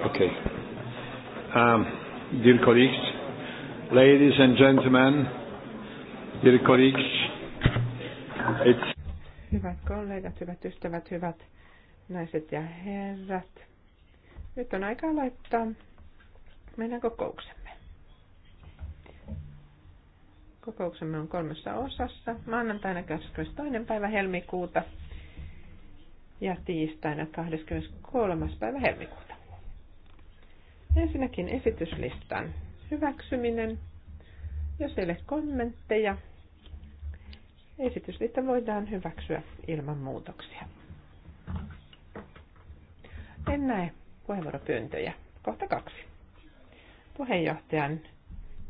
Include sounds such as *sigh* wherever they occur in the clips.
Okay. Um, dear colleagues, ladies and gentlemen, dear colleagues, it's... Hyvät kollegat, hyvät ystävät, hyvät naiset ja herrat. Nyt on aika laittaa meidän kokouksemme. Kokouksemme on kolmessa osassa. Maanantaina 22. päivä helmikuuta ja tiistaina 23. päivä helmikuuta. Ensinnäkin esityslistan hyväksyminen. Jos ei ole kommentteja, esityslista voidaan hyväksyä ilman muutoksia. En näe puheenvuoropyyntöjä. Kohta kaksi. Puheenjohtajan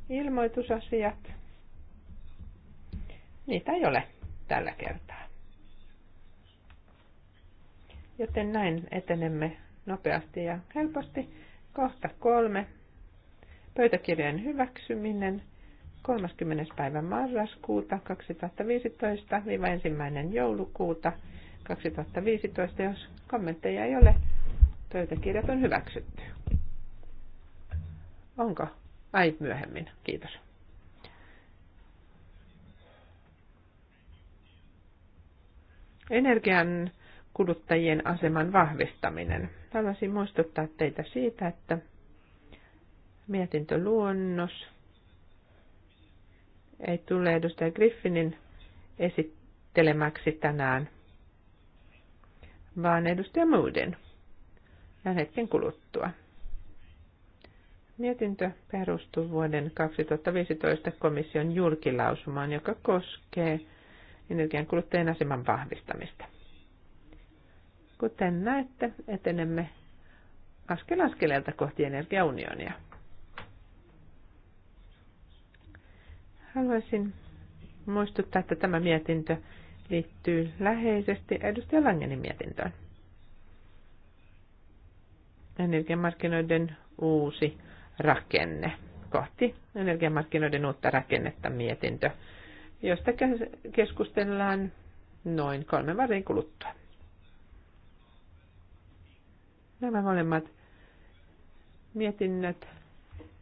ilmoitusasiat. Niitä ei ole tällä kertaa. Joten näin etenemme nopeasti ja helposti Kohta kolme. Pöytäkirjan hyväksyminen 30. päivä marraskuuta 2015-1. joulukuuta 2015. Jos kommentteja ei ole, pöytäkirjat on hyväksytty. Onko? Ai myöhemmin. Kiitos. Energian kuluttajien aseman vahvistaminen. Haluaisin muistuttaa teitä siitä, että mietintöluonnos ei tule edustaja Griffinin esittelemäksi tänään, vaan edustaja Moodin ja hetken kuluttua. Mietintö perustuu vuoden 2015 komission julkilausumaan, joka koskee energian kuluttajien aseman vahvistamista. Kuten näette, etenemme askel askeleelta kohti energiaunionia. Haluaisin muistuttaa, että tämä mietintö liittyy läheisesti edustaja Langenin mietintöön. Energiamarkkinoiden uusi rakenne kohti energiamarkkinoiden uutta rakennetta mietintö, josta keskustellaan noin kolmen varin kuluttua. Nämä molemmat mietinnät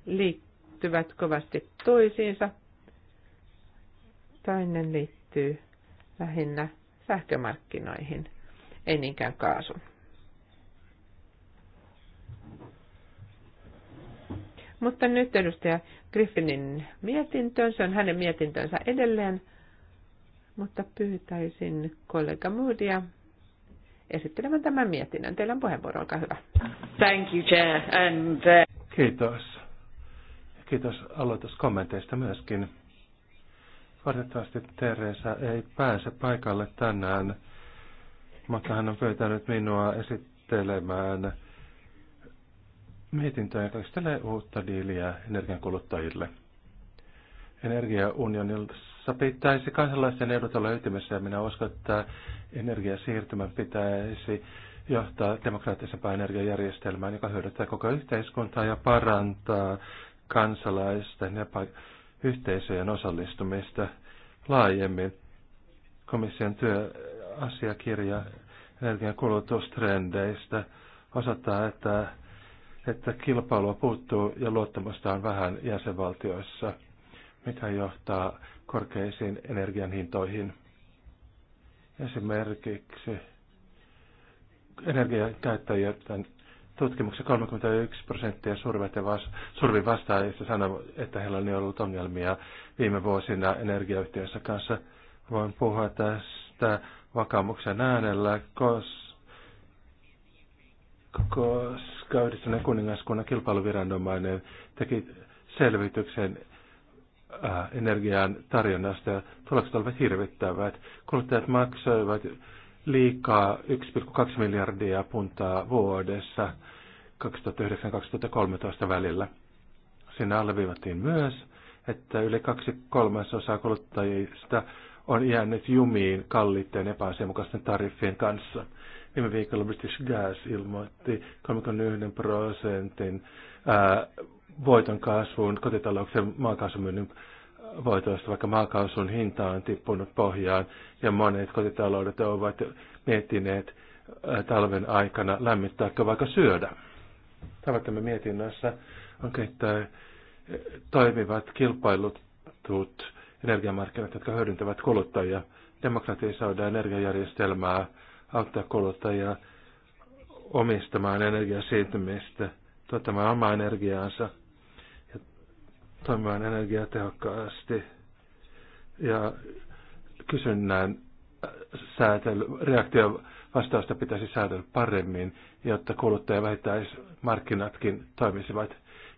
liittyvät kovasti toisiinsa. Toinen liittyy lähinnä sähkömarkkinoihin, ei niinkään kaasun. Mutta nyt edustaja Griffinin mietintöön, se on hänen mietintönsä edelleen, mutta pyytäisin kollega Moodia esittelemään tämän mietinnön. Teillä on puheenvuoro, olkaa hyvä. Thank you, Chair. And, uh... Kiitos. Kiitos aloituskommenteista myöskin. Valitettavasti Teresa ei pääse paikalle tänään, mutta hän on pyytänyt minua esittelemään mietintöä, joka uutta diiliä energiankuluttajille. Energiaunionilta jossa pitäisi kansalaisten edut olla ytimessä. Ja minä uskon, että energiasiirtymän pitäisi johtaa demokraattisempaan energiajärjestelmään, joka hyödyttää koko yhteiskuntaa ja parantaa kansalaisten ja yhteisöjen osallistumista laajemmin. Komission työasiakirja energian kulutustrendeistä osoittaa, että, että kilpailua puuttuu ja luottamusta on vähän jäsenvaltioissa, mitä johtaa korkeisiin energian hintoihin. Esimerkiksi käyttäjien tutkimuksessa 31 prosenttia survin vastaajista sanoi, että heillä on ollut ongelmia viime vuosina energiayhtiössä kanssa. Voin puhua tästä vakaumuksen äänellä, koska yhdistyneen kuningaskunnan kilpailuviranomainen teki selvityksen Äh, energian tarjonnasta ja tulokset olivat hirvittävät. Kuluttajat maksoivat liikaa 1,2 miljardia puntaa vuodessa 2009-2013 välillä. Siinä alleviivattiin myös, että yli kaksi kolmasosaa kuluttajista on jäänyt jumiin kalliitteen epäasianmukaisten tariffien kanssa. Viime viikolla British Gas ilmoitti 31 prosentin ää, äh, voiton kasvuun kotitalouksen maakaasumyynnin voitoista, vaikka maakaasun hinta on tippunut pohjaan ja monet kotitaloudet ovat miettineet talven aikana lämmittääkö vaikka syödä. Tavattamme mietinnössä on kehittää toimivat kilpailutut energiamarkkinat, jotka hyödyntävät kuluttajia, demokratisoida energiajärjestelmää, auttaa kuluttajia omistamaan energiasiirtymistä, tuottamaan omaa energiaansa – toimimaan energiatehokkaasti ja kysynnän säätely, reaktio vastausta pitäisi säätellä paremmin, jotta kuluttaja markkinatkin toimisivat.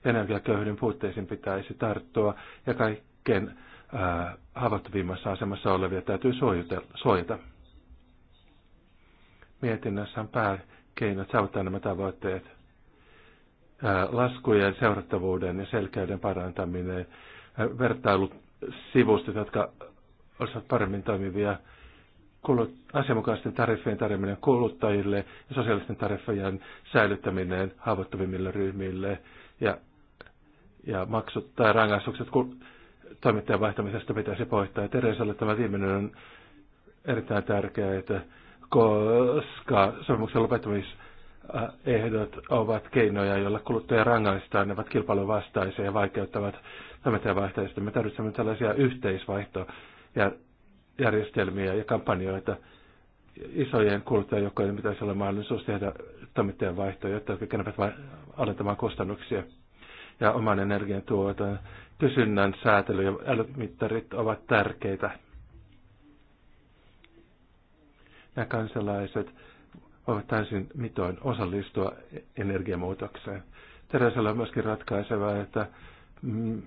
Energiaköyhyyden puutteisiin pitäisi tarttua ja kaikkein äh, haavoittuvimmassa asemassa olevia täytyy suojata. Mietinnässä on pääkeinot saavuttaa nämä tavoitteet laskujen seurattavuuden ja selkeyden parantaminen, vertailusivustot, jotka olisivat paremmin toimivia, asianmukaisten tariffien tarjoaminen kuluttajille ja sosiaalisten tariffien säilyttäminen haavoittuvimmille ryhmille ja, ja maksut tai rangaistukset kun toimittajan vaihtamisesta pitäisi poistaa. Teresalle tämä viimeinen on erittäin tärkeää, että koska sopimuksen lopettamis ehdot ovat keinoja, joilla kuluttaja rangaistaan, ne ovat kilpailuvastaisia ja vaikeuttavat toimintajavaihtoehtoja. Me tarvitsemme tällaisia yhteisvaihtojärjestelmiä ja kampanjoita. Isojen kuluttajajoukkojen pitäisi olla mahdollisuus tehdä toimittajan vaihtoja, jotta kykenevät alentamaan kustannuksia ja oman energian tuotan. Kysynnän säätely ja älymittarit ovat tärkeitä. Nämä kansalaiset voivat täysin mitoin osallistua energiamuutokseen. Teräsellä on myöskin ratkaisevaa, että mm,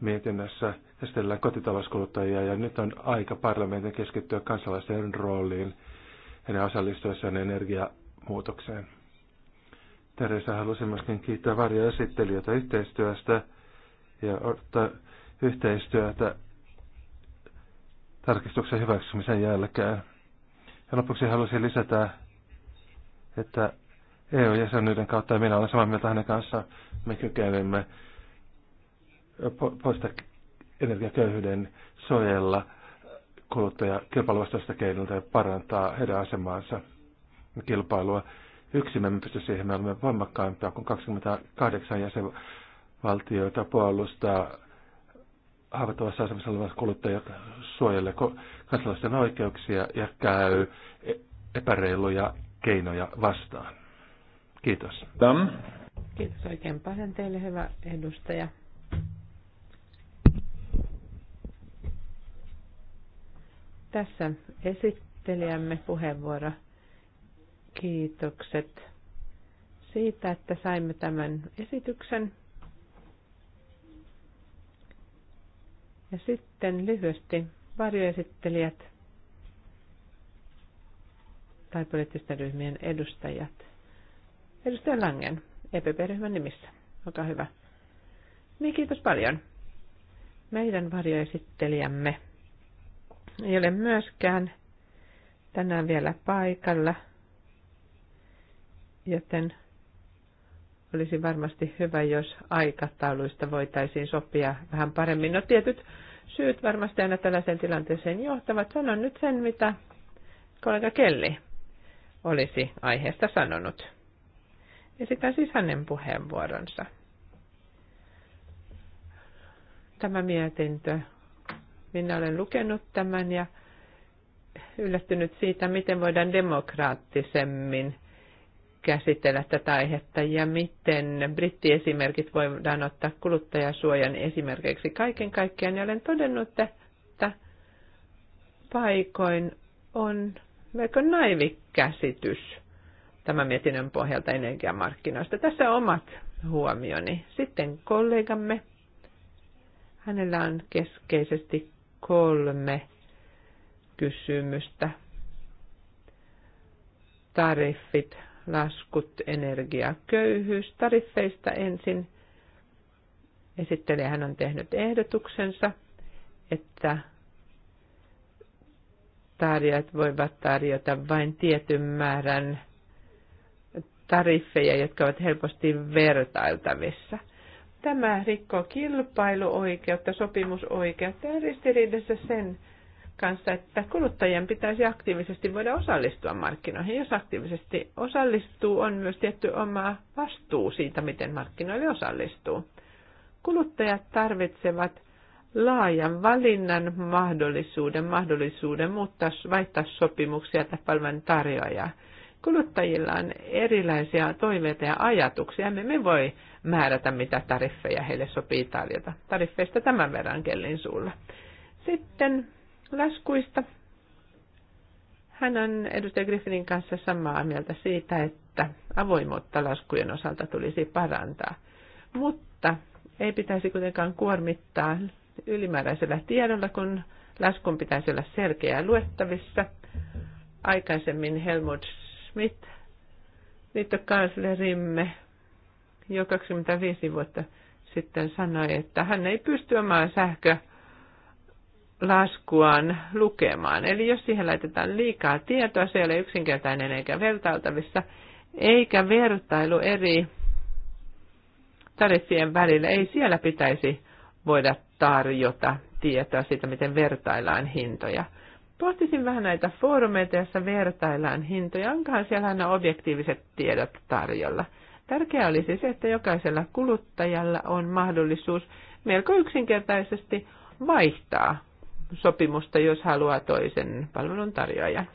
mietinnässä esitellään kotitalouskuluttajia ja nyt on aika parlamentin keskittyä kansalaisten rooliin heidän osallistuessaan energiamuutokseen. Teresa halusi myöskin kiittää varjoesittelijöitä yhteistyöstä ja ottaa yhteistyötä tarkistuksen hyväksymisen jälkeen. Ja lopuksi halusin lisätä että EU-jäsenyyden kautta, ja minä olen samaa mieltä hänen kanssaan, me kykenemme poista energiaköyhyyden suojella kuluttaja kilpailuvastaista keinoilta ja parantaa heidän asemaansa kilpailua. Yksi me emme pysty siihen, me olemme voimakkaampia kuin 28 jäsenvaltioita puolustaa haavoittuvassa asemassa olevat kuluttajat suojelee kansalaisten oikeuksia ja käy e- epäreiluja keinoja vastaan. Kiitos. Tam. Kiitos oikein paljon teille, hyvä edustaja. Tässä esittelijämme puheenvuoro. Kiitokset siitä, että saimme tämän esityksen. Ja sitten lyhyesti varjoesittelijät tai poliittisten ryhmien edustajat. Edustaja Langen, EPP-ryhmän nimissä. Olkaa hyvä. Niin, kiitos paljon. Meidän varjoesittelijämme ei ole myöskään tänään vielä paikalla, joten olisi varmasti hyvä, jos aikatauluista voitaisiin sopia vähän paremmin. No tietyt syyt varmasti aina tällaiseen tilanteeseen johtavat. Sanon nyt sen, mitä kollega Kelli olisi aiheesta sanonut. Esitän siis hänen puheenvuoronsa. Tämä mietintö. Minä olen lukenut tämän ja yllättynyt siitä, miten voidaan demokraattisemmin käsitellä tätä aihetta ja miten brittiesimerkit voidaan ottaa kuluttajasuojan esimerkiksi kaiken kaikkiaan. Ja olen todennut, että paikoin on melko naivi käsitys tämän mietinnön pohjalta energiamarkkinoista. Tässä omat huomioni. Sitten kollegamme. Hänellä on keskeisesti kolme kysymystä. Tariffit, laskut, energia, köyhyys. Tariffeista ensin hän on tehnyt ehdotuksensa, että tarjat voivat tarjota vain tietyn määrän tariffeja, jotka ovat helposti vertailtavissa. Tämä rikkoo kilpailuoikeutta, sopimusoikeutta ja ristiriidassa sen kanssa, että kuluttajien pitäisi aktiivisesti voida osallistua markkinoihin. Jos aktiivisesti osallistuu, on myös tietty oma vastuu siitä, miten markkinoille osallistuu. Kuluttajat tarvitsevat laajan valinnan mahdollisuuden, mahdollisuuden muuttaa, vaihtaa sopimuksia tai palvelun tarjoajaa. Kuluttajilla on erilaisia toiveita ja ajatuksia. me Emme voi määrätä, mitä tariffeja heille sopii tarjota. Tariffeista tämän verran kellin suulla. Sitten laskuista. Hän on edustaja Griffinin kanssa samaa mieltä siitä, että avoimuutta laskujen osalta tulisi parantaa. Mutta ei pitäisi kuitenkaan kuormittaa ylimääräisellä tiedolla, kun laskun pitäisi olla selkeää luettavissa. Aikaisemmin Helmut Schmidt, liittokanslerimme, jo 25 vuotta sitten sanoi, että hän ei pysty omaan sähkö laskuaan lukemaan. Eli jos siihen laitetaan liikaa tietoa, se ei ole yksinkertainen eikä vertailtavissa, eikä vertailu eri tariffien välillä, ei siellä pitäisi voida tarjota tietoa siitä, miten vertaillaan hintoja. Pohtisin vähän näitä foorumeita, joissa vertaillaan hintoja. Onkohan siellä aina objektiiviset tiedot tarjolla? Tärkeää olisi se, että jokaisella kuluttajalla on mahdollisuus melko yksinkertaisesti vaihtaa sopimusta, jos haluaa toisen palvelun tarjoajan.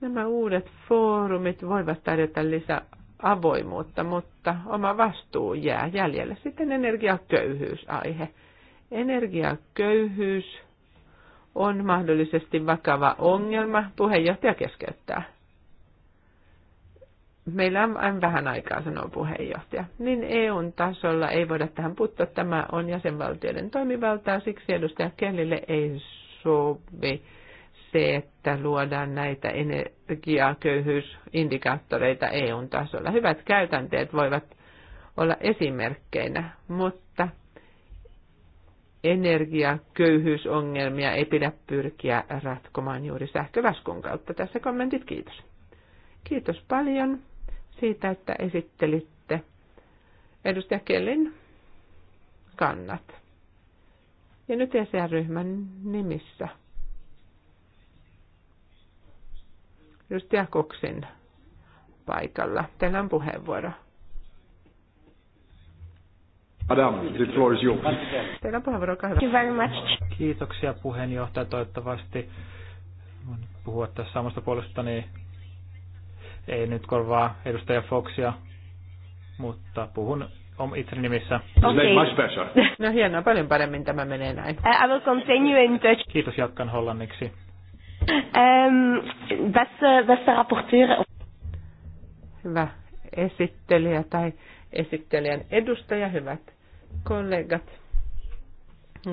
Nämä uudet foorumit voivat tarjota lisää avoimuutta, mutta oma vastuu jää jäljelle. Sitten energiaköyhyysaihe. Energiaköyhyys on mahdollisesti vakava ongelma. Puheenjohtaja keskeyttää. Meillä on vähän aikaa, sanoo puheenjohtaja. Niin EUn tasolla ei voida tähän puuttua. Tämä on jäsenvaltioiden toimivaltaa, siksi edustaja Kellille ei sovi se, että luodaan näitä energiaköyhyysindikaattoreita eu tasolla. Hyvät käytänteet voivat olla esimerkkeinä, mutta energiaköyhyysongelmia ei pidä pyrkiä ratkomaan juuri sähkölaskun kautta. Tässä kommentit, kiitos. Kiitos paljon siitä, että esittelitte edustaja Kellin kannat. Ja nyt ESR-ryhmän nimissä edustaja Koksin paikalla. Teillä on puheenvuoro. Adam, the floor is yours. Teillä on puheenvuoro, olkaa hyvä. Very much. Kiitoksia puheenjohtaja. Toivottavasti voin puhua tässä samasta puolesta, niin ei nyt korvaa edustaja Foxia, mutta puhun om itse nimissä. Okay. No hienoa, paljon paremmin tämä menee näin. I will continue in Dutch. Kiitos, jatkan hollanniksi. Ähm, tässä, äh, tässä raporttiir... Hyvä esittelijä tai esittelijän edustaja, hyvät kollegat.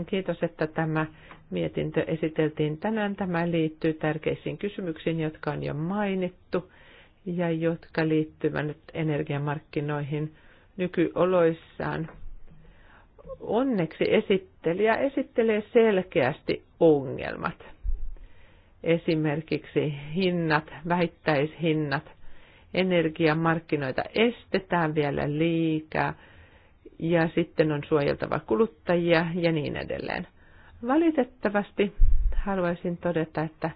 Kiitos, että tämä mietintö esiteltiin tänään. Tämä liittyy tärkeisiin kysymyksiin, jotka on jo mainittu ja jotka liittyvät energiamarkkinoihin nykyoloissaan. Onneksi esittelijä esittelee selkeästi ongelmat esimerkiksi hinnat, vähittäishinnat, energiamarkkinoita estetään vielä liikaa ja sitten on suojeltava kuluttajia ja niin edelleen. Valitettavasti haluaisin todeta, että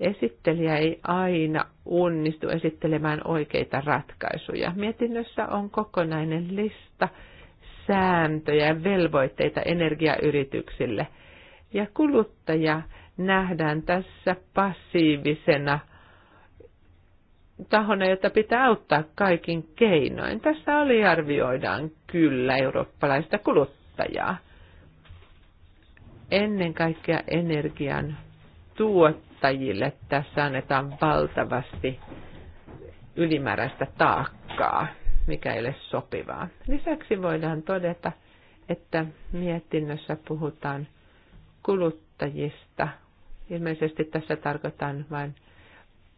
esittelijä ei aina onnistu esittelemään oikeita ratkaisuja. Mietinnössä on kokonainen lista sääntöjä ja velvoitteita energiayrityksille. Ja kuluttaja nähdään tässä passiivisena tahona, jota pitää auttaa kaikin keinoin. Tässä oli arvioidaan kyllä eurooppalaista kuluttajaa. Ennen kaikkea energian tuottajille tässä annetaan valtavasti ylimääräistä taakkaa, mikä ei ole sopivaa. Lisäksi voidaan todeta, että mietinnössä puhutaan kuluttajista Ilmeisesti tässä tarkoitan vain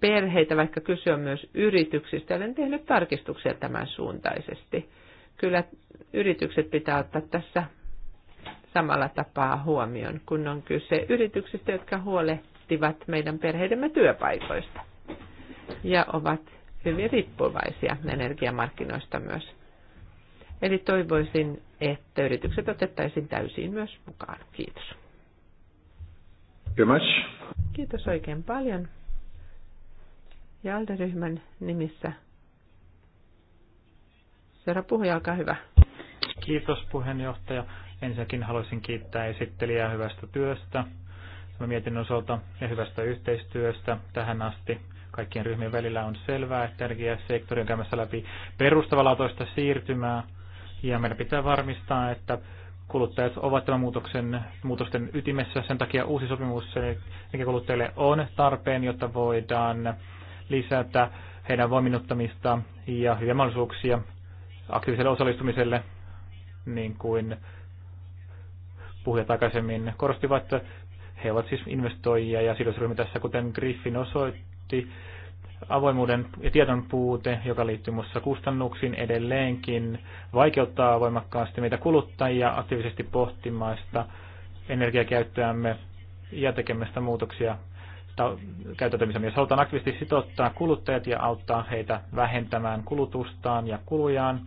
perheitä, vaikka kyse on myös yrityksistä. Olen tehnyt tarkistuksia tämän suuntaisesti. Kyllä yritykset pitää ottaa tässä samalla tapaa huomioon, kun on kyse yrityksistä, jotka huolehtivat meidän perheidemme työpaikoista ja ovat hyvin riippuvaisia energiamarkkinoista myös. Eli toivoisin, että yritykset otettaisiin täysin myös mukaan. Kiitos much. Kiitos oikein paljon. Ja Alderyhmän nimissä. Seuraava puhuja, olkaa hyvä. Kiitos puheenjohtaja. Ensinnäkin haluaisin kiittää esittelijää hyvästä työstä Mä mietin osalta ja hyvästä yhteistyöstä tähän asti. Kaikkien ryhmien välillä on selvää, että energiasektori on käymässä läpi toista siirtymää ja meidän pitää varmistaa, että kuluttajat ovat tämän muutoksen, muutosten ytimessä. Sen takia uusi sopimus kuluttajille on tarpeen, jotta voidaan lisätä heidän voiminnuttamista ja hyviä mahdollisuuksia aktiiviselle osallistumiselle, niin kuin puhujat aikaisemmin korostivat, he ovat siis investoijia ja sidosryhmä tässä, kuten Griffin osoitti, avoimuuden ja tiedon puute, joka liittyy muussa kustannuksiin edelleenkin, vaikeuttaa voimakkaasti meitä kuluttajia aktiivisesti pohtimaista energiakäyttöämme ja tekemästä muutoksia käyttäytymisemme. Jos halutaan aktiivisesti sitouttaa kuluttajat ja auttaa heitä vähentämään kulutustaan ja kulujaan,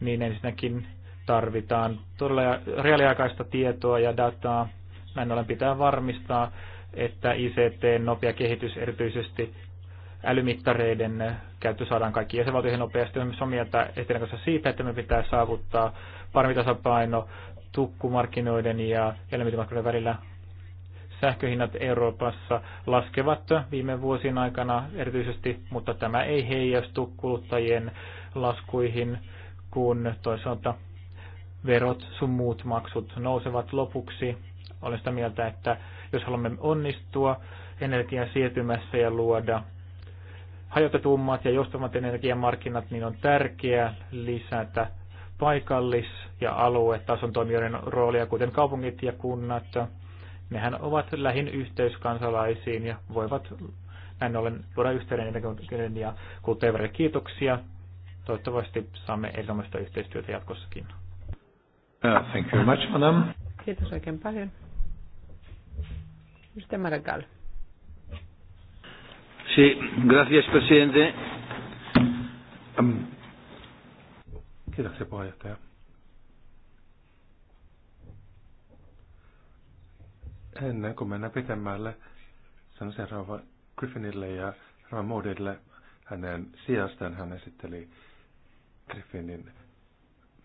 niin ensinnäkin tarvitaan todella reaaliaikaista tietoa ja dataa. Näin ollen pitää varmistaa että ICTn nopea kehitys, erityisesti älymittareiden käyttö saadaan kaikki jäsenvaltioihin nopeasti. Olemme samaa mieltä Etelän kanssa siitä, että me pitää saavuttaa parempi tasapaino tukkumarkkinoiden ja elementtimarkkinoiden välillä. Sähköhinnat Euroopassa laskevat viime vuosien aikana erityisesti, mutta tämä ei heijastu kuluttajien laskuihin, kun toisaalta verot sun muut maksut nousevat lopuksi olen sitä mieltä, että jos haluamme onnistua energian siirtymässä ja luoda hajotetummat ja joustavat energiamarkkinat, niin on tärkeää lisätä paikallis- ja aluetason toimijoiden roolia, kuten kaupungit ja kunnat. Nehän ovat lähin yhteys kansalaisiin ja voivat näin ollen luoda yhteyden energian ja kulttuurin Kiitoksia. Toivottavasti saamme erilaisista yhteistyötä jatkossakin. Uh, thank you very much, madam. Kiitos oikein paljon. Mr. Maragall. Sí, gracias, presidente. Kiitoksia, puheenjohtaja. Ennen kuin mennään pitemmälle, sanoisin Rauva Griffinille ja Rauva Moodille hänen sijastaan. Hän esitteli Griffinin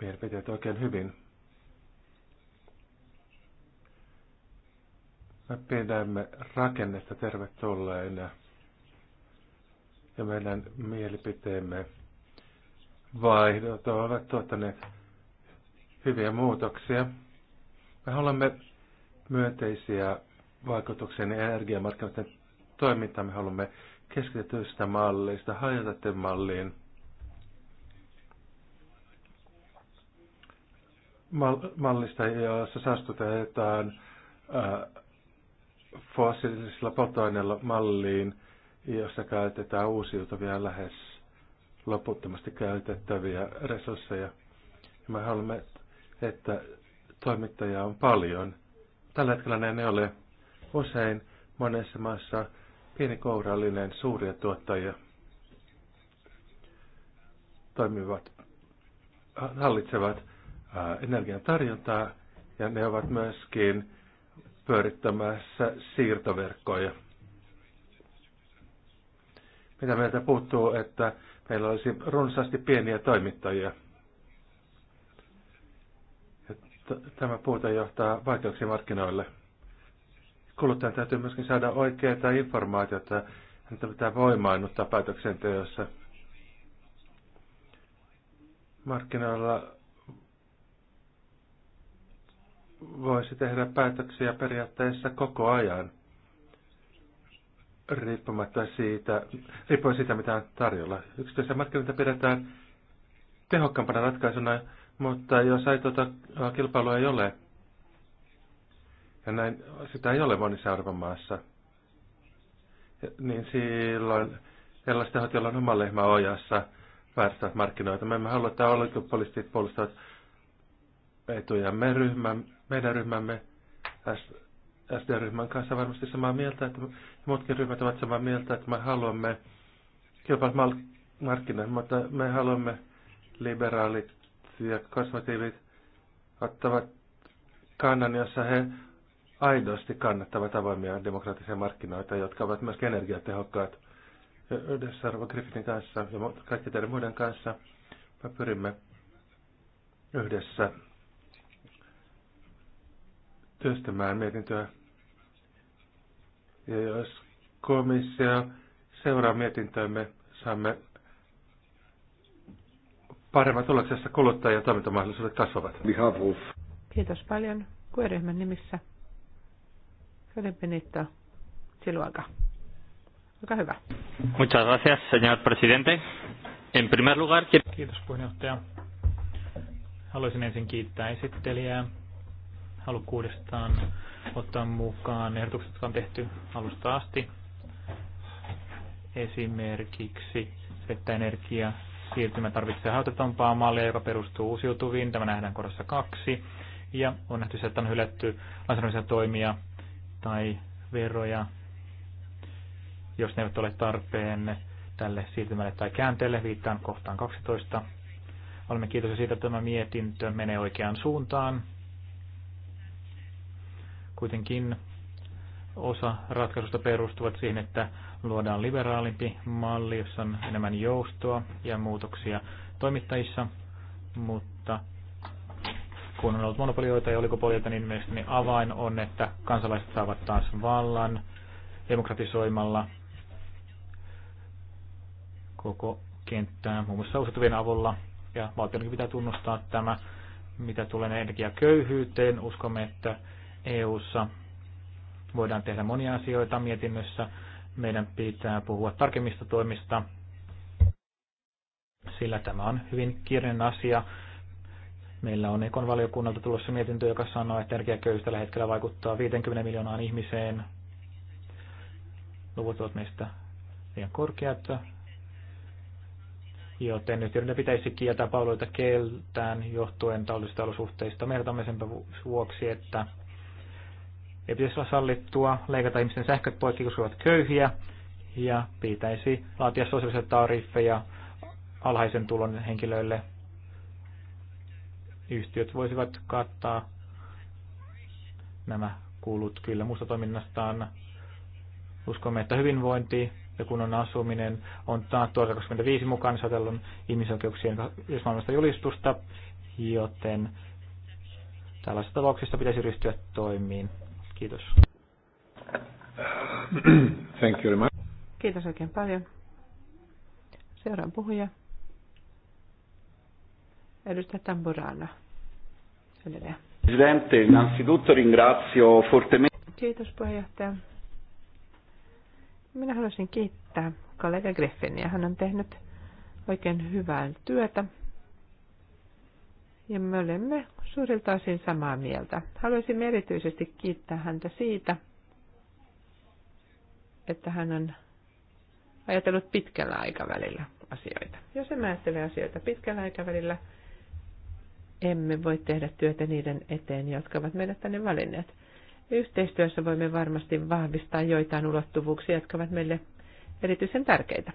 mielipiteet oikein hyvin. Me pidämme rakennetta tervetulleen ja meidän mielipiteemme vaihdot ovat tuottaneet hyviä muutoksia. Me haluamme myönteisiä vaikutuksia niin energiamarkkinoiden toimintaan. Me haluamme keskitystä mallista hajautettuun malliin. Mallista, jossa saastutetaan fossiilisilla polttoaineilla malliin, jossa käytetään uusiutuvia lähes loputtomasti käytettäviä resursseja. Ja me haluamme, että toimittajia on paljon. Tällä hetkellä ne ei ole. Usein monessa maassa pieni kourallinen suuria tuottajia toimivat, hallitsevat energian tarjontaa ja ne ovat myöskin pyörittämässä siirtoverkkoja. Mitä meiltä puuttuu, että meillä olisi runsaasti pieniä toimittajia. Tämä puute johtaa vaikeuksia markkinoille. Kuluttajan täytyy myöskin saada oikeaa informaatiota, että pitää voimaannuttaa päätöksenteossa. Markkinoilla voisi tehdä päätöksiä periaatteessa koko ajan, riippumatta siitä, riippuen siitä, mitä on tarjolla. Yksityisiä markkinoita pidetään tehokkaampana ratkaisuna, mutta jos ei tuota kilpailua ei ole, ja näin, sitä ei ole monissa Euroopan maassa, niin silloin sellaiset tehot, joilla on oma lehmä ojassa, vääristävät markkinoita. Me emme halua, että oligopolistit puolustavat Me ryhmän meidän ryhmämme SD-ryhmän kanssa varmasti samaa mieltä, että muutkin ryhmät ovat samaa mieltä, että me haluamme kilpailut mutta me haluamme liberaalit ja konservatiivit ottavat kannan, jossa he aidosti kannattavat avoimia demokraattisia markkinoita, jotka ovat myös energiatehokkaat. Yhdessä Arvo Griffithin kanssa ja kaikki teidän muiden kanssa me pyrimme yhdessä työstämään mietintöä. Ja jos komissio seuraa mietintöämme, saamme paremmat tuloksessa ja toimintamahdollisuudet kasvavat. Kiitos paljon. Kueryhmän nimissä. Kari Benito Siluaga. Olkaa hyvä. Muchas gracias, señor presidente. En primer lugar... Kiitos puheenjohtaja. Haluaisin ensin kiittää esittelijää halukkuudestaan ottaa mukaan ehdotukset, jotka on tehty alusta asti. Esimerkiksi se, että energia siirtymä tarvitsee hautetompaa mallia, joka perustuu uusiutuviin. Tämä nähdään korossa kaksi. Ja on nähty se, että on hylätty lainsäädännöllisiä toimia tai veroja, jos ne eivät ole tarpeen tälle siirtymälle tai käänteelle. Viittaan kohtaan 12. Olemme kiitos siitä, että tämä mietintö menee oikeaan suuntaan. Kuitenkin osa ratkaisusta perustuvat siihen, että luodaan liberaalimpi malli, jossa on enemmän joustoa ja muutoksia toimittajissa, mutta kun on ollut monopolioita ja oligopolioita, niin mielestäni avain on, että kansalaiset saavat taas vallan demokratisoimalla koko kenttää, muun muassa uusiutuvien avulla. Ja valtionkin pitää tunnustaa tämä, mitä tulee energiaköyhyyteen. Uskomme, että EU:ssa voidaan tehdä monia asioita mietinnössä. Meidän pitää puhua tarkemmista toimista, sillä tämä on hyvin kiireinen asia. Meillä on Ekon valiokunnalta tulossa mietintö, joka sanoo, että energiaköyhyys tällä hetkellä vaikuttaa 50 miljoonaan ihmiseen. Luvut ovat meistä liian korkeat, joten nyt ne pitäisi kieltää palveluita keltään johtuen taloudellisista olosuhteista. Meidän vuoksi, että ei pitäisi olla sallittua leikata ihmisten sähköt poikki, koska ovat köyhiä, ja pitäisi laatia sosiaalisia tariffeja alhaisen tulon henkilöille. Yhtiöt voisivat kattaa nämä kulut kyllä muusta toiminnastaan. Uskomme, että hyvinvointi ja kunnon asuminen on taattu 25 mukaan satellun ihmisoikeuksien yhdysmaailmasta julistusta, joten tällaisissa tapauksissa pitäisi ryhtyä toimiin. Kiitos. Thank you very much. Kiitos oikein paljon. Seuraava puhuja. Edustaja Tamburana. Edelleen. Presidente, innanzitutto ringrazio fortemente. Kiitos puheenjohtaja. Minä haluaisin kiittää kollega Griffinia, Hän on tehnyt oikein hyvää työtä. Ja me olemme suurilta osin samaa mieltä. Haluaisin erityisesti kiittää häntä siitä, että hän on ajatellut pitkällä aikavälillä asioita. Jos emme ajattele asioita pitkällä aikavälillä, emme voi tehdä työtä niiden eteen, jotka ovat meidät tänne valinneet. Yhteistyössä voimme varmasti vahvistaa joitain ulottuvuuksia, jotka ovat meille erityisen tärkeitä.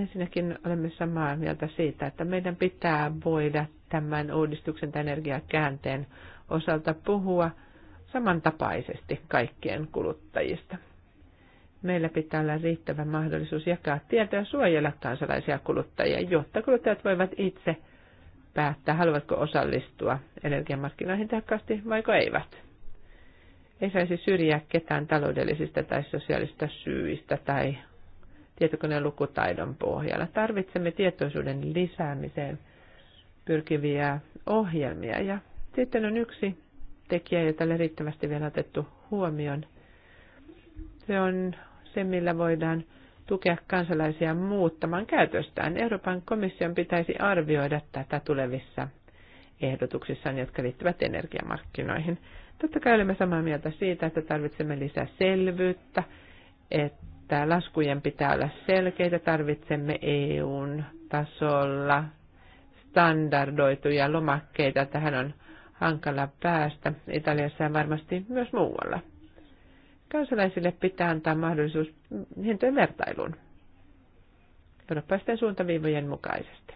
Ensinnäkin olemme samaa mieltä siitä, että meidän pitää voida tämän uudistuksen tai energiakäänteen osalta puhua samantapaisesti kaikkien kuluttajista. Meillä pitää olla riittävä mahdollisuus jakaa tietoa ja suojella kansalaisia kuluttajia, jotta kuluttajat voivat itse päättää, haluavatko osallistua energiamarkkinoihin tehokkaasti vaiko eivät. Ei saisi syrjää ketään taloudellisista tai sosiaalista syistä tai tietokoneen lukutaidon pohjalla. Tarvitsemme tietoisuuden lisäämiseen pyrkiviä ohjelmia. Ja sitten on yksi tekijä, jota ei riittävästi vielä otettu huomioon. Se on se, millä voidaan tukea kansalaisia muuttamaan käytöstään. Euroopan komission pitäisi arvioida tätä tulevissa ehdotuksissaan, jotka liittyvät energiamarkkinoihin. Totta kai olemme samaa mieltä siitä, että tarvitsemme lisää selvyyttä, että laskujen pitää olla selkeitä, tarvitsemme EUn tasolla standardoituja lomakkeita. Tähän on hankala päästä Italiassa ja varmasti myös muualla. Kansalaisille pitää antaa mahdollisuus hintojen vertailuun eurooppaisten suuntaviivojen mukaisesti.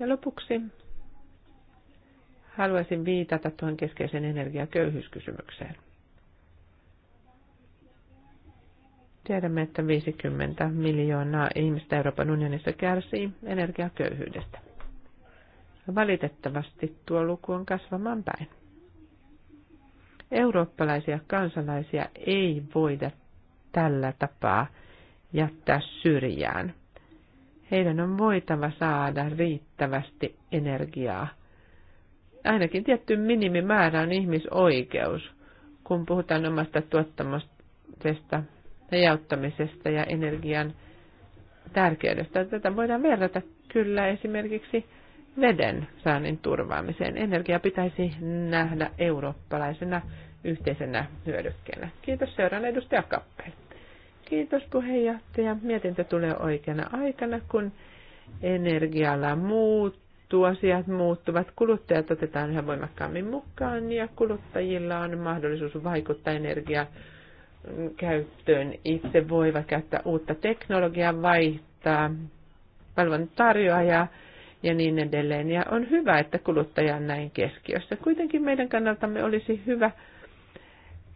Ja lopuksi haluaisin viitata tuohon keskeisen energiaköyhyyskysymykseen. Tiedämme, että 50 miljoonaa ihmistä Euroopan unionissa kärsii energiaköyhyydestä. Valitettavasti tuo luku on kasvamaan päin. Eurooppalaisia kansalaisia ei voida tällä tapaa jättää syrjään. Heidän on voitava saada riittävästi energiaa. Ainakin tietty minimimäärä on ihmisoikeus, kun puhutaan omasta tuottamuksesta, jauttamisesta ja energian tärkeydestä. Tätä voidaan verrata kyllä esimerkiksi veden saannin turvaamiseen. Energia pitäisi nähdä eurooppalaisena yhteisenä hyödykkeenä. Kiitos seuraan edustaja Kappel. Kiitos puheenjohtaja. Mietintö tulee oikeana aikana, kun energialla muuttuu, asiat muuttuvat, kuluttajat otetaan yhä voimakkaammin mukaan ja kuluttajilla on mahdollisuus vaikuttaa energia käyttöön. Itse voivat käyttää uutta teknologiaa, vaihtaa palvelun tarjoajaa ja niin edelleen. Ja on hyvä, että kuluttaja on näin keskiössä. Kuitenkin meidän kannaltamme olisi hyvä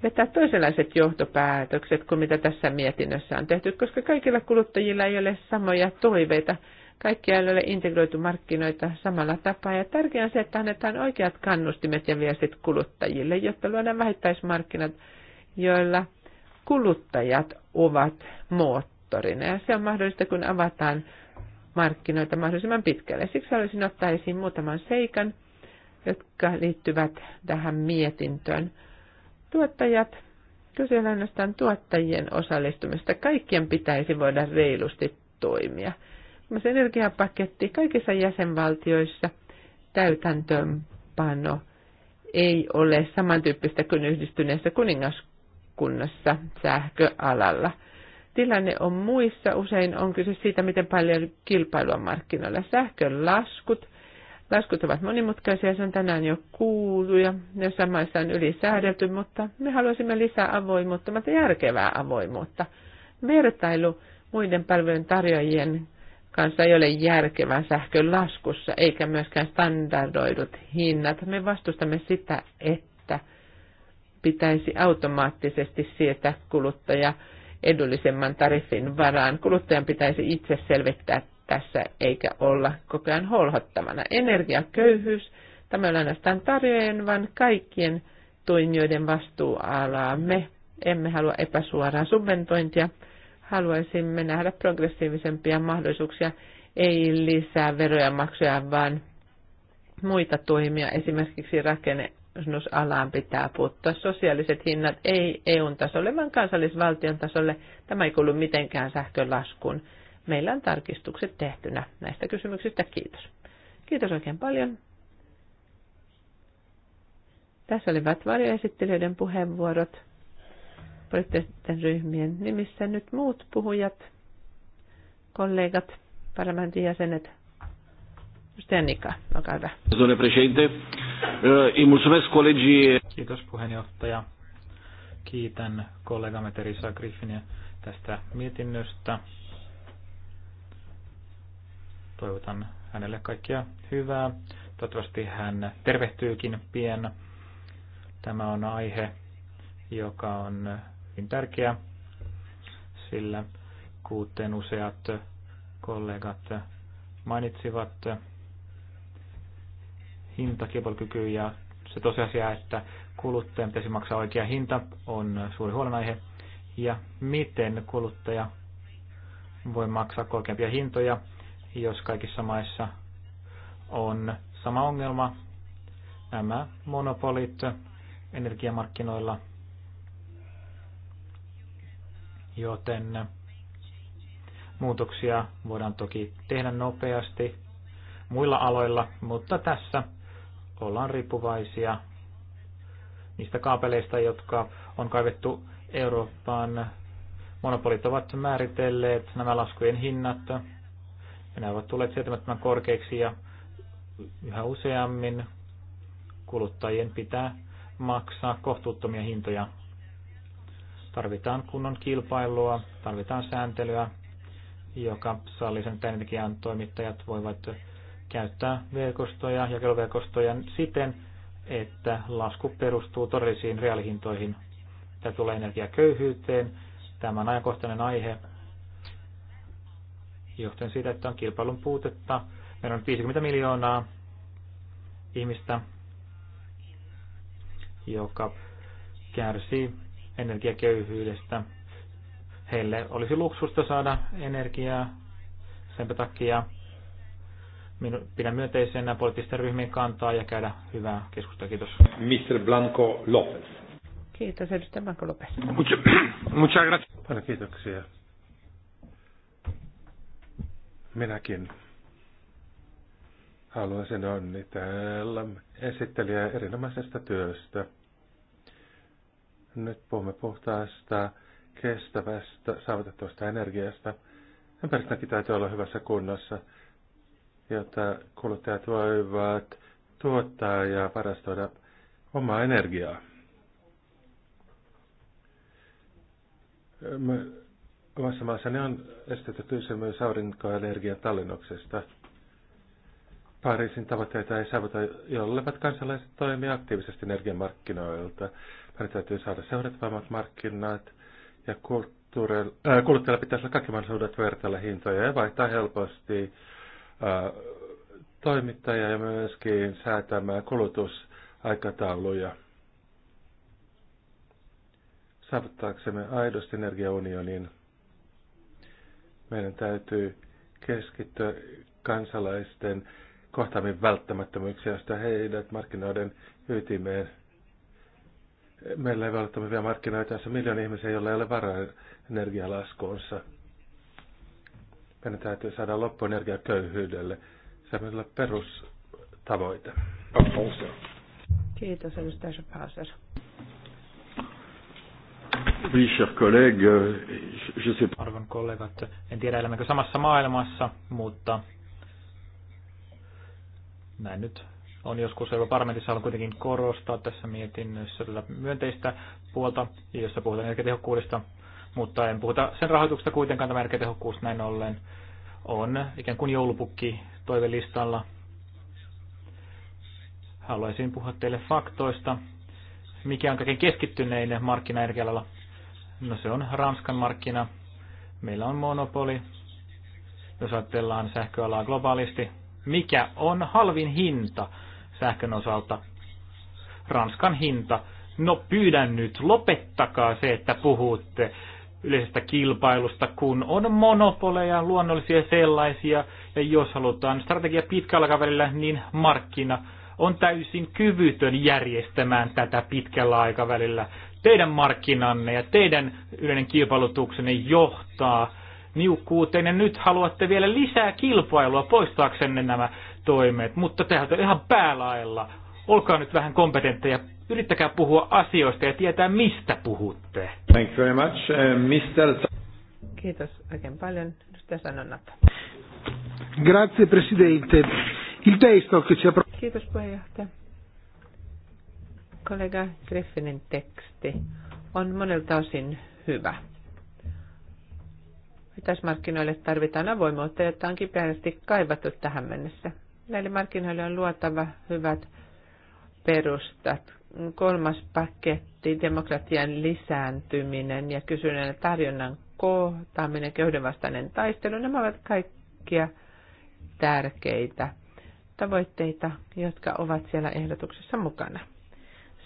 vetää toisenlaiset johtopäätökset kuin mitä tässä mietinnössä on tehty, koska kaikilla kuluttajilla ei ole samoja toiveita. Kaikkia ei ole integroitu markkinoita samalla tapaa ja tärkeää on se, että annetaan oikeat kannustimet ja viestit kuluttajille, jotta luodaan vähittäismarkkinat, joilla kuluttajat ovat moottorina. Ja se on mahdollista, kun avataan markkinoita mahdollisimman pitkälle. Siksi haluaisin ottaa esiin muutaman seikan, jotka liittyvät tähän mietintöön. Tuottajat, kyse on ainoastaan tuottajien osallistumista. Kaikkien pitäisi voida reilusti toimia. Myös energiapaketti kaikissa jäsenvaltioissa täytäntöönpano ei ole samantyyppistä kuin yhdistyneessä kuningaskunnassa sähköalalla – tilanne on muissa. Usein on kyse siitä, miten paljon kilpailua markkinoilla. Sähkön laskut. Laskut ovat monimutkaisia, se on tänään jo kuuluja, ja jossain maissa on ylisäädelty, mutta me haluaisimme lisää avoimuutta, mutta järkevää avoimuutta. Vertailu muiden palvelujen tarjoajien kanssa ei ole järkevää sähkön laskussa, eikä myöskään standardoidut hinnat. Me vastustamme sitä, että pitäisi automaattisesti sietää kuluttaja edullisemman tariffin varaan. Kuluttajan pitäisi itse selvittää tässä eikä olla koko ajan holhottamana. Energiaköyhyys, tämä on ainoastaan tarjoajien, vaan kaikkien toimijoiden vastuualaa. Me emme halua epäsuoraa subventointia, haluaisimme nähdä progressiivisempia mahdollisuuksia, ei lisää veroja maksuja, vaan muita toimia, esimerkiksi rakenne rakennusalaan pitää puuttua. Sosiaaliset hinnat ei EUn tasolle, vaan kansallisvaltion tasolle. Tämä ei kuulu mitenkään sähkölaskuun. Meillä on tarkistukset tehtynä näistä kysymyksistä. Kiitos. Kiitos oikein paljon. Tässä olivat varjoesittelijöiden puheenvuorot poliittisten ryhmien nimissä. Nyt muut puhujat, kollegat, parlamentin jäsenet Stenica, olkaa hyvä. Eh, Kiitos puheenjohtaja. Kiitän kollegamme Teresa Griffinia tästä mietinnöstä. Toivotan hänelle kaikkia hyvää. Toivottavasti hän tervehtyykin pian. Tämä on aihe, joka on hyvin tärkeä, sillä kuten useat kollegat mainitsivat, kilpailukyky ja se tosiasia, että kuluttajan pitäisi maksaa oikea hinta, on suuri huolenaihe. Ja miten kuluttaja voi maksaa korkeampia hintoja, jos kaikissa maissa on sama ongelma. Nämä monopolit energiamarkkinoilla. Joten muutoksia voidaan toki tehdä nopeasti muilla aloilla, mutta tässä ollaan riippuvaisia niistä kaapeleista, jotka on kaivettu Euroopan. Monopolit ovat määritelleet nämä laskujen hinnat. Ja ne ovat tulleet sietämättömän korkeiksi ja yhä useammin kuluttajien pitää maksaa kohtuuttomia hintoja. Tarvitaan kunnon kilpailua, tarvitaan sääntelyä, joka sallii sen, että toimittajat voivat käyttää verkostoja, jakeluverkostoja siten, että lasku perustuu todellisiin reaalihintoihin. Tämä tulee energiaköyhyyteen. Tämä on ajankohtainen aihe johtuen siitä, että on kilpailun puutetta. Meillä on 50 miljoonaa ihmistä, joka kärsii energiaköyhyydestä. Heille olisi luksusta saada energiaa senpä takia Minun pidän myönteisenä poliittisten ryhmien kantaa ja käydä hyvää keskustelua. Kiitos. Mr. Blanco Lopez. Kiitos, edustaja Blanco Lopez. *clears throat* Muchas gracias. Paljon kiitoksia. Minäkin haluaisin onnitella esittelijää erinomaisesta työstä. Nyt puhumme puhtaasta, kestävästä, saavutettavasta energiasta. Ympäristönäkin täytyy olla hyvässä kunnossa jotta kuluttajat voivat tuottaa ja varastoida omaa energiaa. Mä, omassa maassani on estetty myös aurinkoenergian tallennuksesta. Pariisin tavoitteita ei saavuta, jollevat kansalaiset toimi aktiivisesti energiamarkkinoilta. Meidän täytyy saada seurattavammat markkinat ja äh, kuluttajilla pitäisi olla kaikki mahdollisuudet vertailla hintoja ja vaihtaa helposti toimittaja ja myöskin säätämään kulutusaikatauluja saavuttaaksemme aidosti energiaunionin. Meidän täytyy keskittyä kansalaisten kohtaamiin välttämättömyyksiä, josta heidät markkinoiden ytimeen. Meillä ei ole toimivia markkinoita, jossa miljoona ihmisiä, joilla ei ole varaa energialaskuunsa. Meidän täytyy saada loppuenergia köyhyydelle. Se on meillä perustavoite. Kiitos, edustaja Schapauser. Oui, je sais pas. Arvon kollegat, en tiedä elämmekö samassa maailmassa, mutta näin nyt on joskus Euroopan parlamentissa haluan kuitenkin korostaa tässä mietinnössä tätä myönteistä puolta, jossa puhutaan energiatehokkuudesta mutta en puhuta sen rahoituksesta kuitenkaan. Tämä energiatehokkuus näin ollen on ikään kuin joulupukki toivelistalla. Haluaisin puhua teille faktoista. Mikä on kaiken keskittynein markkina No se on Ranskan markkina. Meillä on monopoli. Jos ajatellaan sähköalaa globaalisti, mikä on halvin hinta sähkön osalta? Ranskan hinta. No pyydän nyt, lopettakaa se, että puhutte yleisestä kilpailusta, kun on monopoleja, luonnollisia sellaisia, ja jos halutaan strategia pitkällä aikavälillä, niin markkina on täysin kyvytön järjestämään tätä pitkällä aikavälillä. Teidän markkinanne ja teidän yleinen kilpailutuksenne johtaa niukkuuteen, ja nyt haluatte vielä lisää kilpailua poistaaksenne nämä toimet, mutta tehdään ihan päälailla. Olkaa nyt vähän kompetentteja. Yrittäkää puhua asioista ja tietää, mistä puhutte. Thank you very much, uh, Mr. Kiitos oikein paljon, edustaja Sanonata. Grazie, Presidente. Il testo che ci ha... Kiitos puheenjohtaja. Kollega Griffinin teksti on monelta osin hyvä. Mitäismarkkinoille tarvitaan avoimuutta, jota on kipeästi kaivattu tähän mennessä. Näille markkinoille on luotava hyvät perustat. Kolmas paketti, demokratian lisääntyminen ja kysynnän ja tarjonnan kohtaaminen, köyhdenvastainen taistelu, nämä ovat kaikkia tärkeitä tavoitteita, jotka ovat siellä ehdotuksessa mukana.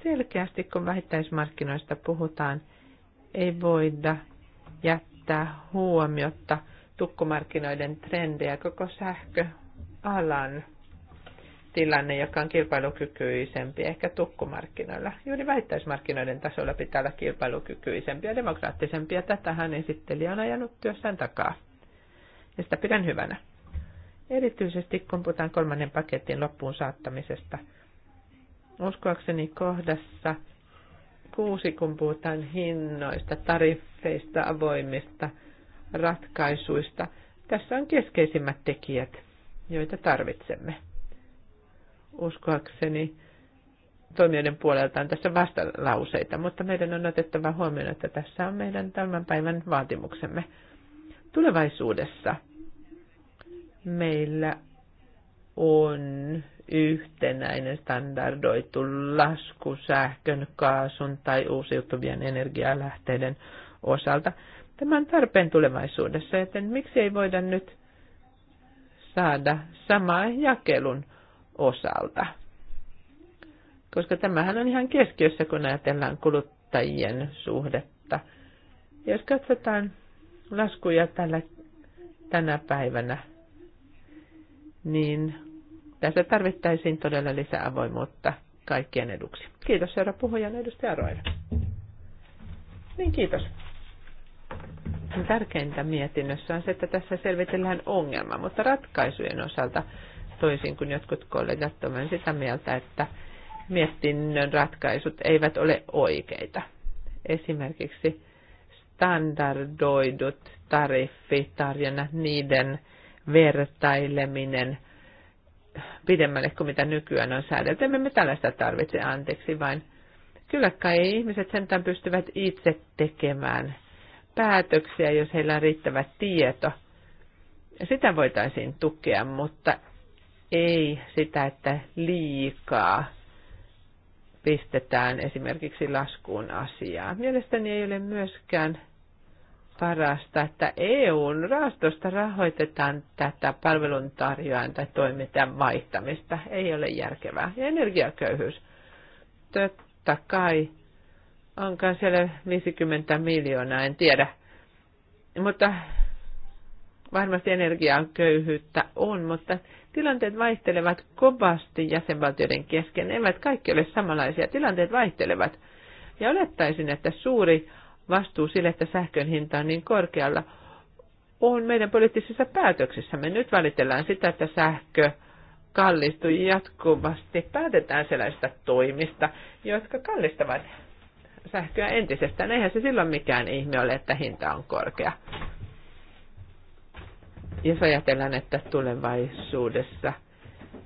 Selkeästi, kun vähittäismarkkinoista puhutaan, ei voida jättää huomiota tukkumarkkinoiden trendejä koko sähköalan tilanne, joka on kilpailukykyisempi ehkä tukkumarkkinoilla. Juuri vähittäismarkkinoiden tasolla pitää olla kilpailukykyisempiä ja tätä hän esittelijä on ajanut työssään takaa. Ja sitä pidän hyvänä. Erityisesti kun puhutaan kolmannen paketin loppuun saattamisesta. Uskoakseni kohdassa kuusi, kun puhutaan hinnoista, tariffeista, avoimista ratkaisuista. Tässä on keskeisimmät tekijät, joita tarvitsemme uskoakseni toimijoiden puolelta on tässä vastalauseita, mutta meidän on otettava huomioon, että tässä on meidän tämän päivän vaatimuksemme. Tulevaisuudessa meillä on yhtenäinen standardoitu lasku sähkön, kaasun tai uusiutuvien energialähteiden osalta. Tämä on tarpeen tulevaisuudessa, joten miksi ei voida nyt saada samaa jakelun osalta. Koska tämähän on ihan keskiössä, kun ajatellaan kuluttajien suhdetta. Jos katsotaan laskuja tällä, tänä päivänä, niin tässä tarvittaisiin todella lisää avoimuutta kaikkien eduksi. Kiitos seuraava puhujan edustaja Roila. Niin kiitos. Tärkeintä mietinnössä on se, että tässä selvitellään ongelma, mutta ratkaisujen osalta toisin kuin jotkut kollegat, olen sitä mieltä, että mietinnön ratkaisut eivät ole oikeita. Esimerkiksi standardoidut tariffitarjonnat, niiden vertaileminen pidemmälle kuin mitä nykyään on säädelty. Emme me tällaista tarvitse anteeksi, vain kyllä kai ihmiset sentään pystyvät itse tekemään päätöksiä, jos heillä on riittävä tieto. Sitä voitaisiin tukea, mutta ei sitä, että liikaa pistetään esimerkiksi laskuun asiaa. Mielestäni ei ole myöskään parasta, että EUn rahastosta rahoitetaan tätä palveluntarjoajan tai toimittajan vaihtamista. Ei ole järkevää. Ja energiaköyhyys. Totta kai. Onkaan siellä 50 miljoonaa, en tiedä. Mutta varmasti energiaköyhyyttä on, mutta Tilanteet vaihtelevat kovasti jäsenvaltioiden kesken, eivät kaikki ole samanlaisia. Tilanteet vaihtelevat. Ja olettaisin, että suuri vastuu sille, että sähkön hinta on niin korkealla, on meidän poliittisissa päätöksissämme. Nyt valitellaan sitä, että sähkö kallistui jatkuvasti. Päätetään sellaista toimista, jotka kallistavat sähköä entisestään. Eihän se silloin mikään ihme ole, että hinta on korkea jos ajatellaan, että tulevaisuudessa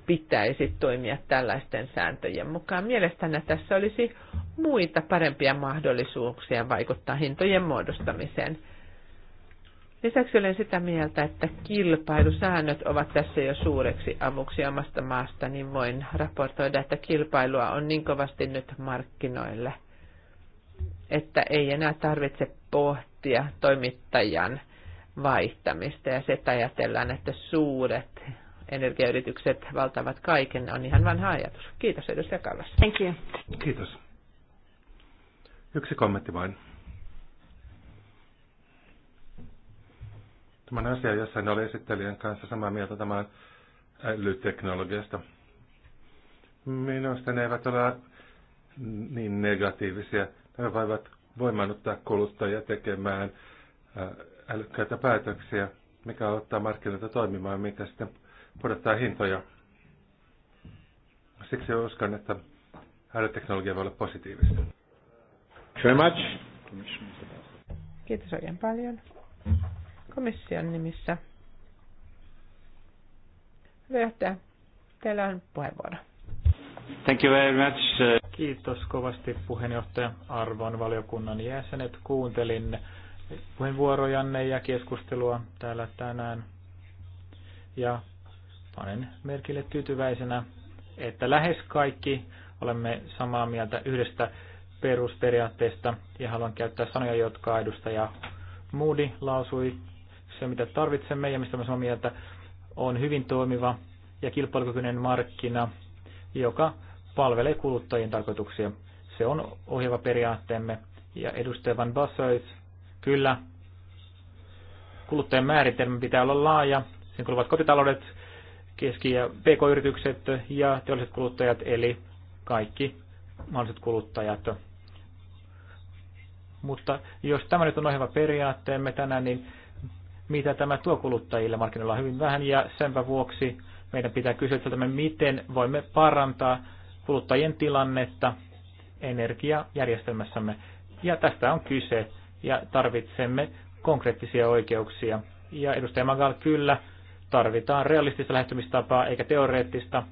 pitäisi toimia tällaisten sääntöjen mukaan. Mielestäni tässä olisi muita parempia mahdollisuuksia vaikuttaa hintojen muodostamiseen. Lisäksi olen sitä mieltä, että kilpailusäännöt ovat tässä jo suureksi avuksi omasta maasta, niin voin raportoida, että kilpailua on niin kovasti nyt markkinoille, että ei enää tarvitse pohtia toimittajan vaihtamista ja se, että ajatellaan, että suuret energiayritykset valtavat kaiken, on ihan vanha ajatus. Kiitos edustaja Kallas. Thank you. Kiitos. Yksi kommentti vain. Tämän asian jossain oli esittelijän kanssa samaa mieltä tämän älyteknologiasta. Minusta ne eivät ole niin negatiivisia. Ne voivat voimannuttaa kuluttajia tekemään äh, älykkäitä päätöksiä, mikä ottaa markkinoita toimimaan, mikä sitten pudottaa hintoja. Siksi uskon, että älyteknologia voi olla positiivista. Very much. Kiitos oikein paljon. Komission nimissä. Johtaja, teillä on puheenvuoro. Thank you very much. Kiitos kovasti puheenjohtaja Arvon valiokunnan jäsenet. Kuuntelin puheenvuorojanne ja keskustelua täällä tänään. Ja panen merkille tyytyväisenä, että lähes kaikki olemme samaa mieltä yhdestä perusperiaatteesta ja haluan käyttää sanoja, jotka edustaja Moody lausui. Se, mitä tarvitsemme ja mistä me samaa mieltä, on hyvin toimiva ja kilpailukykyinen markkina, joka palvelee kuluttajien tarkoituksia. Se on ohjaava periaatteemme. Ja edustaja Van Bassois Kyllä, kuluttajan määritelmä pitää olla laaja. Sen kuuluvat kotitaloudet, keski- ja pk-yritykset ja teolliset kuluttajat, eli kaikki mahdolliset kuluttajat. Mutta jos tämä nyt on ohjelma periaatteemme tänään, niin mitä tämä tuo kuluttajille markkinoilla on hyvin vähän, ja senpä vuoksi meidän pitää kysyä että miten voimme parantaa kuluttajien tilannetta energiajärjestelmässämme. Ja tästä on kyse ja tarvitsemme konkreettisia oikeuksia. Ja edustaja Magal, kyllä, tarvitaan realistista lähestymistapaa eikä teoreettista.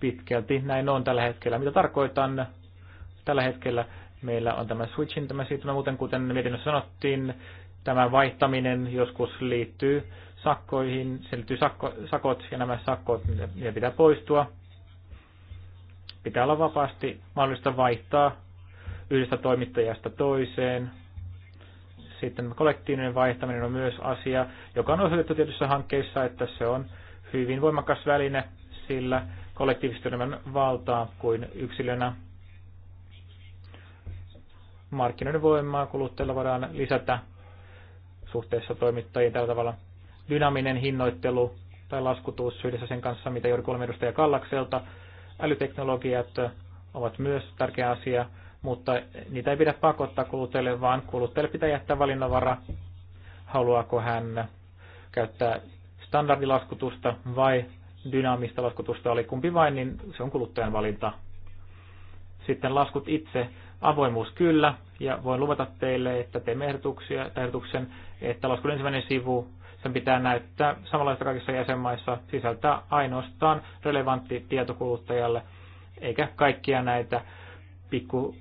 Pitkälti näin on tällä hetkellä. Mitä tarkoitan? Tällä hetkellä meillä on tämä switchin, tämä siirtymä muuten, kuten mietinnössä sanottiin, tämä vaihtaminen joskus liittyy sakkoihin, se liittyy sakko, sakot ja nämä sakot, ne pitää poistua. Pitää olla vapaasti mahdollista vaihtaa yhdestä toimittajasta toiseen. Sitten kollektiivinen vaihtaminen on myös asia, joka on osoitettu tietyissä hankkeissa, että se on hyvin voimakas väline, sillä kollektiivisesti enemmän valtaa kuin yksilönä. Markkinoiden voimaa kuluttajilla voidaan lisätä suhteessa toimittajiin tällä tavalla. Dynaaminen hinnoittelu tai laskutus yhdessä sen kanssa, mitä juuri kolme edustaja Kallakselta. Älyteknologiat ovat myös tärkeä asia mutta niitä ei pidä pakottaa kuluttajalle, vaan kuluttajalle pitää jättää valinnanvara, haluaako hän käyttää standardilaskutusta vai dynaamista laskutusta, oli kumpi vain, niin se on kuluttajan valinta. Sitten laskut itse, avoimuus kyllä, ja voin luvata teille, että teemme ehdotuksia, ehdotuksen, että laskun ensimmäinen sivu, sen pitää näyttää samanlaista kaikissa jäsenmaissa, sisältää ainoastaan relevantti tietokuluttajalle, eikä kaikkia näitä pikku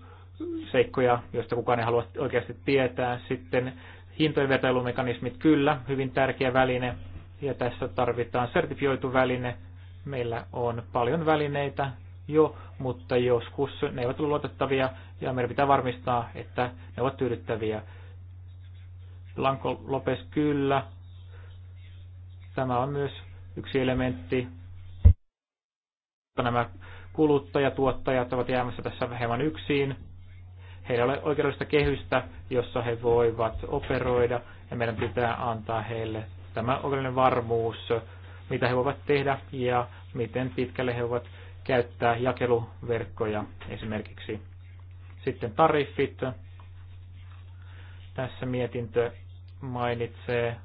seikkoja, joista kukaan ei halua oikeasti tietää. Sitten hintojen vertailumekanismit, kyllä, hyvin tärkeä väline, ja tässä tarvitaan sertifioitu väline. Meillä on paljon välineitä jo, mutta joskus ne eivät ole luotettavia, ja meidän pitää varmistaa, että ne ovat tyydyttäviä. Blanco Lopes, kyllä. Tämä on myös yksi elementti. Nämä kuluttajatuottajat ovat jäämässä tässä hieman yksin Heillä ole oikeudellista kehystä, jossa he voivat operoida, ja meidän pitää antaa heille tämä oikeudellinen varmuus, mitä he voivat tehdä ja miten pitkälle he voivat käyttää jakeluverkkoja esimerkiksi. Sitten tariffit. Tässä mietintö mainitsee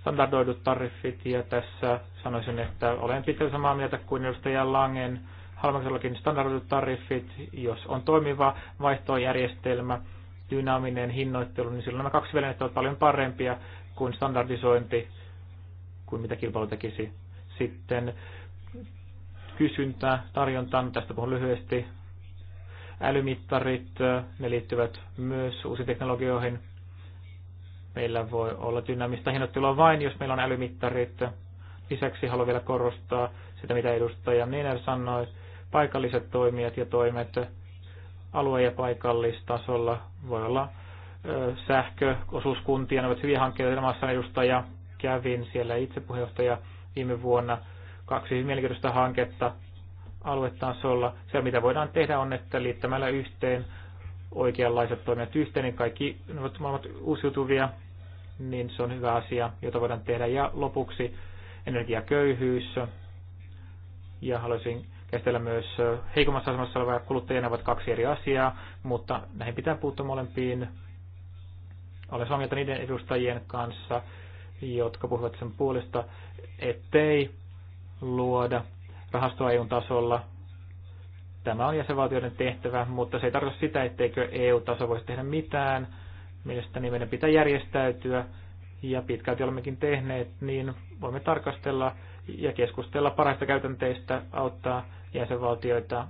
standardoidut tariffit ja tässä sanoisin, että olen pitänyt samaa mieltä kuin edustaja Langen halmaksellakin standardit tariffit, jos on toimiva vaihtojärjestelmä, dynaaminen hinnoittelu, niin silloin nämä kaksi välinettä ovat paljon parempia kuin standardisointi, kuin mitä kilpailu tekisi. Sitten kysyntä, tarjonta, no tästä puhun lyhyesti. Älymittarit, ne liittyvät myös uusiin teknologioihin. Meillä voi olla dynaamista hinnoittelua vain, jos meillä on älymittarit. Lisäksi haluan vielä korostaa sitä, mitä edustaja Niner sanoi paikalliset toimijat ja toimet alue- ja paikallistasolla voi olla sähkö, osuuskuntia, ne ovat hyviä hankkeita. Ilmassa edustaja kävin siellä itse puheenjohtaja viime vuonna kaksi mielenkiintoista hanketta aluetasolla. Se, mitä voidaan tehdä, on, että liittämällä yhteen oikeanlaiset toimijat yhteen, niin kaikki ne ovat maailmat uusiutuvia, niin se on hyvä asia, jota voidaan tehdä. Ja lopuksi energiaköyhyys. Ja haluaisin käsitellä myös heikommassa asemassa olevia kuluttajia. Ne ovat kaksi eri asiaa, mutta näihin pitää puuttua molempiin. Olen samaa mieltä niiden edustajien kanssa, jotka puhuvat sen puolesta, ettei luoda rahastoa EUn tasolla. Tämä on jäsenvaltioiden tehtävä, mutta se ei tarkoita sitä, etteikö EU-taso voisi tehdä mitään. Mielestäni meidän pitää järjestäytyä ja pitkälti olemmekin tehneet, niin voimme tarkastella ja keskustella parhaista käytänteistä, auttaa jäsenvaltioita,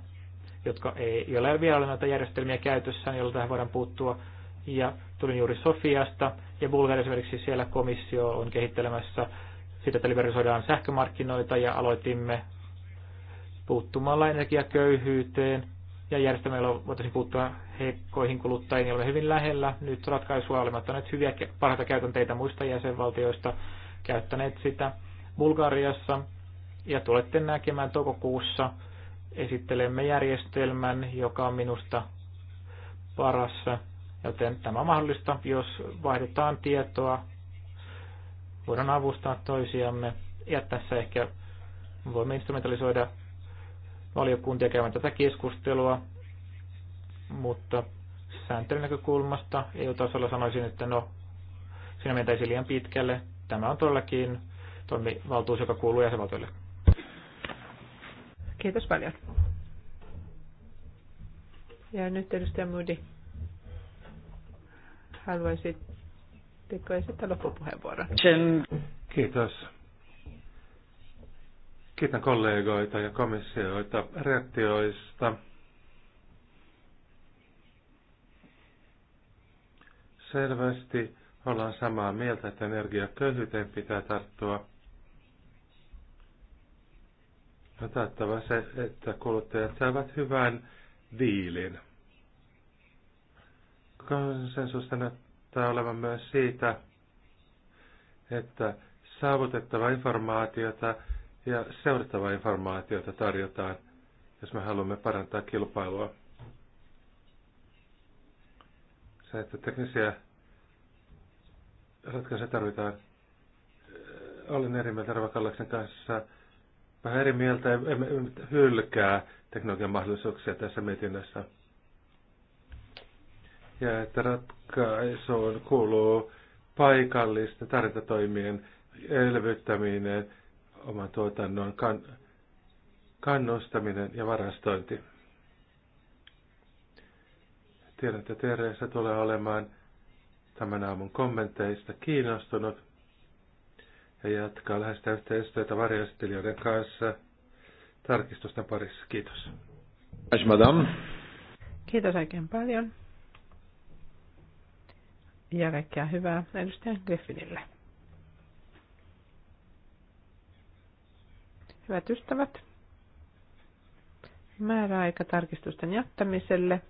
jotka ei, joilla ei ole vielä järjestelmiä käytössä, niin tähän voidaan puuttua. Ja tulin juuri Sofiasta, ja Bulgaria esimerkiksi siellä komissio on kehittelemässä sitä, että liberalisoidaan sähkömarkkinoita, ja aloitimme puuttumalla energiaköyhyyteen, ja järjestelmällä voitaisiin puuttua heikkoihin kuluttajiin, olemme hyvin lähellä nyt ratkaisua olemme ottaneet hyviä parhaita käytänteitä muista jäsenvaltioista, käyttäneet sitä Bulgariassa ja tulette näkemään toukokuussa esittelemme järjestelmän, joka on minusta paras, joten tämä on mahdollista, jos vaihdetaan tietoa, voidaan avustaa toisiamme, ja tässä ehkä voimme instrumentalisoida valiokuntia käymään tätä keskustelua, mutta sääntelyn näkökulmasta EU-tasolla sanoisin, että no, siinä mentäisi liian pitkälle. Tämä on todellakin toimivaltuus, joka kuuluu jäsenvaltioille. Kiitos paljon. Ja nyt edustaja Moody, haluaisitteko esittää loppupuheenvuoron? Kiitos. Kiitän kollegoita ja komissioita reaktioista. Selvästi ollaan samaa mieltä, että energiaköyhyyteen pitää tarttua – on taattava se, että kuluttajat saavat hyvän diilin. Konsensusta näyttää olevan myös siitä, että saavutettava informaatiota ja seurattava informaatiota tarjotaan, jos me haluamme parantaa kilpailua. Se, että teknisiä ratkaisuja tarvitaan. Olen eri mieltä Ravakallaksen kanssa vähän eri mieltä, emme hylkää teknologian mahdollisuuksia tässä mietinnössä. Ja että ratkaisuun kuuluu paikallisten tarjontatoimien elvyttäminen, oman tuotannon kan, kannustaminen ja varastointi. Tiedän, että Teresa tulee olemaan tämän aamun kommenteista kiinnostunut ja jatkaa läheistä yhteistyötä varjoistelijoiden kanssa tarkistusten parissa. Kiitos. Madame. Kiitos oikein paljon. Ja kaikkea hyvää edustaja Griffinille. Hyvät ystävät, määräaika tarkistusten jättämiselle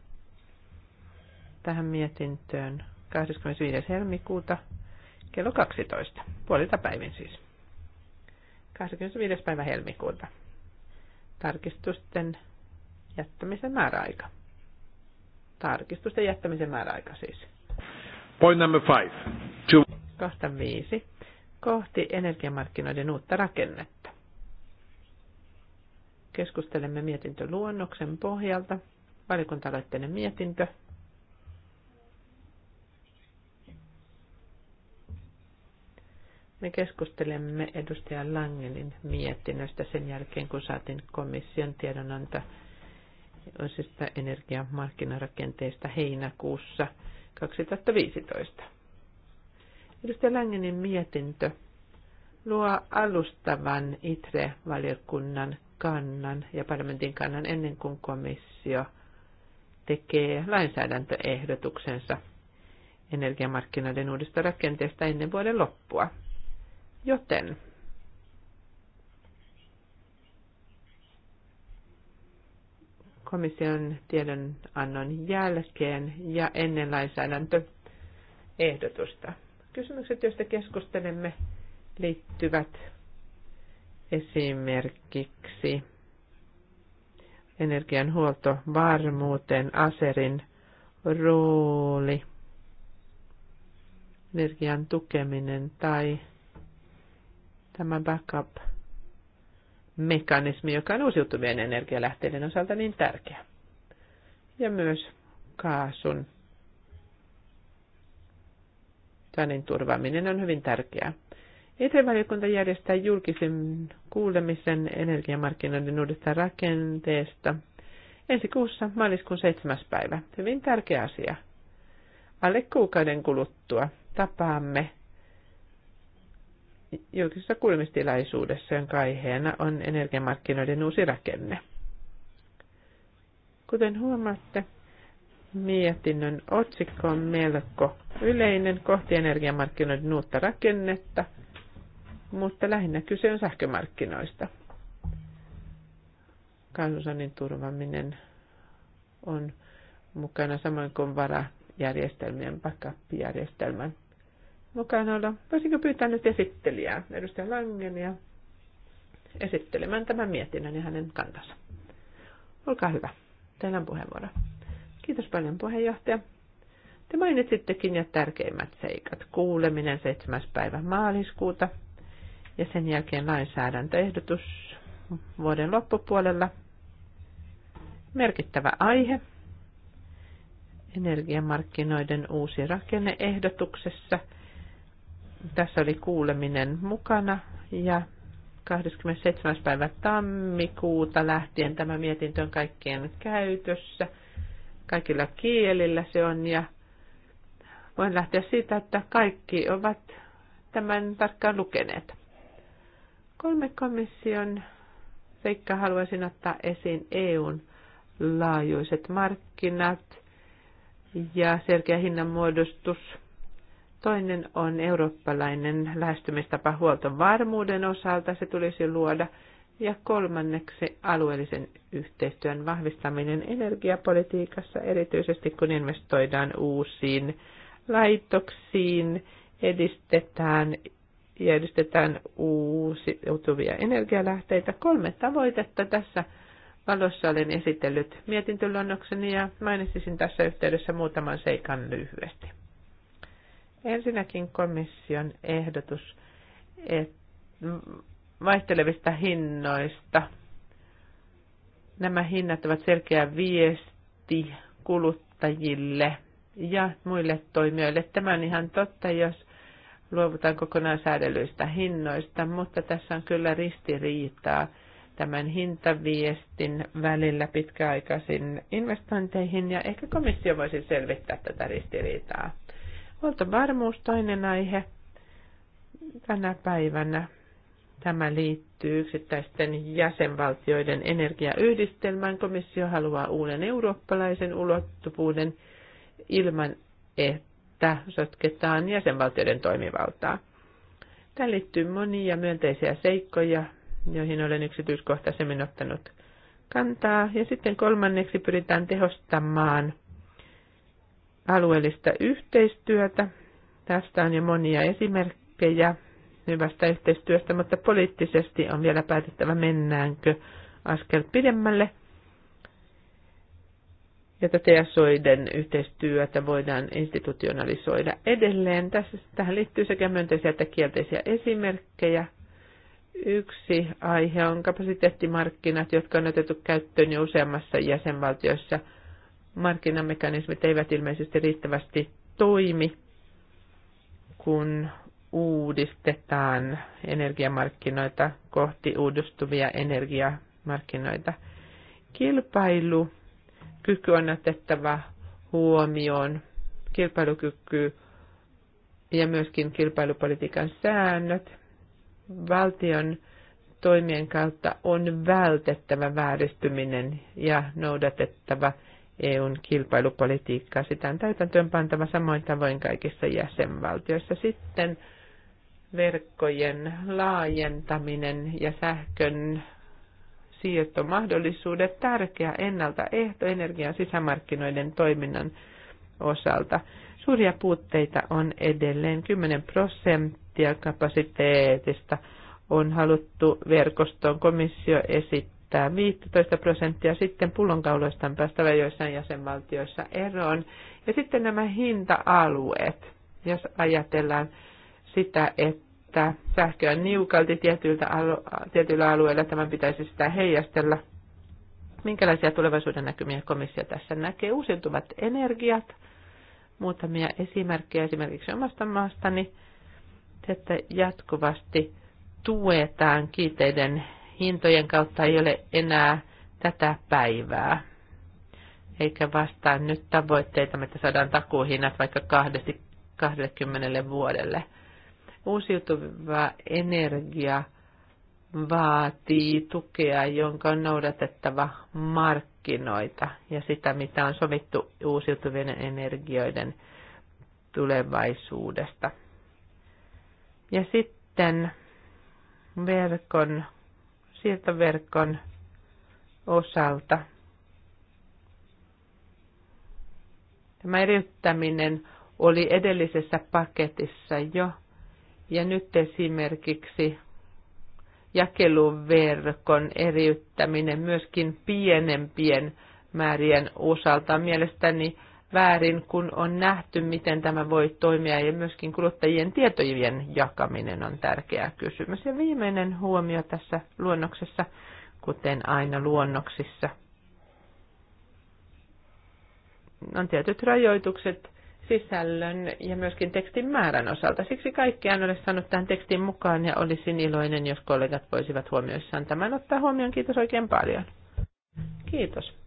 tähän mietintöön 25. helmikuuta kello 12, puolilta päivin siis. 25. päivä helmikuuta. Tarkistusten jättämisen määräaika. Tarkistusten jättämisen määräaika siis. Point number five. Two. Kohta viisi. Kohti energiamarkkinoiden uutta rakennetta. Keskustelemme mietintöluonnoksen pohjalta. Valiokunta-aloitteinen mietintö. Me keskustelemme edustaja Langelin mietinnöstä sen jälkeen, kun saatiin komission tiedonanto uusista energiamarkkinarakenteista heinäkuussa 2015. Edustaja Langenin mietintö luo alustavan ITRE-valiokunnan kannan ja parlamentin kannan ennen kuin komissio tekee lainsäädäntöehdotuksensa energiamarkkinoiden uudesta rakenteesta ennen vuoden loppua. Joten komission tiedonannon jälkeen ja ennen lainsäädäntöehdotusta. Kysymykset, joista keskustelemme, liittyvät esimerkiksi energian huoltovarmuuteen, aserin rooli, energian tukeminen tai tämä backup-mekanismi, joka on uusiutuvien energialähteiden osalta niin tärkeä. Ja myös kaasun saannin turvaaminen on hyvin tärkeää. Etevaliokunta järjestää julkisen kuulemisen energiamarkkinoiden uudesta rakenteesta ensi kuussa maaliskuun 7. päivä. Hyvin tärkeä asia. Alle kuukauden kuluttua tapaamme julkisessa kuulemistilaisuudessa, jonka aiheena on energiamarkkinoiden uusi rakenne. Kuten huomaatte, mietinnön otsikko on melko yleinen kohti energiamarkkinoiden uutta rakennetta, mutta lähinnä kyse on sähkömarkkinoista. Kansannin turvaminen on mukana samoin kuin varajärjestelmien backup-järjestelmän mukana olla. Voisinko pyytää nyt esittelijää, edustaja ja esittelemään tämän mietinnön ja hänen kantansa. Olkaa hyvä. Teillä on puheenvuoro. Kiitos paljon puheenjohtaja. Te mainitsittekin jo tärkeimmät seikat. Kuuleminen 7. päivä maaliskuuta ja sen jälkeen lainsäädäntöehdotus vuoden loppupuolella. Merkittävä aihe energiamarkkinoiden uusi rakenneehdotuksessa – tässä oli kuuleminen mukana ja 27. päivä tammikuuta lähtien tämä mietintö on kaikkien käytössä, kaikilla kielillä se on ja voin lähteä siitä, että kaikki ovat tämän tarkkaan lukeneet. Kolme komission seikka haluaisin ottaa esiin EUn laajuiset markkinat ja selkeä hinnanmuodostus Toinen on eurooppalainen lähestymistapa huoltovarmuuden osalta, se tulisi luoda. Ja kolmanneksi alueellisen yhteistyön vahvistaminen energiapolitiikassa, erityisesti kun investoidaan uusiin laitoksiin, edistetään ja edistetään uusiutuvia energialähteitä. Kolme tavoitetta tässä valossa olen esitellyt mietintöluonnokseni ja mainitsisin tässä yhteydessä muutaman seikan lyhyesti. Ensinnäkin komission ehdotus vaihtelevista hinnoista. Nämä hinnat ovat selkeä viesti kuluttajille ja muille toimijoille. Tämä on ihan totta, jos luovutaan kokonaan säädellyistä hinnoista, mutta tässä on kyllä ristiriitaa tämän hintaviestin välillä pitkäaikaisiin investointeihin, ja ehkä komissio voisi selvittää tätä ristiriitaa. Huoltovarmuus, toinen aihe. Tänä päivänä tämä liittyy yksittäisten jäsenvaltioiden energiayhdistelmään. Komissio haluaa uuden eurooppalaisen ulottuvuuden ilman, että sotketaan jäsenvaltioiden toimivaltaa. Tämä liittyy monia myönteisiä seikkoja, joihin olen yksityiskohtaisemmin ottanut kantaa. Ja sitten kolmanneksi pyritään tehostamaan – alueellista yhteistyötä. Tästä on jo monia esimerkkejä hyvästä yhteistyöstä, mutta poliittisesti on vielä päätettävä, mennäänkö askel pidemmälle, jotta TSOiden yhteistyötä voidaan institutionalisoida edelleen. Tässä, tähän liittyy sekä myönteisiä että kielteisiä esimerkkejä. Yksi aihe on kapasiteettimarkkinat, jotka on otettu käyttöön jo useammassa jäsenvaltiossa – markkinamekanismit eivät ilmeisesti riittävästi toimi, kun uudistetaan energiamarkkinoita kohti uudistuvia energiamarkkinoita. Kilpailukyky on otettava huomioon. Kilpailukyky ja myöskin kilpailupolitiikan säännöt. Valtion toimien kautta on vältettävä vääristyminen ja noudatettava – EUn kilpailupolitiikkaa. Sitä on täytäntöön pantava samoin tavoin kaikissa jäsenvaltioissa. Sitten verkkojen laajentaminen ja sähkön siirtomahdollisuudet tärkeä ennaltaehto energian sisämarkkinoiden toiminnan osalta. Suuria puutteita on edelleen 10 prosenttia kapasiteetista on haluttu verkostoon. Komissio esittää tämä 15 prosenttia, sitten pullonkauloista on päästävä joissain jäsenvaltioissa eroon. Ja sitten nämä hinta-alueet, jos ajatellaan sitä, että sähköä on niukalti tietyiltä alu- tietyillä alueilla, tämän pitäisi sitä heijastella. Minkälaisia tulevaisuuden näkymiä komissio tässä näkee? Uusiutuvat energiat, muutamia esimerkkejä esimerkiksi omasta maastani, että jatkuvasti tuetaan kiiteiden hintojen kautta ei ole enää tätä päivää, eikä vastaa nyt tavoitteita, että saadaan takuuhinnat vaikka 20 vuodelle. Uusiutuva energia vaatii tukea, jonka on noudatettava markkinoita ja sitä, mitä on sovittu uusiutuvien energioiden tulevaisuudesta. Ja sitten verkon siirtoverkon osalta. Tämä eriyttäminen oli edellisessä paketissa jo, ja nyt esimerkiksi jakeluverkon eriyttäminen myöskin pienempien määrien osalta mielestäni väärin, kun on nähty, miten tämä voi toimia, ja myöskin kuluttajien tietojen jakaminen on tärkeä kysymys. Ja viimeinen huomio tässä luonnoksessa, kuten aina luonnoksissa, on tietyt rajoitukset sisällön ja myöskin tekstin määrän osalta. Siksi kaikkea en ole saanut tämän tekstin mukaan ja olisin iloinen, jos kollegat voisivat huomioissaan tämän ottaa huomioon. Kiitos oikein paljon. Kiitos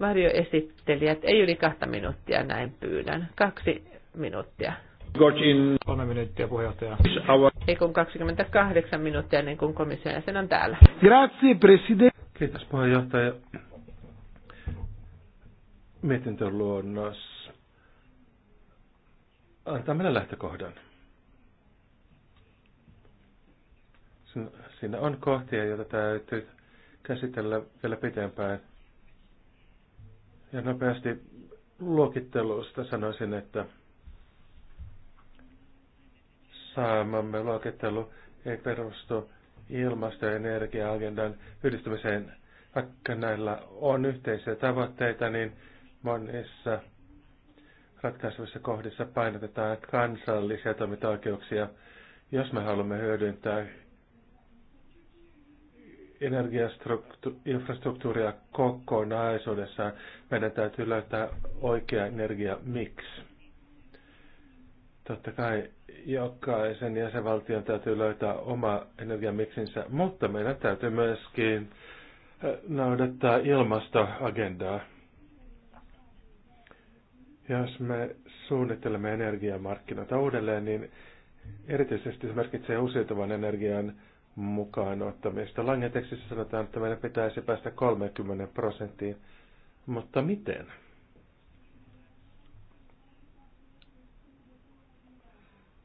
varjoesittelijät, ei yli kahta minuuttia näin pyydän. Kaksi minuuttia. Gorgin. Kolme minuuttia puheenjohtaja. Ei kun 28 minuuttia ennen niin kuin komission jäsen on täällä. Grazie, president. Kiitos puheenjohtaja. luonnos. Antaa meille lähtökohdan. Siinä on kohtia, joita täytyy käsitellä vielä pitempään. Ja nopeasti luokittelusta sanoisin, että saamamme luokittelu ei perustu ilmasto- ja energia-agendan yhdistymiseen. Vaikka näillä on yhteisiä tavoitteita, niin monissa ratkaisuissa kohdissa painotetaan kansallisia toimintaoikeuksia, jos me haluamme hyödyntää energiainfrastruktuuria kokonaisuudessaan. Meidän täytyy löytää oikea energia miksi. Totta kai jokaisen jäsenvaltion täytyy löytää oma energiamiksinsä, mutta meidän täytyy myöskin eh, noudattaa ilmastoagendaa. Jos me suunnittelemme energiamarkkinoita uudelleen, niin erityisesti se merkitsee uusiutuvan energian mukaan ottamista. Langetekstissä sanotaan, että meidän pitäisi päästä 30 prosenttiin, mutta miten?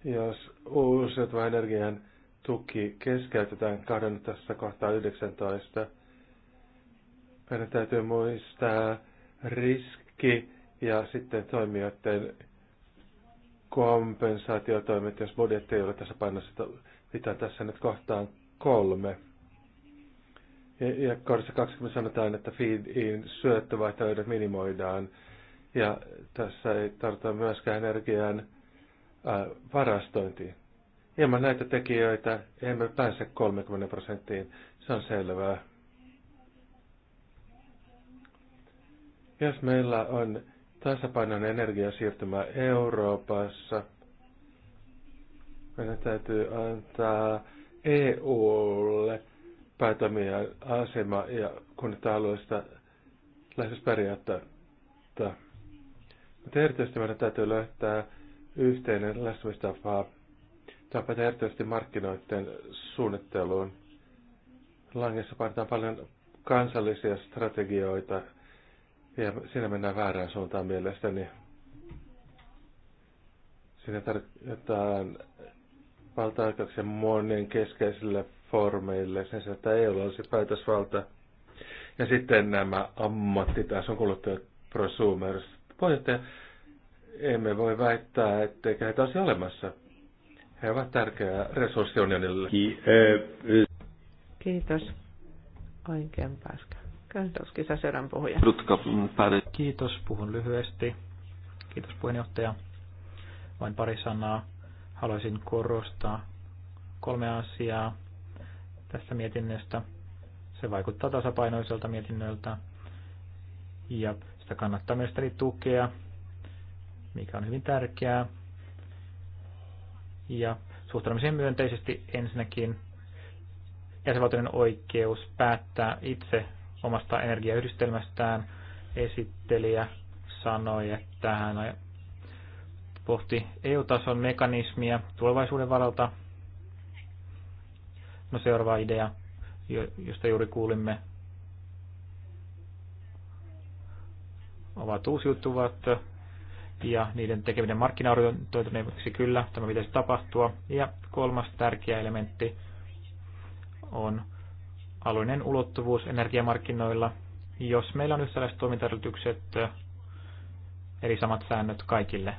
Jos uusiutuva energian tuki keskeytetään 12 kohtaa 19, meidän täytyy muistaa riski ja sitten toimijoiden kompensaatiotoimet, jos budjetti ei ole tässä painossa mitä tässä nyt kohtaan kolme. Ja, ja kohdassa 20 sanotaan, että feed-in syöttövaihtoehdot minimoidaan. Ja tässä ei tarvita myöskään energian ää, varastointiin. Ilman näitä tekijöitä emme pääse 30 prosenttiin, se on selvää. Jos meillä on tasapainoinen energiasiirtymä Euroopassa – meidän täytyy antaa EUlle päätämiä asema ja kunnittaa lähes lähestysperiaatteita. Mutta erityisesti meidän täytyy löytää yhteinen lähestymistapa. Tämä pätee erityisesti markkinoiden suunnitteluun. Langissa painetaan paljon kansallisia strategioita ja siinä mennään väärään suuntaan mielestäni. Siinä tarvitaan valta-oikeuksien keskeisille formeille, sen sijaan, että EUlla olisi päätösvalta. Ja sitten nämä ammattitason kuluttajat prosumers. pohjoittaja, emme voi väittää, etteikö heitä olisi olemassa. He ovat tärkeä resurssi eh, Kiitos. Oikein pääskään. Mm, Kiitos, puhun lyhyesti. Kiitos puheenjohtaja. Vain pari sanaa haluaisin korostaa kolme asiaa tästä mietinnöstä. Se vaikuttaa tasapainoiselta mietinnöltä ja sitä kannattaa myös tukea, mikä on hyvin tärkeää. Ja suhtaudumiseen myönteisesti ensinnäkin jäsenvaltioiden oikeus päättää itse omasta energiayhdistelmästään. Esittelijä sanoi, että hän pohti EU-tason mekanismia tulevaisuuden varalta. No seuraava idea, josta juuri kuulimme, ovat uusiutuvat ja niiden tekeminen markkinaorientoituneeksi kyllä, tämä pitäisi tapahtua. Ja kolmas tärkeä elementti on alueellinen ulottuvuus energiamarkkinoilla. Jos meillä on yhtäläiset toimintaedellytykset, eli samat säännöt kaikille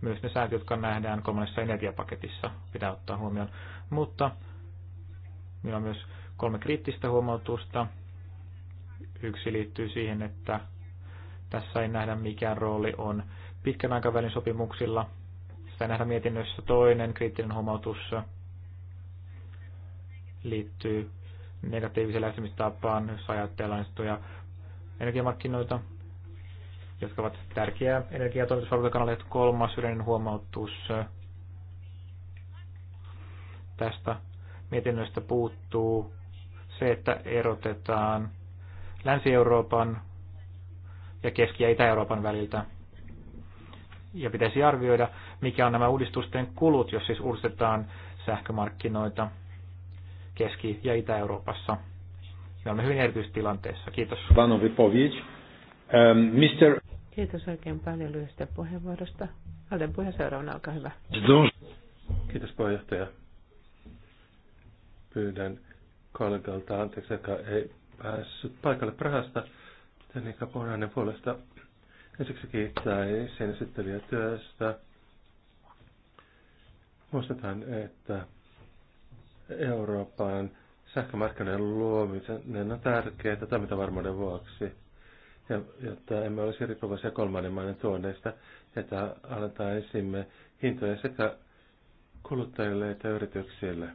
myös ne säännöt, jotka nähdään kolmannessa energiapaketissa, pitää ottaa huomioon. Mutta minulla on myös kolme kriittistä huomautusta. Yksi liittyy siihen, että tässä ei nähdä mikä rooli on pitkän aikavälin sopimuksilla. Sitä ei nähdä mietinnössä toinen kriittinen huomautus liittyy negatiiviseen lähtemistapaan, jos ajatellaan energiamarkkinoita, jotka ovat tärkeää energia- ja toimituspalvelukanalle. Kolmas yleinen huomautus tästä mietinnöstä puuttuu se, että erotetaan Länsi-Euroopan ja Keski- ja Itä-Euroopan väliltä. Ja pitäisi arvioida, mikä on nämä uudistusten kulut, jos siis uudistetaan sähkömarkkinoita Keski- ja Itä-Euroopassa. Me olemme hyvin erityistilanteessa. Kiitos. Mr. Kiitos oikein paljon lyhyestä puheenvuorosta. Alden puhe seuraavana, olkaa hyvä. Kiitos puheenjohtaja. Pyydän kollegalta anteeksi, joka ei päässyt paikalle Prahasta. Tenikka Pohjainen puolesta ensiksi kiittää sen esittelijä työstä. Muistetaan, että Euroopan sähkömarkkinoiden luominen on tärkeää toimintavarmuuden vuoksi ja, jotta emme olisi riippuvaisia kolmannen maiden tuonneista, että alentaisimme hintoja sekä kuluttajille että yrityksille.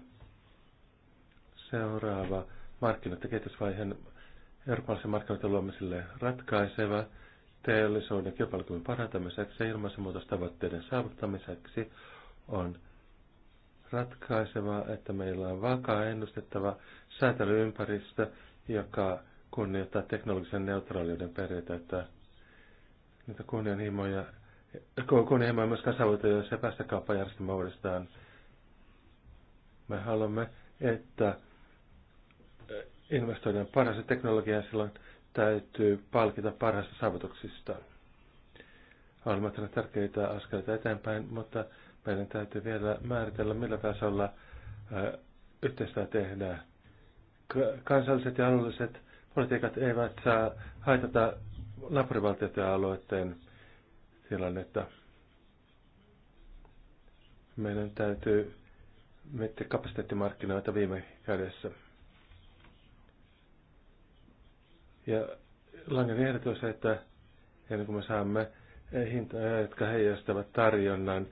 Seuraava markkinat- ja kehitysvaiheen eurooppalaisen markkinoiden luomiselle ratkaiseva teollisuuden kilpailukyvyn parantamiseksi ja ilmastonmuutostavoitteiden saavuttamiseksi on ratkaiseva, että meillä on vakaa ennustettava säätelyympäristö, joka kunnioittaa teknologisen neutraaliuden että Niitä kunnianhimoja, kunnianhimoja myös kasavoita, jos ei päästä kauppajärjestelmään uudestaan. Me haluamme, että investoidaan parhaaseen teknologiaan silloin täytyy palkita parhaista saavutuksista. Olemme ottaneet tärkeitä askeleita eteenpäin, mutta meidän täytyy vielä määritellä, millä tasolla yhteistyötä tehdään. Kansalliset ja alueelliset Politiikat eivät saa äh, haitata naapurivaltioiden alueiden tilannetta. Meidän täytyy miettiä kapasiteettimarkkinoita viime kädessä. Ja Langen ehdotus, että ennen kuin me saamme hintoja, jotka heijastavat tarjonnan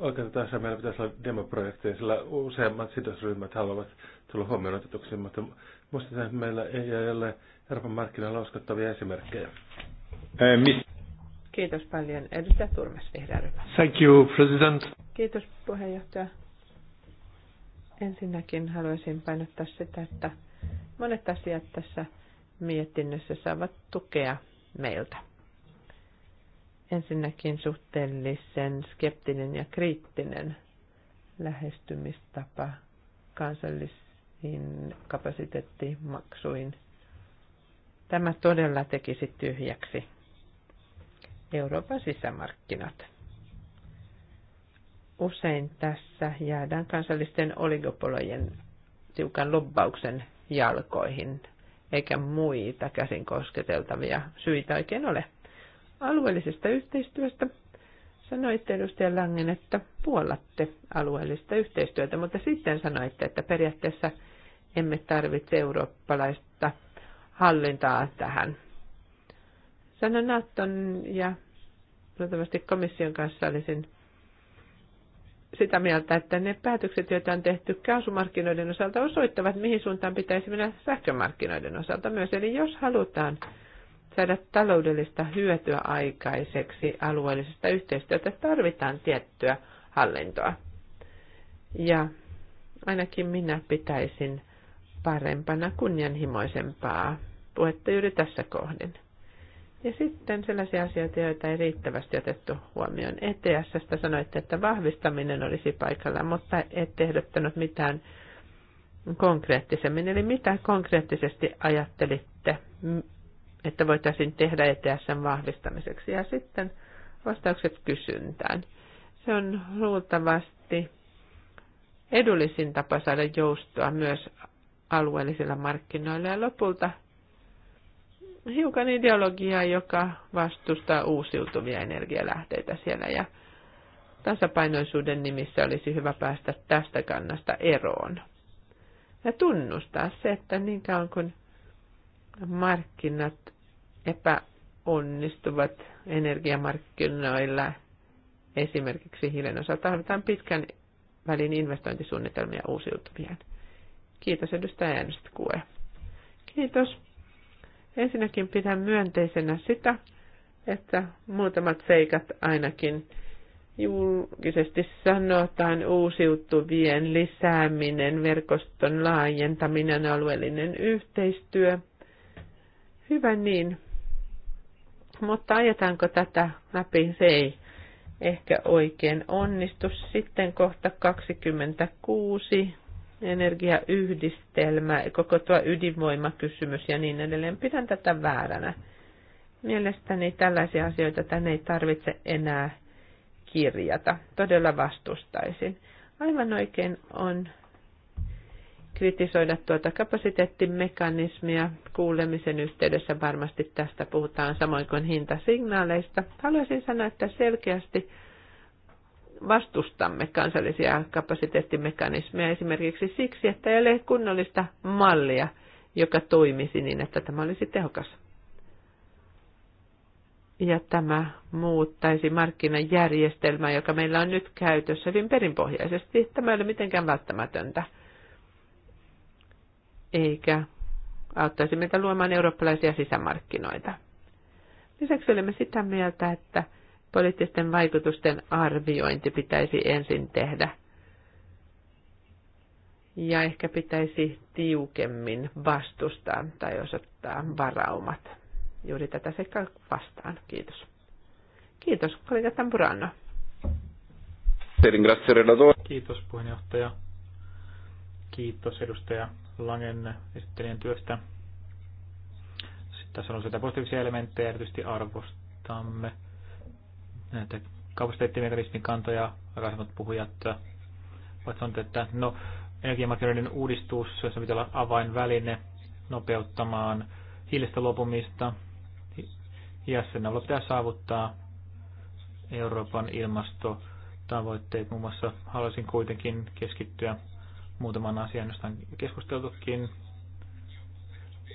oikeastaan meillä pitäisi olla demoprojekteja, sillä useammat sidosryhmät haluavat tulla huomioon otetuksi, mutta minusta meillä ei ole Euroopan markkinoilla uskottavia esimerkkejä. Eh, Kiitos paljon. Edustaja Turmes, vihreä ryhmä. Thank you, President. Kiitos puheenjohtaja. Ensinnäkin haluaisin painottaa sitä, että monet asiat tässä mietinnössä saavat tukea meiltä ensinnäkin suhteellisen skeptinen ja kriittinen lähestymistapa kansallisiin kapasiteettimaksuin. Tämä todella tekisi tyhjäksi Euroopan sisämarkkinat. Usein tässä jäädään kansallisten oligopolojen tiukan lobbauksen jalkoihin, eikä muita käsin kosketeltavia syitä oikein ole alueellisesta yhteistyöstä. Sanoitte edustaja Langen, että puolatte alueellista yhteistyötä, mutta sitten sanoitte, että periaatteessa emme tarvitse eurooppalaista hallintaa tähän. Sano Naton ja luultavasti komission kanssa olisin sitä mieltä, että ne päätökset, joita on tehty kaasumarkkinoiden osalta, osoittavat, mihin suuntaan pitäisi mennä sähkömarkkinoiden osalta myös. Eli jos halutaan saada taloudellista hyötyä aikaiseksi alueellisesta yhteistyötä, tarvitaan tiettyä hallintoa. Ja ainakin minä pitäisin parempana, kunnianhimoisempaa puhetta juuri tässä kohdin. Ja sitten sellaisia asioita, joita ei riittävästi otettu huomioon. ETS sanoitte, että vahvistaminen olisi paikalla, mutta et ehdottanut mitään konkreettisemmin. Eli mitä konkreettisesti ajattelitte että voitaisiin tehdä ETSn vahvistamiseksi. Ja sitten vastaukset kysyntään. Se on luultavasti edullisin tapa saada joustoa myös alueellisilla markkinoilla. Ja lopulta hiukan ideologiaa, joka vastustaa uusiutuvia energialähteitä siellä. Ja tasapainoisuuden nimissä olisi hyvä päästä tästä kannasta eroon. Ja tunnustaa se, että niin kauan kuin markkinat epäonnistuvat energiamarkkinoilla esimerkiksi hiilen osalta tarvitaan pitkän välin investointisuunnitelmia uusiutuvien. Kiitos edustaja Ernst Kue. Kiitos. Ensinnäkin pidän myönteisenä sitä, että muutamat seikat ainakin julkisesti sanotaan uusiutuvien lisääminen, verkoston laajentaminen, alueellinen yhteistyö. Hyvä niin, mutta ajetaanko tätä läpi? Se ei ehkä oikein onnistu. Sitten kohta 26, energiayhdistelmä, koko tuo ydinvoimakysymys ja niin edelleen. Pidän tätä vääränä. Mielestäni tällaisia asioita tänne ei tarvitse enää kirjata. Todella vastustaisin. Aivan oikein on kritisoida tuota kapasiteettimekanismia. Kuulemisen yhteydessä varmasti tästä puhutaan samoin kuin hintasignaaleista. Haluaisin sanoa, että selkeästi vastustamme kansallisia kapasiteettimekanismeja esimerkiksi siksi, että ei ole kunnollista mallia, joka toimisi niin, että tämä olisi tehokas. Ja tämä muuttaisi markkinajärjestelmää, joka meillä on nyt käytössä hyvin perinpohjaisesti. Tämä ei ole mitenkään välttämätöntä eikä auttaisi meitä luomaan eurooppalaisia sisämarkkinoita. Lisäksi olemme sitä mieltä, että poliittisten vaikutusten arviointi pitäisi ensin tehdä. Ja ehkä pitäisi tiukemmin vastustaa tai osoittaa varaumat juuri tätä sekä vastaan. Kiitos. Kiitos, kollega Tamburano. Kiitos puheenjohtaja. Kiitos edustaja Langen esittelijän työstä. Sitten tässä on ollut positiivisia elementtejä, erityisesti arvostamme näitä kapasiteettimekanismin kantoja, aikaisemmat puhujat ovat sanoneet, että no, energiamarkkinoiden uudistus, se pitää olla avainväline nopeuttamaan hiilestä lopumista, ja sen avulla pitää saavuttaa Euroopan ilmastotavoitteet. Muun muassa haluaisin kuitenkin keskittyä muutaman asian, josta on keskusteltukin.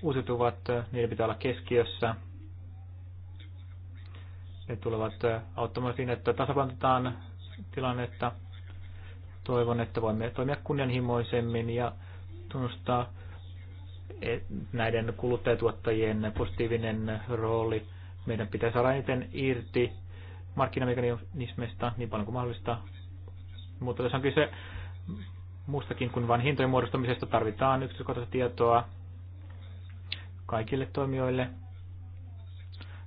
Uusiutuvat, niiden pitää olla keskiössä. Ne tulevat auttamaan siinä, että tasapainotetaan tilannetta. Toivon, että voimme toimia kunnianhimoisemmin ja tunnustaa näiden kuluttajatuottajien positiivinen rooli. Meidän pitää saada eniten irti markkinamekanismista niin paljon kuin mahdollista. Mutta tässä on kyse muustakin kuin vain hintojen muodostamisesta tarvitaan yksityiskohtaista tietoa kaikille toimijoille,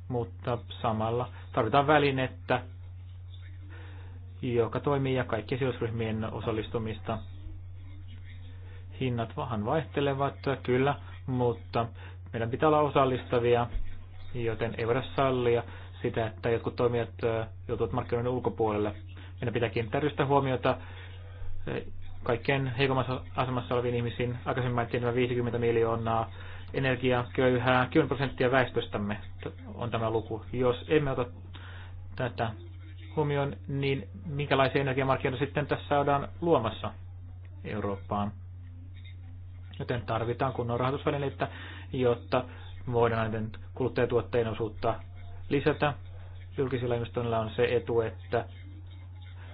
mutta samalla tarvitaan välinettä, joka toimii ja kaikkien sidosryhmien osallistumista. Hinnat vähän vaihtelevat, kyllä, mutta meidän pitää olla osallistavia, joten ei voida sallia sitä, että jotkut toimijat joutuvat markkinoiden ulkopuolelle. Meidän pitää kiinnittää huomiota kaikkein heikommassa asemassa oleviin ihmisiin. Aikaisemmin mainittiin nämä 50 miljoonaa energiaa köyhää, 10 prosenttia väestöstämme on tämä luku. Jos emme ota tätä huomioon, niin minkälaisia energiamarkkinoita sitten tässä saadaan luomassa Eurooppaan? Joten tarvitaan kunnon rahoitusvälineitä, jotta voidaan näiden kuluttajatuotteiden osuutta lisätä. Julkisilla investoinnilla on se etu, että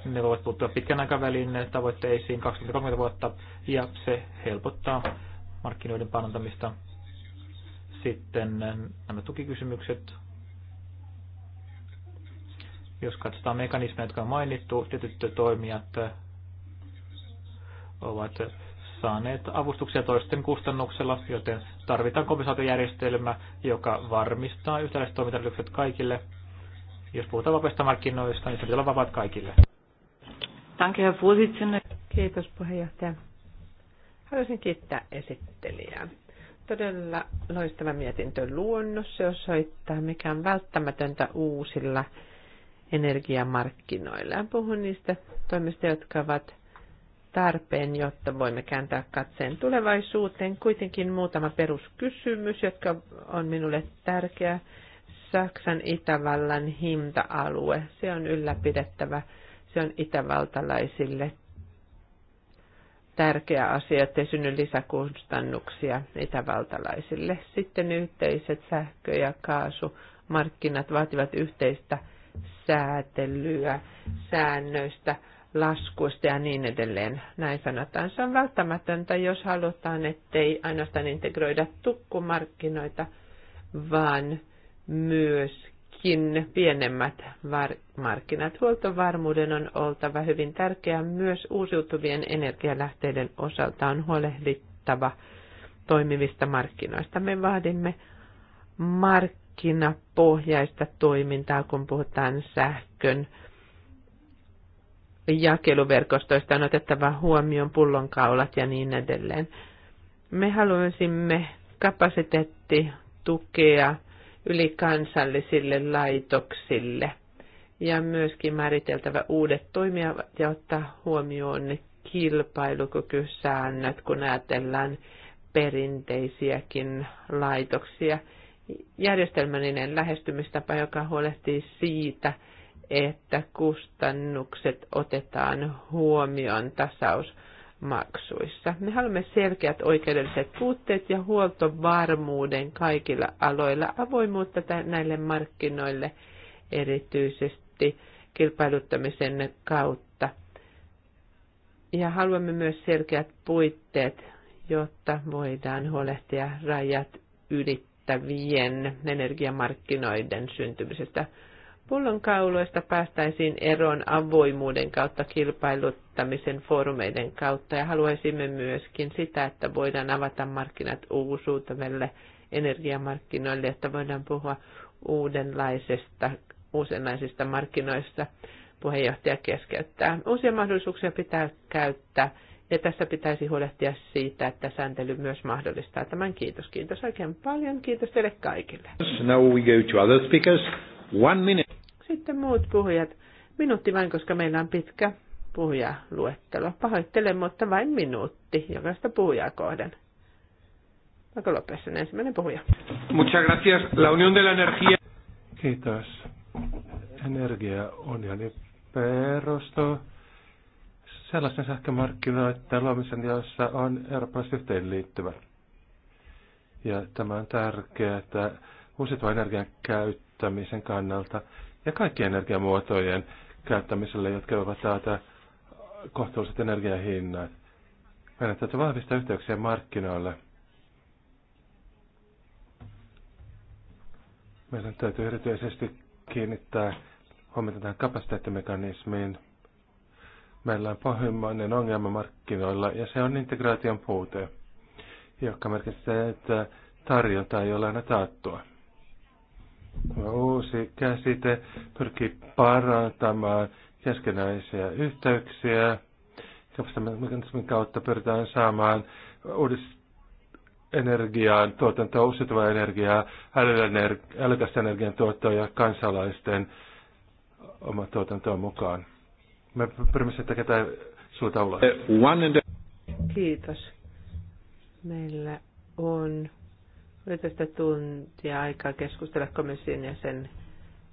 ne voivat puuttua pitkän aikavälin tavoitteisiin 20-30 vuotta ja se helpottaa markkinoiden parantamista. Sitten eh, nämä tukikysymykset. Jos katsotaan mekanismeja, jotka on mainittu, tietyt toimijat eh, ovat saaneet avustuksia toisten kustannuksella, joten tarvitaan kompensaatiojärjestelmä, joka varmistaa yhtäläiset toimintaedellytykset kaikille. Jos puhutaan vapaista markkinoista, niin se pitää olla vapaat kaikille. Danke, Herr Vorsitzende. Kiitos puheenjohtaja. Haluaisin kiittää esittelijää. Todella loistava mietintö luonnos. Se osoittaa, mikä on välttämätöntä uusilla energiamarkkinoilla. Puhun niistä toimista, jotka ovat tarpeen, jotta voimme kääntää katseen tulevaisuuteen. Kuitenkin muutama peruskysymys, jotka on minulle tärkeä. Saksan Itävallan hinta-alue, se on ylläpidettävä se on itävaltalaisille tärkeä asia, ettei synny lisäkustannuksia itävaltalaisille. Sitten yhteiset sähkö- ja kaasumarkkinat vaativat yhteistä säätelyä, säännöistä, laskuista ja niin edelleen. Näin sanotaan. Se on välttämätöntä, jos halutaan, ettei ainoastaan integroida tukkumarkkinoita, vaan myös muutkin pienemmät markkinat. Huoltovarmuuden on oltava hyvin tärkeää myös uusiutuvien energialähteiden osalta on huolehdittava toimivista markkinoista. Me vaadimme markkinapohjaista toimintaa, kun puhutaan sähkön jakeluverkostoista on otettava huomioon pullonkaulat ja niin edelleen. Me haluaisimme kapasiteettitukea tukea ylikansallisille laitoksille ja myöskin määriteltävä uudet toimijat ja ottaa huomioon kilpailukykysäännöt, kun ajatellaan perinteisiäkin laitoksia. Järjestelmällinen lähestymistapa, joka huolehtii siitä, että kustannukset otetaan huomioon tasaus maksuissa. Me haluamme selkeät oikeudelliset puutteet ja huoltovarmuuden kaikilla aloilla, avoimuutta näille markkinoille erityisesti kilpailuttamisen kautta. Ja haluamme myös selkeät puitteet, jotta voidaan huolehtia rajat ylittävien energiamarkkinoiden syntymisestä. Pullonkauloista päästäisiin eroon avoimuuden kautta kilpailuttamisen vaikuttamisen foorumeiden kautta ja haluaisimme myöskin sitä, että voidaan avata markkinat uusuutaville energiamarkkinoille, että voidaan puhua uudenlaisesta, uusenlaisista markkinoista. Puheenjohtaja keskeyttää. Uusia mahdollisuuksia pitää käyttää ja tässä pitäisi huolehtia siitä, että sääntely myös mahdollistaa tämän. Kiitos, kiitos oikein paljon. Kiitos teille kaikille. Now we go to other speakers. One minute. Sitten muut puhujat. Minuutti vain, koska meillä on pitkä puhujaluettelo. Pahoittelen, mutta vain minuutti jokaista puhujaa kohden. Marko lopessa on ensimmäinen puhuja. Muchas gracias. La unión de la energía. Kiitos. Energia on ja perusto sellaisen sähkömarkkinoiden luomisen, jossa on eurooppalaiset liittyvä. Ja tämä on tärkeää, että uusiutuvan energian käyttämisen kannalta ja kaikkien energiamuotojen käyttämiselle, jotka voivat taata kohtuulliset energiahinnat. Meidän täytyy vahvistaa yhteyksiä markkinoille. Meidän täytyy erityisesti kiinnittää huomiota tähän kapasiteettimekanismiin. Meillä on pohjimmainen ongelma markkinoilla ja se on integraation puute, joka merkitsee, että tarjonta ei ole aina taattua. Uusi käsite pyrkii parantamaan keskenäisiä yhteyksiä. Kapasiteettimekanismin kautta pyritään saamaan uudistettua energiaan, tuotantoa, uusiutuvaa energiaa, älykästä energian tuottoa ja kansalaisten oma tuotantoa mukaan. Me pyrimme sitten ketä suuta ulos. Kiitos. Meillä on tästä tuntia aikaa keskustella komission ja sen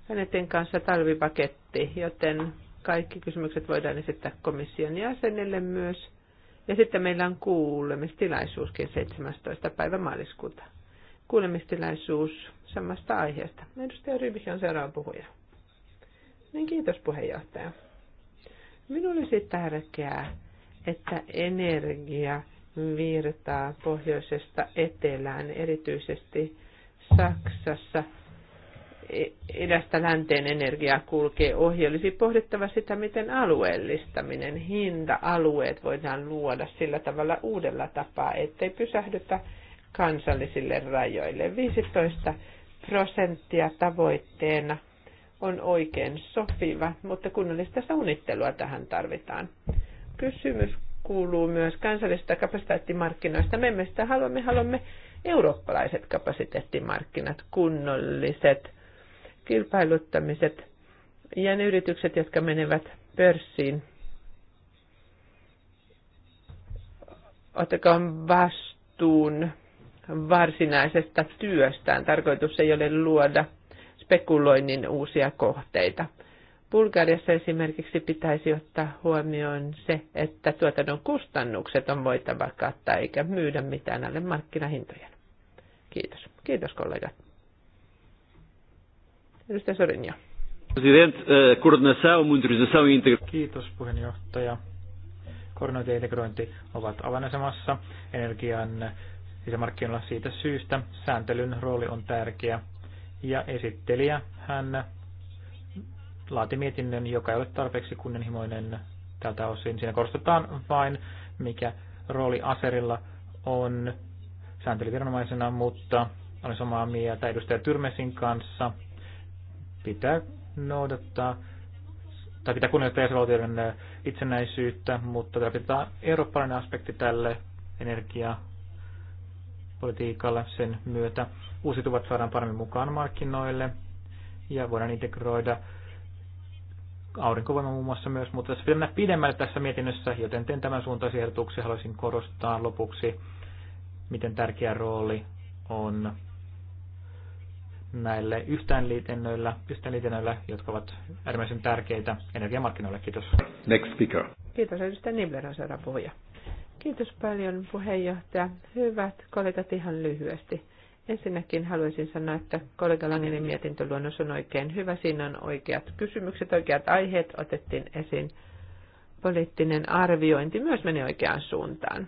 hänetten kanssa talvipaketti, joten kaikki kysymykset voidaan esittää komission jäsenille myös. Ja sitten meillä on kuulemistilaisuuskin 17. päivä maaliskuuta. Kuulemistilaisuus samasta aiheesta. Edustaja Rybih on seuraava puhuja. Niin kiitos puheenjohtaja. Minulle olisi tärkeää, että energia virtaa pohjoisesta etelään, erityisesti Saksassa – idästä länteen energia kulkee ohi, olisi pohdittava sitä, miten alueellistaminen, hinta-alueet voidaan luoda sillä tavalla uudella tapaa, ettei pysähdytä kansallisille rajoille. 15 prosenttia tavoitteena on oikein sopiva, mutta kunnollista suunnittelua tähän tarvitaan. Kysymys kuuluu myös kansallisista kapasiteettimarkkinoista. Me emme sitä haluamme, haluamme eurooppalaiset kapasiteettimarkkinat, kunnolliset kilpailuttamiset ja ne yritykset, jotka menevät pörssiin, ottakaa vastuun varsinaisesta työstään. Tarkoitus ei ole luoda spekuloinnin uusia kohteita. Bulgariassa esimerkiksi pitäisi ottaa huomioon se, että tuotannon kustannukset on voitava kattaa eikä myydä mitään alle markkinahintojen. Kiitos. Kiitos kollegat. Edustaja Sorinja. Eh, koordinaatio, monitorisaatio ja e Kiitos puheenjohtaja. Koordinointi ja integrointi ovat avainasemassa energian sisämarkkinoilla siitä syystä. Sääntelyn rooli on tärkeä ja esittelijä hän laati mietinnön, joka ei ole tarpeeksi kunnianhimoinen tältä osin. Siinä korostetaan vain, mikä rooli Aserilla on sääntelyviranomaisena, mutta olen samaa mieltä edustaja Tyrmesin kanssa – pitää noudattaa tai pitää kunnioittaa jäsenvaltioiden äh, itsenäisyyttä, mutta tarvitaan eurooppalainen aspekti tälle energiapolitiikalle sen myötä. Uusituvat saadaan paremmin mukaan markkinoille ja voidaan integroida aurinkovoima muun muassa myös, mutta tässä pitää mennä pidemmälle tässä mietinnössä, joten teen tämän suuntaisia ehdotuksia. Haluaisin korostaa lopuksi, miten tärkeä rooli on näille yhteenliitennöillä, yhteenliitennöillä, jotka ovat äärimmäisen tärkeitä energiamarkkinoille. Kiitos. Next speaker. Kiitos, edustaja Nibler on seuraava puhuja. Kiitos paljon puheenjohtaja. Hyvät kollegat ihan lyhyesti. Ensinnäkin haluaisin sanoa, että kollega Langenin mietintöluonnos on oikein hyvä. Siinä on oikeat kysymykset, oikeat aiheet otettiin esiin. Poliittinen arviointi myös meni oikeaan suuntaan.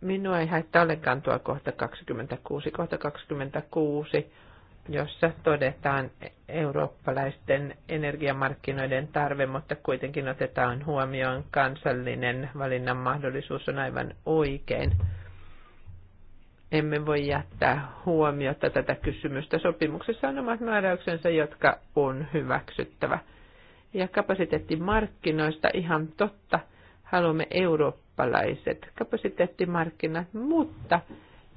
Minua ei haittaa ollenkaan tuo kohta 26, kohta 26, jossa todetaan eurooppalaisten energiamarkkinoiden tarve, mutta kuitenkin otetaan huomioon kansallinen valinnan mahdollisuus on aivan oikein. Emme voi jättää huomiota tätä kysymystä. Sopimuksessa on omat määräyksensä, jotka on hyväksyttävä. Ja kapasiteettimarkkinoista ihan totta – haluamme eurooppalaiset kapasiteettimarkkinat, mutta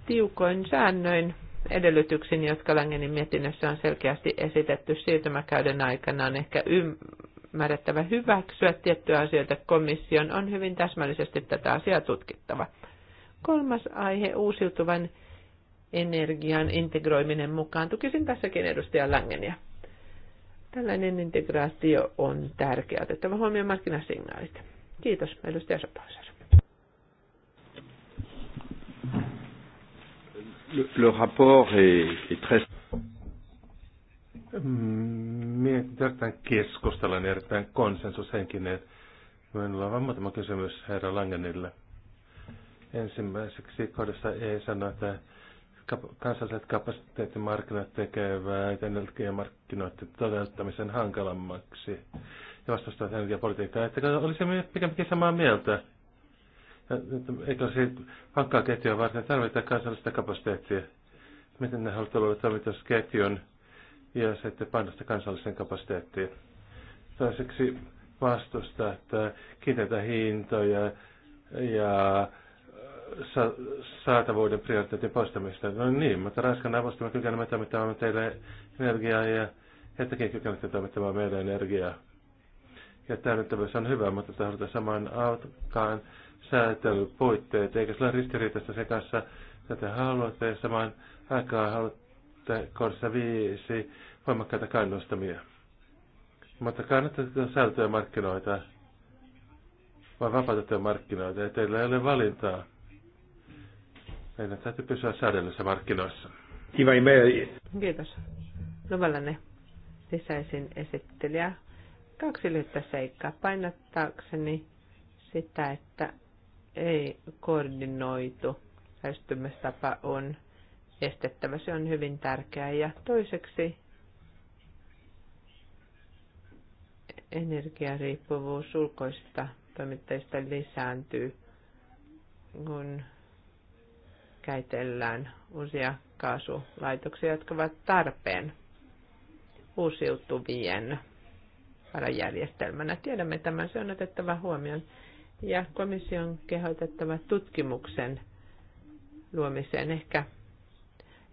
tiukoin säännöin edellytyksin, jotka Langenin mietinnössä on selkeästi esitetty siirtymäkäyden aikana, on ehkä ymmärrettävä hyväksyä tiettyä asioita komission, on hyvin täsmällisesti tätä asiaa tutkittava. Kolmas aihe, uusiutuvan energian integroiminen mukaan. Tukisin tässäkin edustaja Langenia. Tällainen integraatio on tärkeä. Otettava huomioon markkinasignaalit. Kiitos, edustaja Sopausar. Le, rapport est, est très... Mm, Mietintö erittäin keskustelun, erittäin konsensushenkinen. Minulla on muutama kysymys herra Langenille. Ensimmäiseksi kohdassa ei sano, että kansalliset kapasiteettimarkkinat tekevät energiamarkkinoiden toteuttamisen hankalammaksi ja vastustavat energiapolitiikkaa. että olisi pikemminkin samaa mieltä? Eikö siitä hankkaa ketjua varten tarvita kansallista kapasiteettia? Miten ne haluatte luoda toimitusketjun ja sitten painosta kansalliseen kapasiteettiin? Toiseksi vastusta, että kiinteitä hintoja ja äh, sa- saatavuuden prioriteetin poistamista. No niin, mutta Ranskan avustamme me kykenemme toimittamaan teille energiaa ja hetkeen kykenemme toimittamaan meidän energiaa ja täydettävyys on hyvä, mutta tarvitaan saman autkaan säätelypuitteet, eikä sillä ole ristiriitasta se kanssa, tätä haluatte, samaan aikaan haluatte kohdassa viisi voimakkaita kannustamia. Mutta kannattaa säätöjä markkinoita vai vapautettuja markkinoita, ja teillä ei ole valintaa. Meidän täytyy pysyä säädellyssä markkinoissa. Kiva Kiitos. Luvallanne lisäisin esittelijää Kaksi lyhyttä seikkaa Painattaakseni sitä, että ei koordinoitu lähestymistapa on estettävä. Se on hyvin tärkeää. Ja toiseksi energiariippuvuus ulkoista toimittajista lisääntyy, kun käytellään uusia kaasulaitoksia, jotka ovat tarpeen uusiutuvien varajärjestelmänä. Tiedämme tämän, se on otettava huomioon. Ja komission kehotettava tutkimuksen luomiseen. Ehkä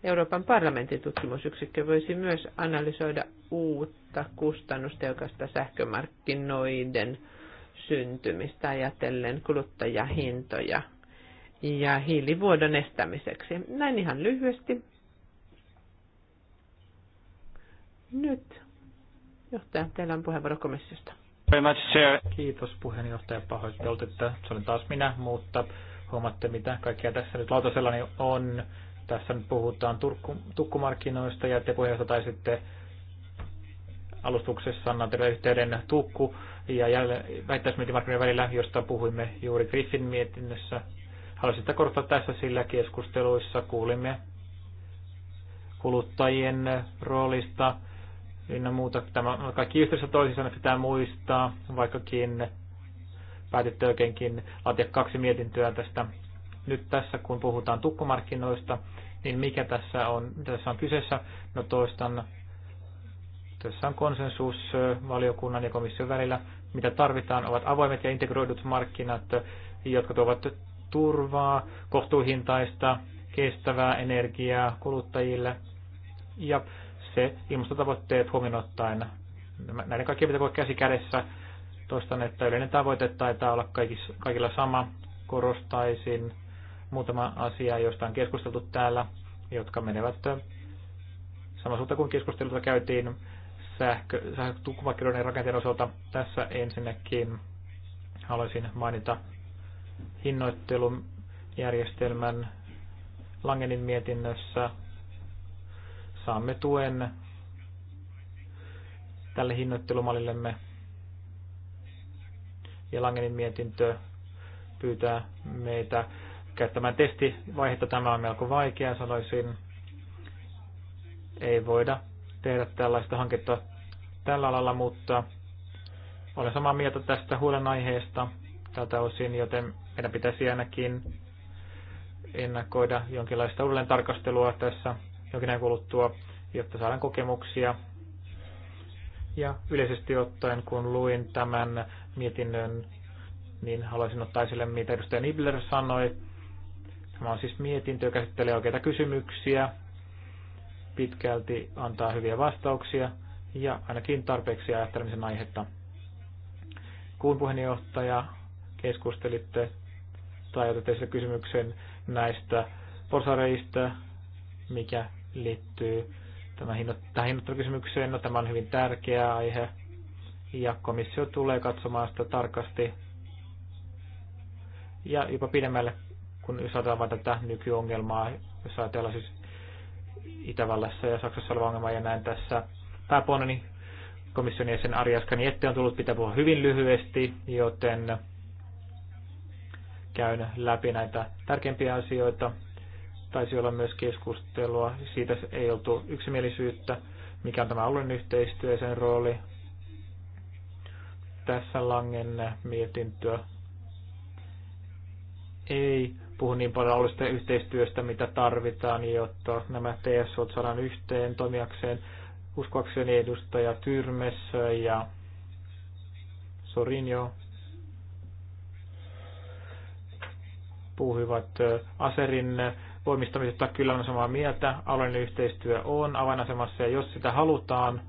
Euroopan parlamentin tutkimusyksikkö voisi myös analysoida uutta kustannustehokasta sähkömarkkinoiden syntymistä ajatellen kuluttajahintoja ja hiilivuodon estämiseksi. Näin ihan lyhyesti. Nyt Johtaja, teillä on puheenvuoro komissiosta. Kiitos puheenjohtaja, pahoittelut, että se oli taas minä, mutta huomaatte mitä kaikkea tässä nyt lautasellani on. Tässä nyt puhutaan turkku, tukkumarkkinoista ja te puheenjohtaja sitten alustuksessa tehdä yhteyden tukku ja väittäismyyntimarkkinoiden välillä, josta puhuimme juuri Griffin mietinnössä. Haluaisin sitä korostaa tässä, sillä keskusteluissa kuulimme kuluttajien roolista ynnä muuta. Tämä kaikki yhteydessä toisiinsa, pitää muistaa, vaikkakin päätitte oikeinkin laatia kaksi mietintöä tästä. Nyt tässä, kun puhutaan tukkomarkkinoista, niin mikä tässä on, tässä on kyseessä? No toistan, tässä on konsensus valiokunnan ja komission välillä. Mitä tarvitaan ovat avoimet ja integroidut markkinat, jotka tuovat turvaa, kohtuuhintaista, kestävää energiaa kuluttajille ja se ilmastotavoitteet huomioon ottaen. Näiden kaikkien pitää olla käsi kädessä. Toistan, että yleinen tavoite taitaa olla kaikissa, kaikilla sama. Korostaisin muutama asia, joista on keskusteltu täällä, jotka menevät saman suhteen kuin keskustelua käytiin sähkö, sähkötukkumarkkinoiden rakenteen osalta. Tässä ensinnäkin haluaisin mainita hinnoittelujärjestelmän Langenin mietinnössä saamme tuen tälle hinnoittelumallillemme. Ja Langenin mietintö pyytää meitä käyttämään testivaihetta. Tämä on melko vaikea, sanoisin. Ei voida tehdä tällaista hanketta tällä alalla, mutta olen samaa mieltä tästä huolenaiheesta tältä osin, joten meidän pitäisi ainakin ennakoida jonkinlaista uudelleen tarkastelua tässä jokin ajan kuluttua, jotta saadaan kokemuksia. Ja yleisesti ottaen, kun luin tämän mietinnön, niin haluaisin ottaa esille, mitä edustaja Nibler sanoi. Tämä on siis mietintö, joka käsittelee oikeita kysymyksiä, pitkälti antaa hyviä vastauksia ja ainakin tarpeeksi ajattelemisen aihetta. Kun puheenjohtaja keskustelitte tai otatte kysymyksen näistä porsareista, mikä liittyy tämä hinnoittelukysymykseen. No, tämä on hyvin tärkeä aihe ja komissio tulee katsomaan sitä tarkasti ja jopa pidemmälle, kun jos ajatellaan vain tätä nykyongelmaa, jos ajatellaan siis Itävallassa ja Saksassa oleva ongelma ja näin tässä pääpuoleni niin komission jäsen Arjaskan jätte on tullut pitää puhua hyvin lyhyesti, joten käyn läpi näitä tärkeimpiä asioita taisi olla myös keskustelua. Siitä ei oltu yksimielisyyttä, mikä on tämä alueen yhteistyö ja sen rooli. Tässä Langen mietintöä ei puhu niin paljon alueellisesta yhteistyöstä, mitä tarvitaan, jotta nämä TSO saadaan yhteen toimijakseen. Uskoakseni edustaja Tyrmes ja Sorinjo puhuivat äh, Aserin voimistamisesta kyllä on samaa mieltä. Alueellinen yhteistyö on avainasemassa ja jos sitä halutaan,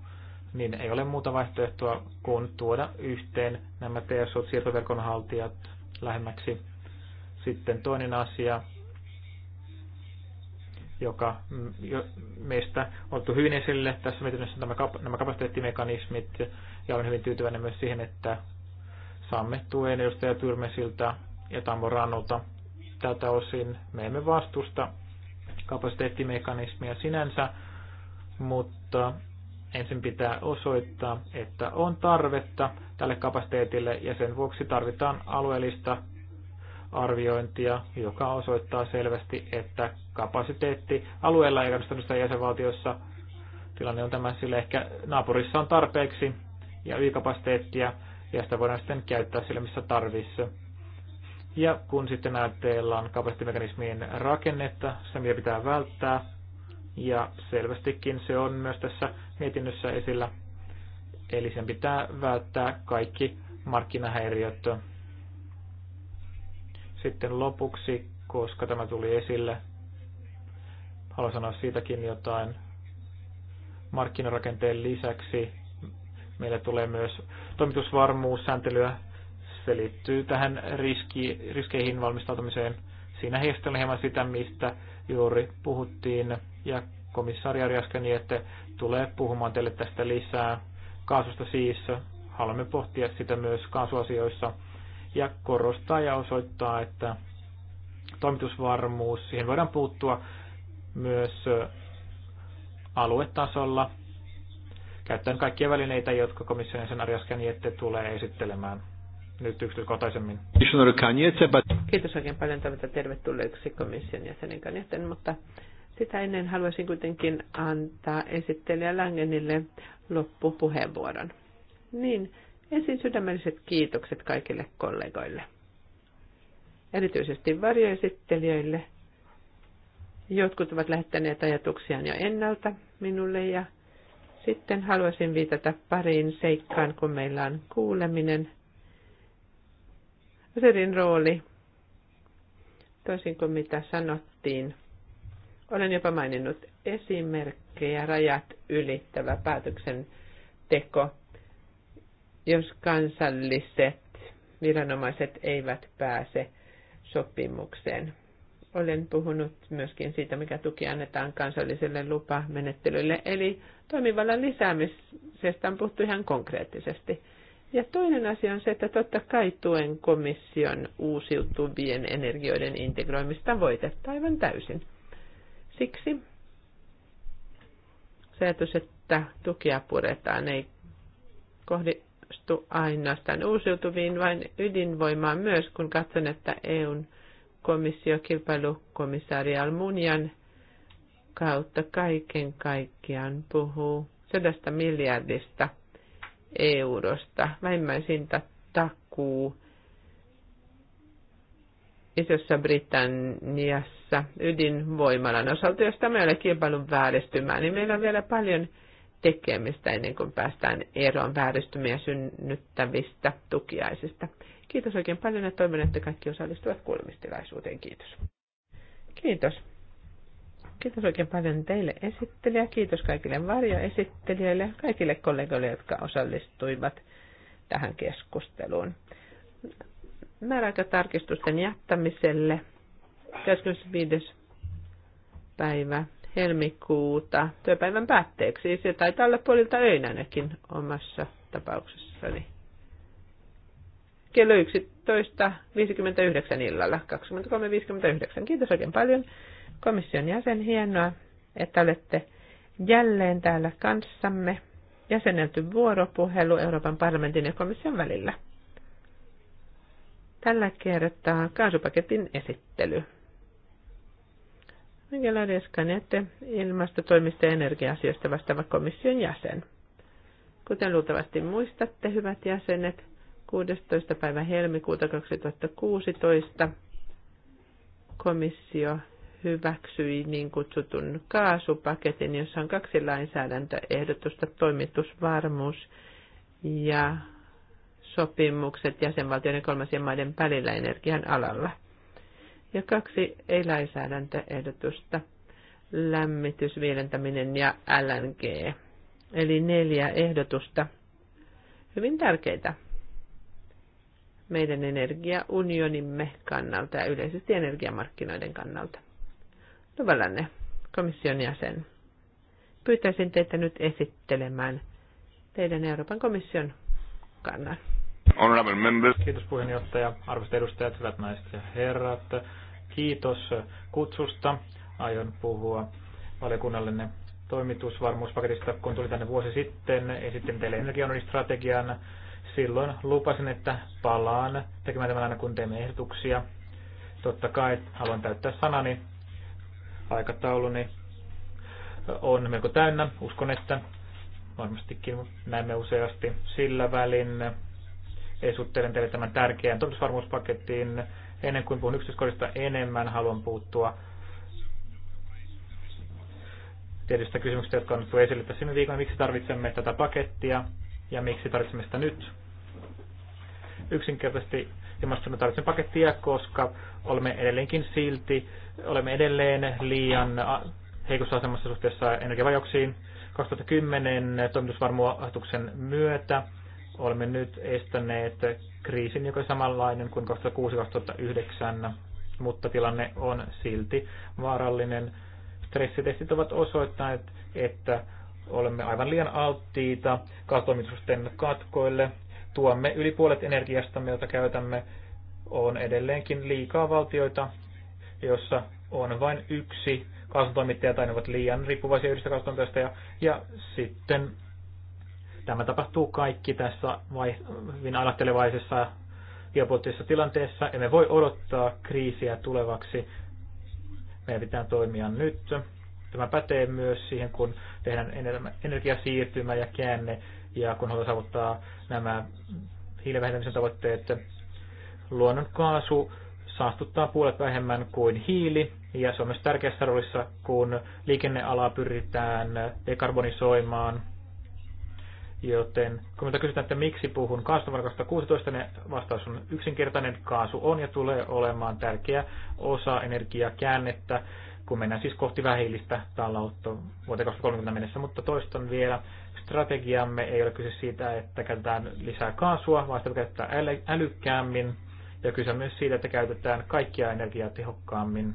niin ei ole muuta vaihtoehtoa kuin tuoda yhteen nämä TSO siirtoverkon haltijat lähemmäksi. Sitten toinen asia, joka meistä on otettu hyvin esille tässä mietinnössä nämä, kap- nämä kapasiteettimekanismit, ja olen hyvin tyytyväinen myös siihen, että saamme tuen edustaja Tyrmesiltä ja Tamborannolta tältä osin. Me emme vastusta kapasiteettimekanismia sinänsä, mutta ensin pitää osoittaa, että on tarvetta tälle kapasiteetille ja sen vuoksi tarvitaan alueellista arviointia, joka osoittaa selvästi, että kapasiteetti alueella ei kannustanut jäsenvaltiossa tilanne on tämä, sille ehkä naapurissa on tarpeeksi ja ylikapasiteettia, ja sitä voidaan sitten käyttää sille, missä tarvissa. Ja kun sitten ajatellaan kapasiteettimekanismien rakennetta, se mitä pitää välttää, ja selvästikin se on myös tässä mietinnössä esillä, eli sen pitää välttää kaikki markkinahäiriöt. Sitten lopuksi, koska tämä tuli esille, haluan sanoa siitäkin jotain. Markkinarakenteen lisäksi meillä tulee myös toimitusvarmuussääntelyä se liittyy tähän riski, riskeihin valmistautumiseen. Siinä heistelen hieman sitä, mistä juuri puhuttiin, ja komissaari Arjaskani, niin että tulee puhumaan teille tästä lisää kaasusta siis. Haluamme pohtia sitä myös kaasuasioissa ja korostaa ja osoittaa, että toimitusvarmuus, siihen voidaan puuttua myös aluetasolla käyttäen kaikkia välineitä, jotka komission sen Arjaskani niin tulee esittelemään nyt yksityiskohtaisemmin. Kiitos oikein paljon tämän tervetulleeksi komission jäsenen kanssa, mutta sitä ennen haluaisin kuitenkin antaa esittelijä Langenille loppupuheenvuoron. Niin, ensin sydämelliset kiitokset kaikille kollegoille, erityisesti varjoesittelijöille. Jotkut ovat lähettäneet ajatuksiaan jo ennalta minulle ja sitten haluaisin viitata pariin seikkaan, kun meillä on kuuleminen – Öserin rooli, toisin kuin mitä sanottiin, olen jopa maininnut esimerkkejä rajat ylittävä päätöksenteko, jos kansalliset viranomaiset eivät pääse sopimukseen. Olen puhunut myöskin siitä, mikä tuki annetaan kansalliselle lupamenettelylle, eli toimivallan lisäämisestä on puhuttu ihan konkreettisesti. Ja toinen asia on se, että totta kai tuen komission uusiutuvien energioiden integroimista voitetta aivan täysin. Siksi se ajatus, että tukia puretaan, ei kohdistu ainoastaan uusiutuviin, vaan ydinvoimaan myös, kun katson, että EUn komissio kilpailukomissaari Almunian kautta kaiken kaikkiaan puhuu sadasta miljardista – eurosta. Vähimmäisintä takuu Isossa Britanniassa ydinvoimalan osalta, jos tämä ei ole kilpailun vääristymää, niin meillä on vielä paljon tekemistä ennen kuin päästään eroon vääristymiä synnyttävistä tukiaisista. Kiitos oikein paljon ja toivon, että kaikki osallistuvat kuulemistilaisuuteen. Kiitos. Kiitos. Kiitos oikein paljon teille esittelijä, kiitos kaikille varjoesittelijöille ja kaikille kollegoille, jotka osallistuivat tähän keskusteluun. Määräaikatarkistusten jättämiselle 25. päivä helmikuuta työpäivän päätteeksi. Se taitaa olla puolilta öinänäkin omassa tapauksessani. Kello 11.59 illalla, 23.59. Kiitos oikein paljon komission jäsen, hienoa, että olette jälleen täällä kanssamme. Jäsenelty vuoropuhelu Euroopan parlamentin ja komission välillä. Tällä kertaa kaasupaketin esittely. Miguel Escanete, ilmastotoimista ja energia-asioista vastaava komission jäsen. Kuten luultavasti muistatte, hyvät jäsenet, 16. päivä helmikuuta 2016 komissio hyväksyi niin kutsutun kaasupaketin, jossa on kaksi lainsäädäntöehdotusta, toimitusvarmuus ja sopimukset jäsenvaltioiden kolmasien maiden välillä energian alalla. Ja kaksi ei-lainsäädäntöehdotusta, lämmitys, viilentäminen ja LNG. Eli neljä ehdotusta, hyvin tärkeitä meidän energiaunionimme kannalta ja yleisesti energiamarkkinoiden kannalta. Tuvalanne, komission jäsen. Pyytäisin teitä nyt esittelemään teidän Euroopan komission kannan. Honorable members. Kiitos puheenjohtaja, arvoisat edustajat, hyvät naiset ja herrat. Kiitos kutsusta. Aion puhua valiokunnallenne toimitusvarmuuspaketista, kun tuli tänne vuosi sitten. Esittelin teille energiaunionin Silloin lupasin, että palaan tekemään tämän aina, kun teemme ehdotuksia. Totta kai haluan täyttää sanani aikatauluni niin on melko täynnä. Uskon, että varmastikin näemme useasti sillä välin. Esittelen teille tämän tärkeän toimitusvarmuuspaketin. Ennen kuin puhun yksityiskohdista enemmän, haluan puuttua tietystä kysymyksistä, jotka on otettu esille tässä viime viikolla. Miksi tarvitsemme tätä pakettia ja miksi tarvitsemme sitä nyt? Yksinkertaisesti ilmaston tarvitsemme pakettia, koska olemme edelleenkin silti, olemme edelleen liian heikossa asemassa suhteessa energiavajauksiin. 2010 toimitusvarmuutuksen myötä olemme nyt estäneet kriisin, joka on samanlainen kuin 2006-2009, mutta tilanne on silti vaarallinen. Stressitestit ovat osoittaneet, että olemme aivan liian alttiita katoimitusten katkoille tuomme yli puolet energiastamme, jota käytämme, on edelleenkin liikaa valtioita, jossa on vain yksi kaasutoimittaja tai ne ovat liian riippuvaisia yhdestä kaasutoimittajasta. Ja, ja sitten tämä tapahtuu kaikki tässä vai, hyvin ailahtelevaisessa geopoliittisessa tilanteessa. Emme voi odottaa kriisiä tulevaksi. Meidän pitää toimia nyt. Tämä pätee myös siihen, kun tehdään energiasiirtymä ja käänne ja kun halutaan saavuttaa nämä hiilivähentämisen tavoitteet, luonnonkaasu saastuttaa puolet vähemmän kuin hiili, ja se on myös tärkeässä roolissa, kun liikennealaa pyritään dekarbonisoimaan. Joten kun minulta kysytään, että miksi puhun kaasusta vuonna 2016, niin vastaus on yksinkertainen. Kaasu on ja tulee olemaan tärkeä osa energiakäännettä kun mennään siis kohti vähillistä taloutta vuoteen 2030 mennessä, mutta toistan vielä, strategiamme ei ole kyse siitä, että käytetään lisää kaasua, vaan sitä käytetään älykkäämmin, ja kyse on myös siitä, että käytetään kaikkia energiaa tehokkaammin.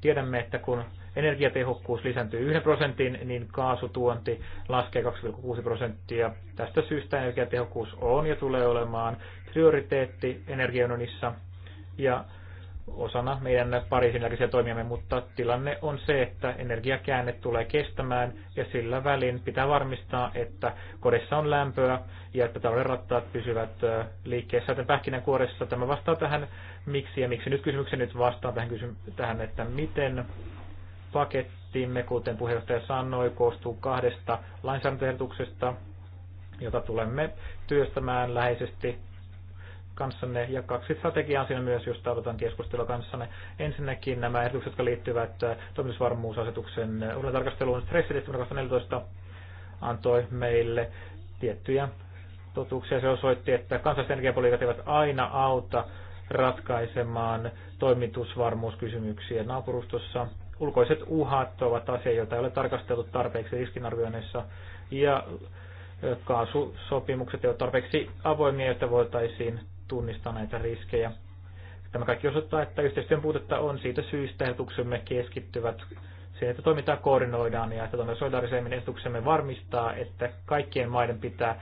Tiedämme, että kun energiatehokkuus lisääntyy 1 prosentin, niin kaasutuonti laskee 2,6 prosenttia. Tästä syystä energiatehokkuus on ja tulee olemaan prioriteetti energiaunionissa, ja osana meidän Pariisin jälkeisiä toimijamme, mutta tilanne on se, että energiakäänne tulee kestämään ja sillä välin pitää varmistaa, että kodissa on lämpöä ja että talouden rattaat pysyvät liikkeessä. Joten pähkinänkuoressa tämä vastaa tähän miksi ja miksi nyt kysymykseen nyt vastaan tähän, kysy- tähän että miten pakettimme, kuten puheenjohtaja sanoi, koostuu kahdesta lainsäädäntöehdotuksesta, jota tulemme työstämään läheisesti kanssanne ja kaksi strategiaa siinä myös, jos tarvitaan keskustelua kanssanne. Ensinnäkin nämä ehdotukset, jotka liittyvät äh, toimitusvarmuusasetuksen uudelleentarkasteluun stressitestin 2014 antoi meille tiettyjä totuuksia. Se osoitti, että kansalliset energiapolitiikat eivät aina auta ratkaisemaan toimitusvarmuuskysymyksiä naapurustossa. Ulkoiset uhat ovat asia, joita ei ole tarkasteltu tarpeeksi riskinarvioinnissa. Ja äh, kaasusopimukset eivät tarpeeksi avoimia, jotta voitaisiin tunnistaa näitä riskejä. Tämä kaikki osoittaa, että yhteistyön puutetta on siitä syystä, ehdotuksemme keskittyvät siihen, että toimintaa koordinoidaan ja että toimintaa solidaarisemmin ehdotuksemme varmistaa, että kaikkien maiden pitää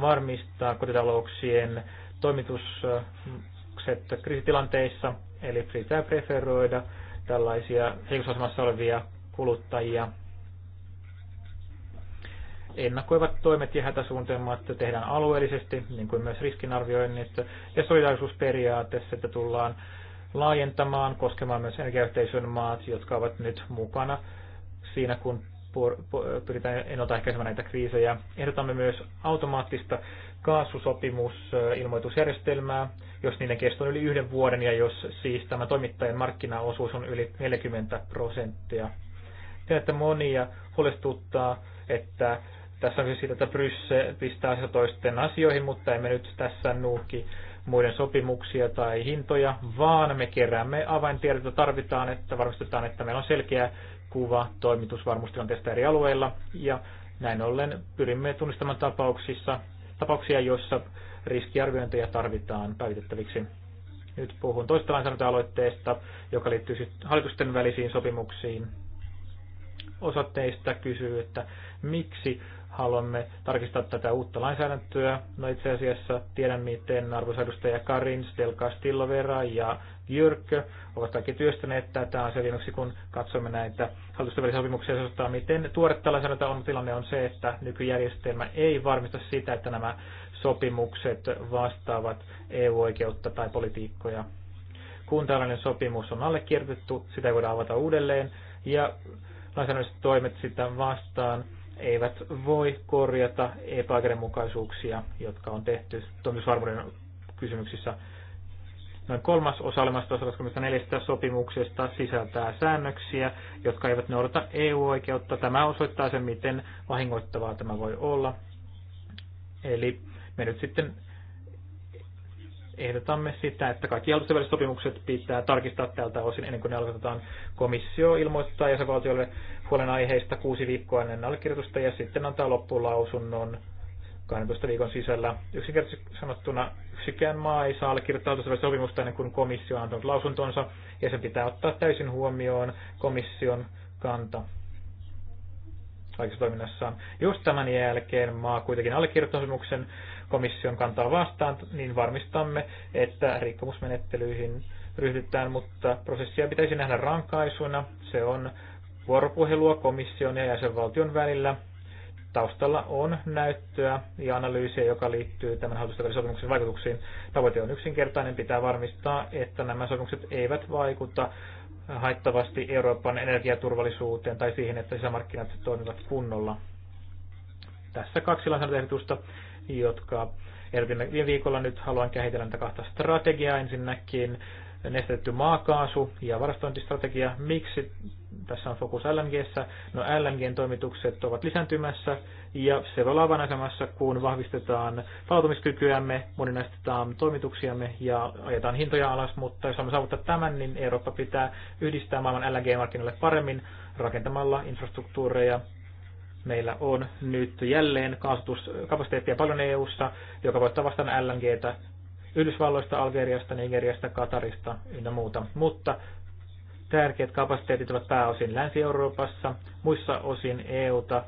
varmistaa kotitalouksien toimitukset kriisitilanteissa, eli pitää preferoida tällaisia heikossa olevia kuluttajia ennakoivat toimet ja hätäsuunnitelmat tehdään alueellisesti, niin kuin myös riskinarvioinnit ja solidaarisuusperiaatteessa, että tullaan laajentamaan koskemaan myös energiayhteisön maat, jotka ovat nyt mukana siinä, kun pyritään ennaltaehkäisemään näitä kriisejä. Ehdotamme myös automaattista kaasusopimusilmoitusjärjestelmää, jos niiden kesto on yli yhden vuoden ja jos siis tämä toimittajan markkinaosuus on yli 40 prosenttia. Tiedän, että monia huolestuttaa, että tässä on siitä, että Brysse pistää toisten asioihin, mutta emme nyt tässä nuukki muiden sopimuksia tai hintoja, vaan me keräämme avaintiedot, tarvitaan, että varmistetaan, että meillä on selkeä kuva toimitusvarmuustilanteesta eri alueilla, ja näin ollen pyrimme tunnistamaan tapauksissa, tapauksia, joissa riskiarviointeja tarvitaan päivitettäviksi. Nyt puhun toista lainsäädäntöaloitteesta, joka liittyy sitten hallitusten välisiin sopimuksiin. Osa teistä kysyy, että miksi haluamme tarkistaa tätä uutta lainsäädäntöä. No itse asiassa tiedän, miten arvoisa edustaja Karins, Del Castillo ja Jyrk ovat kaikki työstäneet tätä asiaa viimeksi, kun katsomme näitä hallitusten välisiä sopimuksia osoittaa, miten tuoretta lainsäädäntöä on. Tilanne on se, että nykyjärjestelmä ei varmista sitä, että nämä sopimukset vastaavat EU-oikeutta tai politiikkoja. Kun tällainen sopimus on allekirjoitettu, sitä voidaan avata uudelleen, ja lainsäädännölliset toimet sitä vastaan – eivät voi korjata epäoikeudenmukaisuuksia, jotka on tehty toimitusvarmuuden kysymyksissä. Noin kolmas osa olemassa 24 sopimuksesta sisältää säännöksiä, jotka eivät noudata EU-oikeutta. Tämä osoittaa sen, miten vahingoittavaa tämä voi olla. Eli me nyt sitten ehdotamme sitä, että kaikki hallitusten väliset sopimukset pitää tarkistaa tältä osin ennen kuin ne aloitetaan. Komissio ilmoittaa huolen huolenaiheista kuusi viikkoa ennen allekirjoitusta ja sitten antaa loppulausunnon 12 viikon sisällä. Yksinkertaisesti sanottuna yksikään maa ei saa allekirjoittaa sopimusta ennen kuin komissio on antanut lausuntonsa ja sen pitää ottaa täysin huomioon komission kanta kaikessa toiminnassaan. Jos tämän jälkeen maa kuitenkin allekirjoittaa sopimuksen, komission kantaa vastaan, niin varmistamme, että rikkomusmenettelyihin ryhdytään, mutta prosessia pitäisi nähdä rankaisuna. Se on vuoropuhelua komission ja jäsenvaltion välillä. Taustalla on näyttöä ja analyysiä, joka liittyy tämän hallitusten sopimuksen vaikutuksiin. Tavoite on yksinkertainen, pitää varmistaa, että nämä sopimukset eivät vaikuta haittavasti Euroopan energiaturvallisuuteen tai siihen, että sisämarkkinat toimivat kunnolla. Tässä kaksi lainsäädäntöehdotusta, jotka ehdotimme viime viikolla. Nyt haluan kehitellä näitä kahta strategiaa. Ensinnäkin Nestetty maakaasu ja varastointistrategia. Miksi tässä on fokus LNGssä? No lng toimitukset ovat lisääntymässä ja se voi olla avainasemassa, kun vahvistetaan palautumiskykyämme, moninaistetaan toimituksiamme ja ajetaan hintoja alas, mutta jos haluamme saavuttaa tämän, niin Eurooppa pitää yhdistää maailman LNG-markkinoille paremmin rakentamalla infrastruktuureja Meillä on nyt jälleen kaasutuskapasiteettia paljon EU-ssa, joka voittaa vastaan LNGtä Yhdysvalloista, Algeriasta, Nigeriasta, Katarista ynnä muuta. Mutta tärkeät kapasiteetit ovat pääosin Länsi-Euroopassa, muissa osin EUta.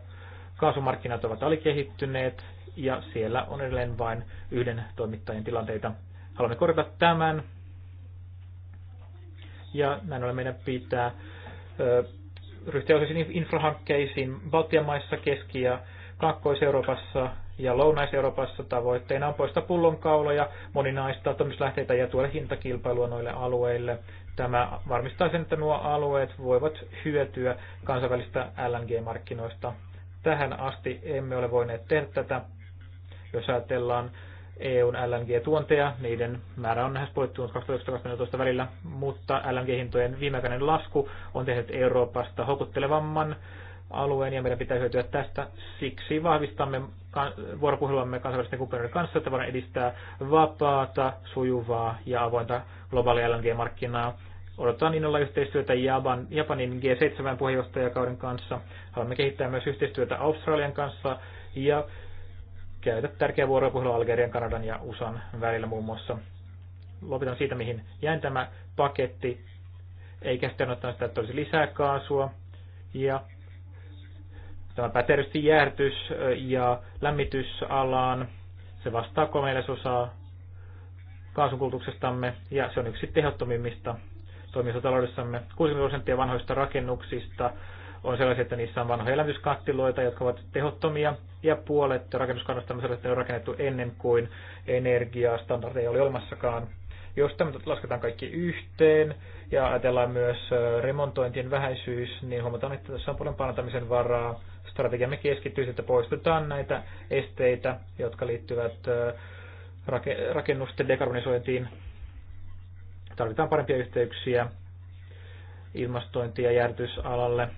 Kaasumarkkinat ovat alikehittyneet ja siellä on edelleen vain yhden toimittajan tilanteita. Haluamme korjata tämän ja näin ollen meidän pitää ryhtyä useisiin infrahankkeisiin Baltian maissa, Keski- ja Kaakkois-Euroopassa ja Lounais-Euroopassa tavoitteena on poistaa pullonkauloja, moninaista toimituslähteitä ja tuoda hintakilpailua noille alueille. Tämä varmistaa sen, että nuo alueet voivat hyötyä kansainvälistä LNG-markkinoista. Tähän asti emme ole voineet tehdä tätä, jos ajatellaan EUn LNG-tuonteja. Niiden määrä on lähes puolittunut 2019 välillä, mutta LNG-hintojen viimeaikainen lasku on tehnyt Euroopasta houkuttelevamman alueen ja meidän pitää hyötyä tästä. Siksi vahvistamme vuoropuheluamme kansainvälisten kumppanien kanssa, että voidaan edistää vapaata, sujuvaa ja avointa globaalia LNG-markkinaa. Odotetaan innolla yhteistyötä Japan, Japanin G7-puheenjohtajakauden kanssa. Haluamme kehittää myös yhteistyötä Australian kanssa ja käydä tärkeä vuoropuhelu Algerian, Kanadan ja USAn välillä muun muassa. Lopetan siitä, mihin jäin tämä paketti. Eikä sitten ottanut sitä, että olisi lisää kaasua. Ja tämä pätee jäähdytys ja lämmitysalaan. Se vastaa kolmenesosaa kaasunkulutuksestamme ja se on yksi tehottomimmista toimintataloudessamme. 60 prosenttia vanhoista rakennuksista on sellaisia, että niissä on vanhoja elämyskattiloita, jotka ovat tehottomia, ja puolet rakennuskannasta on ne on rakennettu ennen kuin energiastandardeja oli olemassakaan. Jos tämä lasketaan kaikki yhteen ja ajatellaan myös remontointien vähäisyys, niin huomataan, että tässä on paljon parantamisen varaa. Strategiamme keskittyy, että poistetaan näitä esteitä, jotka liittyvät rakennusten dekarbonisointiin. Tarvitaan parempia yhteyksiä ilmastointia ja järjestysalalle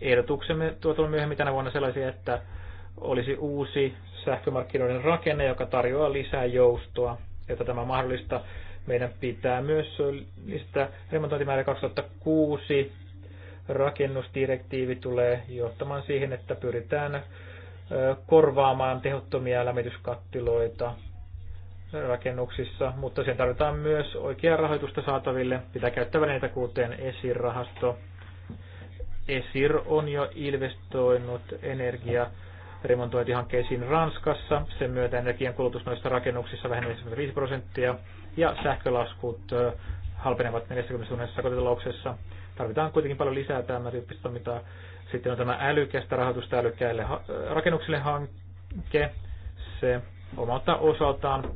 ehdotuksemme tuo myöhemmin tänä vuonna sellaisia, että olisi uusi sähkömarkkinoiden rakenne, joka tarjoaa lisää joustoa, jotta tämä mahdollista. Meidän pitää myös lisätä remontointimäärä 2006. Rakennusdirektiivi tulee johtamaan siihen, että pyritään korvaamaan tehottomia lämmityskattiloita rakennuksissa, mutta sen tarvitaan myös oikeaa rahoitusta saataville. Pitää käyttää välineitä kuuteen esirahasto Esir on jo investoinut energia remontointihankkeisiin Ranskassa. Sen myötä energian kulutus noissa rakennuksissa vähenee 5 prosenttia ja sähkölaskut halpenevat 40 tunnissa kotitalouksessa. Tarvitaan kuitenkin paljon lisää tämän tyyppistä toimintaa. Sitten on tämä älykästä rahoitusta älykkäille rakennuksille hanke. Se omalta osaltaan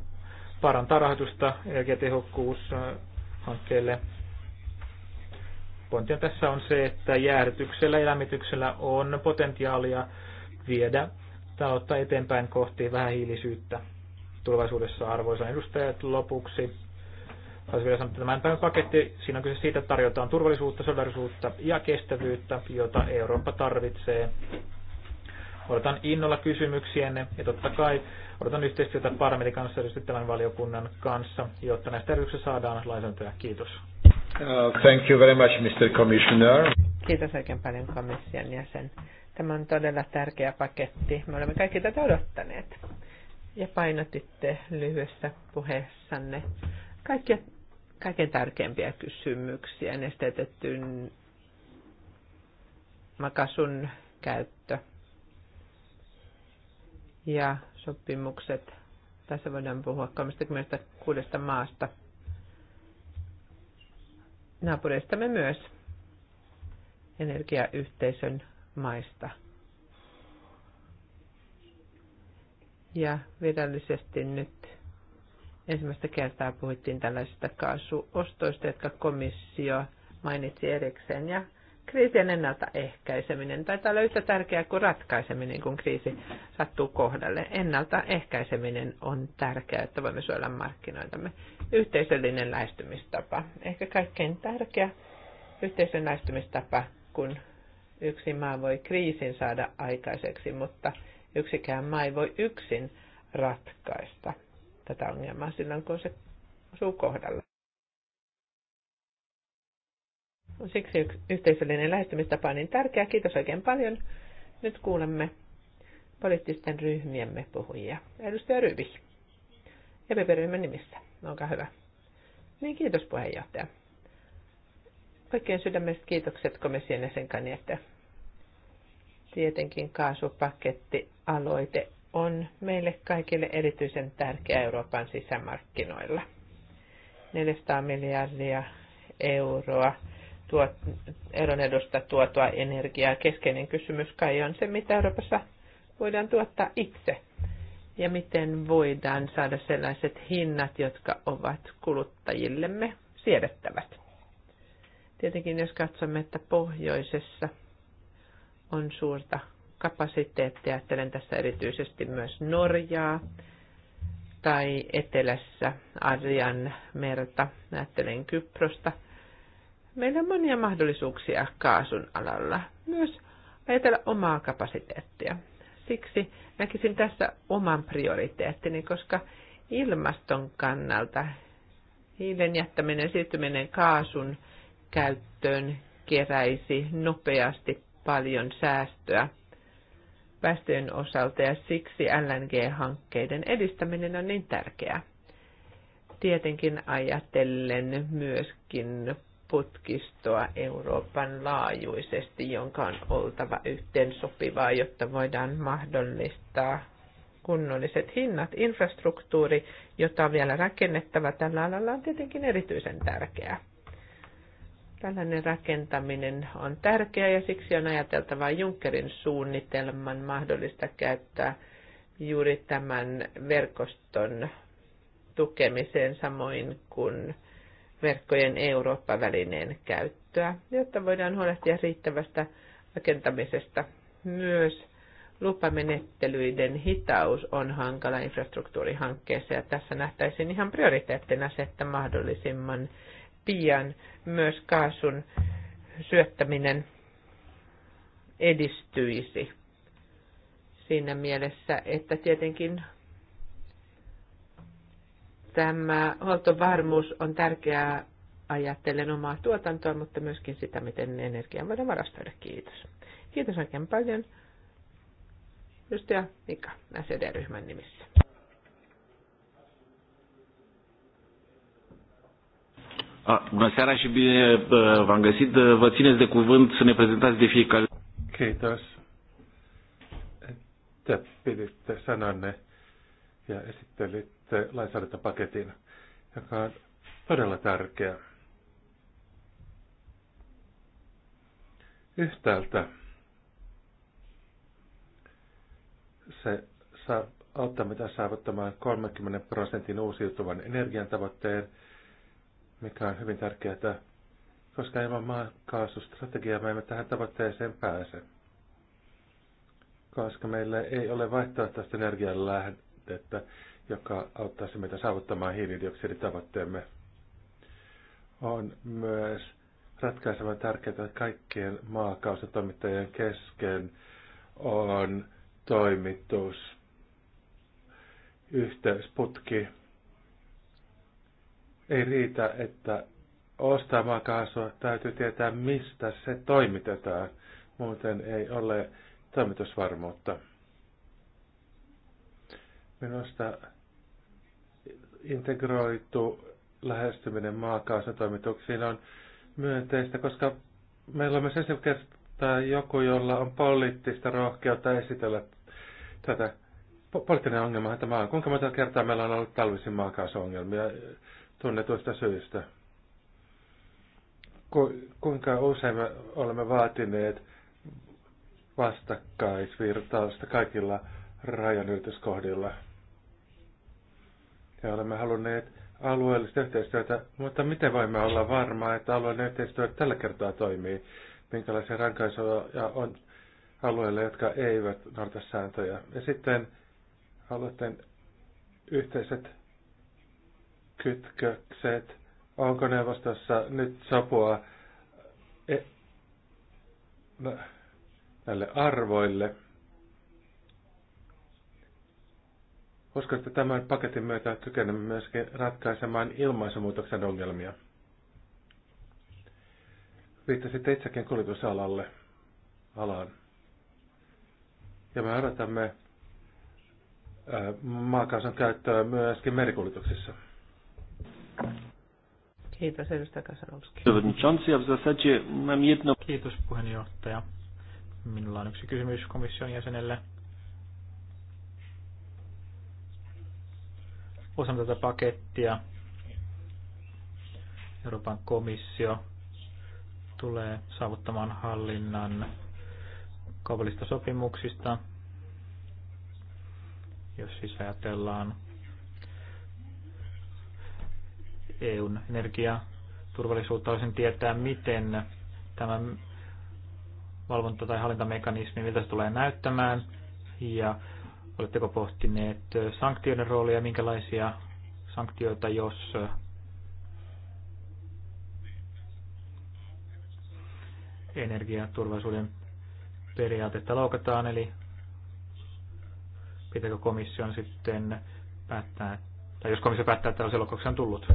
parantaa rahoitusta energiatehokkuushankkeelle Pointtia tässä on se, että jäähdytyksellä ja lämmityksellä on potentiaalia viedä taloutta eteenpäin kohti hiilisyyttä tulevaisuudessa arvoisa edustajat lopuksi. Haluaisin vielä sanoa, että tämän päivän paketti, siinä on kyse siitä, että tarjotaan turvallisuutta, solidarisuutta ja kestävyyttä, jota Eurooppa tarvitsee. Odotan innolla kysymyksienne ja totta kai odotan yhteistyötä parlamentin kanssa ja tämän valiokunnan kanssa, jotta näistä edellytyksistä saadaan lainsäädäntöä. Kiitos. Uh, thank you very much, Mr. Commissioner. Kiitos oikein paljon komission jäsen. Tämä on todella tärkeä paketti. Me olemme kaikki tätä odottaneet. Ja painotitte lyhyessä puheessanne kaikkia, kaiken tärkeimpiä kysymyksiä, nesteytetyn makasun käyttö ja sopimukset. Tässä voidaan puhua 36 maasta – naapureistamme myös energiayhteisön maista. Ja virallisesti nyt ensimmäistä kertaa puhuttiin tällaisista kaasuostoista, jotka komissio mainitsi erikseen. Ja kriisien ennaltaehkäiseminen taitaa olla yhtä tärkeää kuin ratkaiseminen, kun kriisi sattuu kohdalle. Ennaltaehkäiseminen on tärkeää, että voimme suojella markkinoitamme. Yhteisöllinen lähestymistapa, ehkä kaikkein tärkeä yhteisön lähestymistapa, kun yksi maa voi kriisin saada aikaiseksi, mutta yksikään maa ei voi yksin ratkaista tätä ongelmaa silloin, kun se osuu kohdalla. On Siksi yhteisöllinen lähestymistapa niin tärkeä. Kiitos oikein paljon. Nyt kuulemme poliittisten ryhmiemme puhujia. Edustaja Ryvi, EPP-ryhmän nimissä. Olkaa hyvä. Niin, kiitos puheenjohtaja. Oikein sydämestä kiitokset komission jäsenkani, että tietenkin kaasupakettialoite on meille kaikille erityisen tärkeä Euroopan sisämarkkinoilla. 400 miljardia euroa tuot, eron edusta tuotua energiaa. Keskeinen kysymys kai on se, mitä Euroopassa voidaan tuottaa itse ja miten voidaan saada sellaiset hinnat, jotka ovat kuluttajillemme siedettävät. Tietenkin jos katsomme, että pohjoisessa on suurta kapasiteettia, ajattelen tässä erityisesti myös Norjaa, tai etelässä Adrian merta, ajattelen Kyprosta – Meillä on monia mahdollisuuksia kaasun alalla, myös ajatella omaa kapasiteettia. Siksi näkisin tässä oman prioriteettini, koska ilmaston kannalta hiilen jättäminen siirtyminen kaasun käyttöön keräisi nopeasti paljon säästöä päästöjen osalta ja siksi LNG-hankkeiden edistäminen on niin tärkeää. Tietenkin ajatellen myöskin putkistoa Euroopan laajuisesti, jonka on oltava yhteen sopivaa, jotta voidaan mahdollistaa kunnolliset hinnat. Infrastruktuuri, jota on vielä rakennettava tällä alalla, on tietenkin erityisen tärkeää. Tällainen rakentaminen on tärkeää ja siksi on ajateltava Junckerin suunnitelman mahdollista käyttää juuri tämän verkoston tukemiseen samoin kuin verkkojen Eurooppa-välineen käyttöä, jotta voidaan huolehtia riittävästä rakentamisesta. Myös lupamenettelyiden hitaus on hankala infrastruktuurihankkeessa ja tässä nähtäisiin ihan prioriteettina se, että mahdollisimman pian myös kaasun syöttäminen edistyisi siinä mielessä, että tietenkin Tämä huoltovarmuus on tärkeää ajattelen omaa tuotantoa, mutta myöskin sitä, miten energiaa voidaan varastoida. Kiitos. Kiitos oikein paljon. ja Mika, SED-ryhmän nimissä. Bună seara și bine v-am găsit. Vă țineți de cuvânt să ne prezentați de fiecare. Kiitos. Te piditte sananne ja esittelit lainsäädäntöpaketin, joka on todella tärkeä. Yhtäältä se saa auttaa meitä saavuttamaan 30 prosentin uusiutuvan energian tavoitteen, mikä on hyvin tärkeää, koska ilman maakaasustrategiaa me emme tähän tavoitteeseen pääse. Koska meillä ei ole vaihtoehtoista lähdettä joka auttaisi meitä saavuttamaan hiilidioksiditavoitteemme. On myös ratkaisevan tärkeää, että kaikkien maakausitoimittajien kesken on toimitus, yhteysputki. Ei riitä, että ostaa maakaasua, täytyy tietää, mistä se toimitetaan. Muuten ei ole toimitusvarmuutta. Minusta integroitu lähestyminen maakaasutoimituksiin on myönteistä, koska meillä on myös esimerkiksi joku, jolla on poliittista rohkeutta esitellä tätä. Poliittinen ongelma, tämä maa, Kuinka monta kertaa meillä on ollut talvisin maakaasuongelmia tunnetuista syistä? Ku, kuinka usein me olemme vaatineet vastakkaisvirtausta kaikilla rajanylityskohdilla? Me olemme halunneet alueellista yhteistyötä, mutta miten voimme olla varmaa, että alueellinen yhteistyö tällä kertaa toimii? Minkälaisia rankaisuja on alueille, jotka eivät noudata sääntöjä? Ja sitten alueiden yhteiset kytkökset. Onko neuvostossa nyt sopua e- näille arvoille? Uskon, että tämän paketin myötä kykenemme myöskin ratkaisemaan ilmaisumuutoksen ongelmia. Viittasitte itsekin kuljetusalalle, alaan. Ja me odotamme maakaasun käyttöä myöskin merikuljetuksissa. Kiitos, edustaja Kasanovski. Kiitos, puheenjohtaja. Minulla on yksi kysymys komission jäsenelle. osana tätä pakettia. Euroopan komissio tulee saavuttamaan hallinnan kaupallista sopimuksista, jos siis ajatellaan EUn energiaturvallisuutta, olisin tietää, miten tämä valvonta- tai hallintamekanismi, miltä se tulee näyttämään, ja Oletteko pohtineet sanktioiden roolia, minkälaisia sanktioita, jos energiaturvallisuuden periaatetta loukataan, eli pitääkö komission sitten päättää, tai jos komissio päättää, että tällaisen loukkauksia on tullut.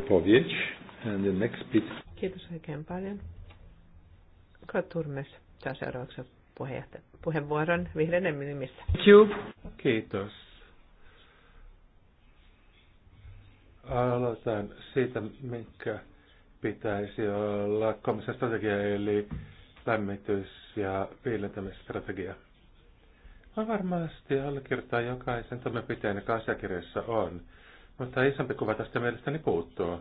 And the next bit. Kiitos oikein paljon. Katurmes tämä seuraavaksi puheenvuoron vihreiden nimissä. Thank you. Kiitos. Aloitan siitä, mikä pitäisi olla komission strategia, eli lämmitys- ja viilentämisstrategia. On varmasti allekirjoittaa jokaisen toimenpiteen, joka asiakirjassa on, mutta isompi kuva tästä mielestäni puuttuu.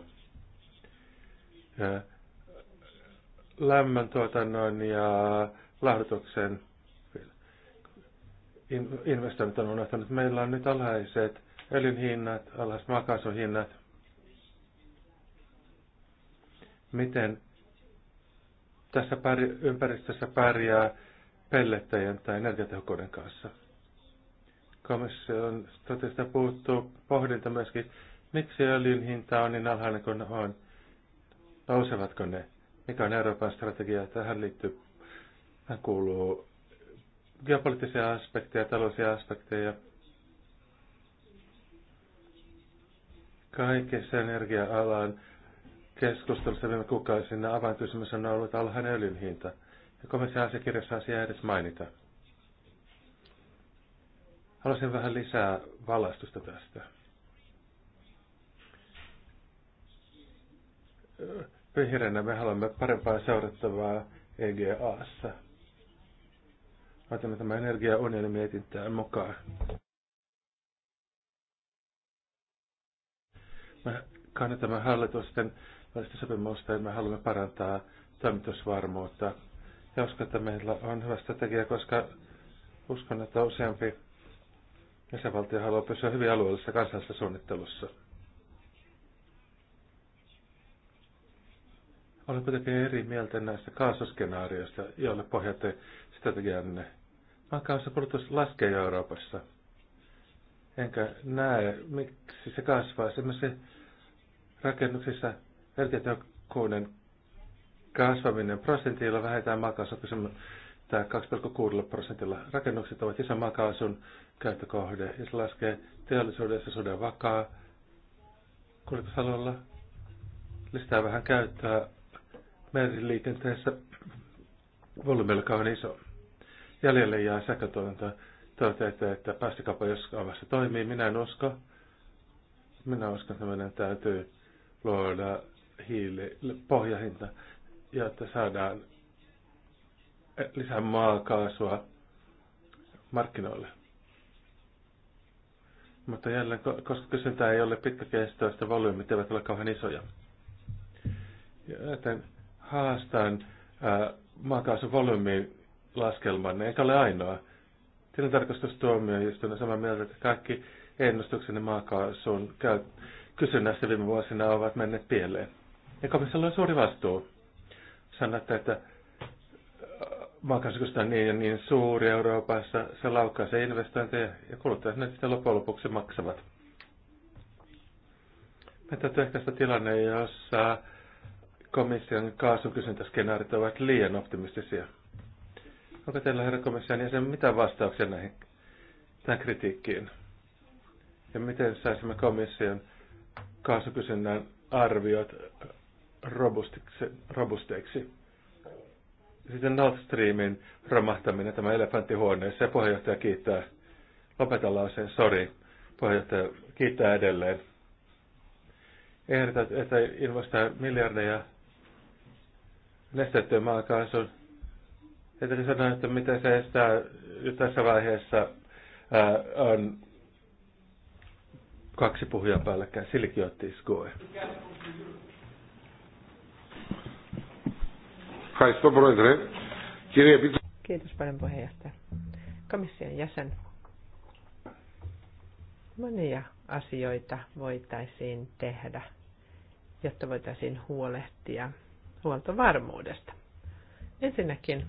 Lämmöntuotannon ja lahdutuksen investoinnit on unohtanut. Meillä on nyt alhaiset öljyn hinnat, alhaiset maakaasun hinnat. Miten tässä pär- ympäristössä pärjää pellettäjien tai energiatehokkuuden kanssa? Komission totista puuttuu pohdinta myöskin, miksi öljyn hinta on niin alhainen kuin on. Nousevatko ne? Mikä on Euroopan strategia? Tähän liittyy, hän kuuluu geopoliittisia aspekteja, taloudellisia aspekteja. Kaikessa energia-alan keskustelussa viime kuukausina avainkysymys on ollut alhainen öljyn hinta. Ja komission asiakirjassa asia edes mainita. Haluaisin vähän lisää valastusta tästä. Vihreänä me haluamme parempaa seurattavaa EGAssa. Otamme tämä energiaunionin mietintään mukaan. Me kannatamme hallitusten välistä sopimusta ja me haluamme parantaa toimitusvarmuutta. Ja uskon, että meillä on hyvä strategia, koska uskon, että useampi jäsenvaltio haluaa pysyä hyvin alueellisessa kansallisessa suunnittelussa. Olen kuitenkin eri mieltä näistä kaasuskenaarioista, joille pohjatte strategianne maakaasun kulutus laskee Euroopassa. Enkä näe, miksi se kasvaa. Sellaisissa rakennuksissa energiatehokkuuden kasvaminen prosentilla vähentää maakaasun tämä 2,6 prosentilla. Rakennukset ovat iso maakaasun käyttökohde ja se laskee teollisuudessa suden vakaa kuljetusalueella. Lisää vähän käyttöä meriliikenteessä. Volyymi, on iso jäljelle jää sähkötuotanto. Toivottavasti, että päästökauppa joskaan vasta toimii. Minä en usko. Minä uskon, että meidän täytyy luoda hiili pohjahinta, jotta saadaan lisää maakaasua markkinoille. Mutta jälleen, koska kysyntää ei ole pitkäkestoista, volyymit eivät ole kauhean isoja. Joten haastan maakaasun volyymiin laskelmanne, eikä ole ainoa. Tilintarkastustuomioistuin on samaa mieltä, että kaikki ennustuksenne maakaasun käyt kysynnässä viime vuosina ovat menneet pieleen. Ja komissiolla on suuri vastuu. Sanotte, että äh, maakaasukystä on niin ja niin suuri Euroopassa, se laukaisee investointeja ja kuluttajat ne sitten loppujen lopuksi maksavat. Me täytyy sitä tilanne, jossa komission kaasukysyntäskenaarit ovat liian optimistisia. Onko teillä, herra komissaan jäsen, mitään vastauksia näihin, tähän kritiikkiin? Ja miten saisimme komission kaasukysynnän arviot robusteiksi? Sitten Nord Streamin romahtaminen, tämä elefanttihuoneessa, ja puheenjohtaja kiittää. Lopeta lauseen, sorry. Puheenjohtaja kiittää edelleen. Ehdotat, että investoi miljardeja nesteyttyön maakaasun Petri sanoi, että mitä se estää tässä vaiheessa ää, on kaksi puhujaa päällekkäin. Silki otti skoe. Kiitos paljon puheenjohtaja. Komission jäsen. Monia asioita voitaisiin tehdä, jotta voitaisiin huolehtia huoltovarmuudesta. Ensinnäkin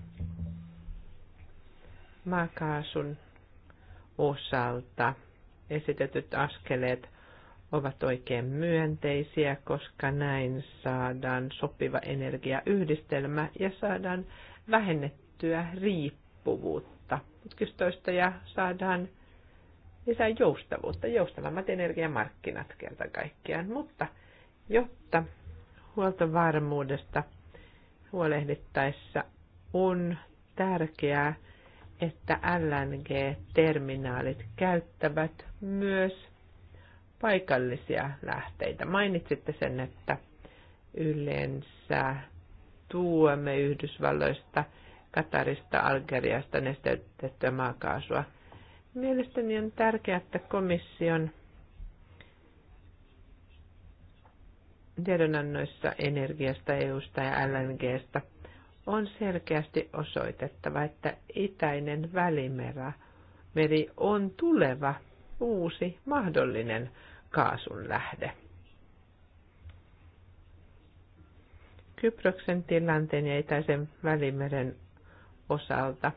maakaasun osalta esitetyt askeleet ovat oikein myönteisiä, koska näin saadaan sopiva energiayhdistelmä ja saadaan vähennettyä riippuvuutta putkistoista ja saadaan lisää joustavuutta, joustavammat energiamarkkinat kerta kaikkiaan. Mutta jotta huoltovarmuudesta huolehdittaessa on tärkeää että LNG-terminaalit käyttävät myös paikallisia lähteitä. Mainitsitte sen, että yleensä tuomme Yhdysvalloista, Katarista, Algeriasta nesteytettyä maakaasua. Mielestäni on tärkeää, että komission tiedonannoissa energiasta, EUsta ja LNGstä on selkeästi osoitettava, että itäinen välimerä meri on tuleva uusi mahdollinen kaasun lähde. Kyproksen tilanteen ja itäisen välimeren osalta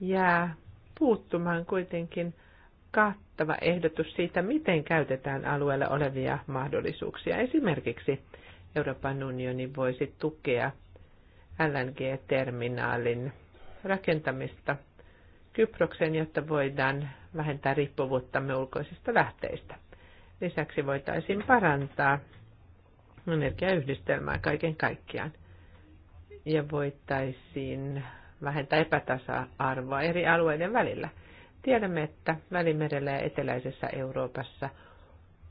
jää puuttumaan kuitenkin kattava ehdotus siitä, miten käytetään alueella olevia mahdollisuuksia. Esimerkiksi Euroopan unioni voisi tukea LNG-terminaalin rakentamista Kyprokseen, jotta voidaan vähentää riippuvuuttamme ulkoisista lähteistä. Lisäksi voitaisiin parantaa energiayhdistelmää kaiken kaikkiaan ja voitaisiin vähentää epätasa-arvoa eri alueiden välillä. Tiedämme, että Välimerellä ja eteläisessä Euroopassa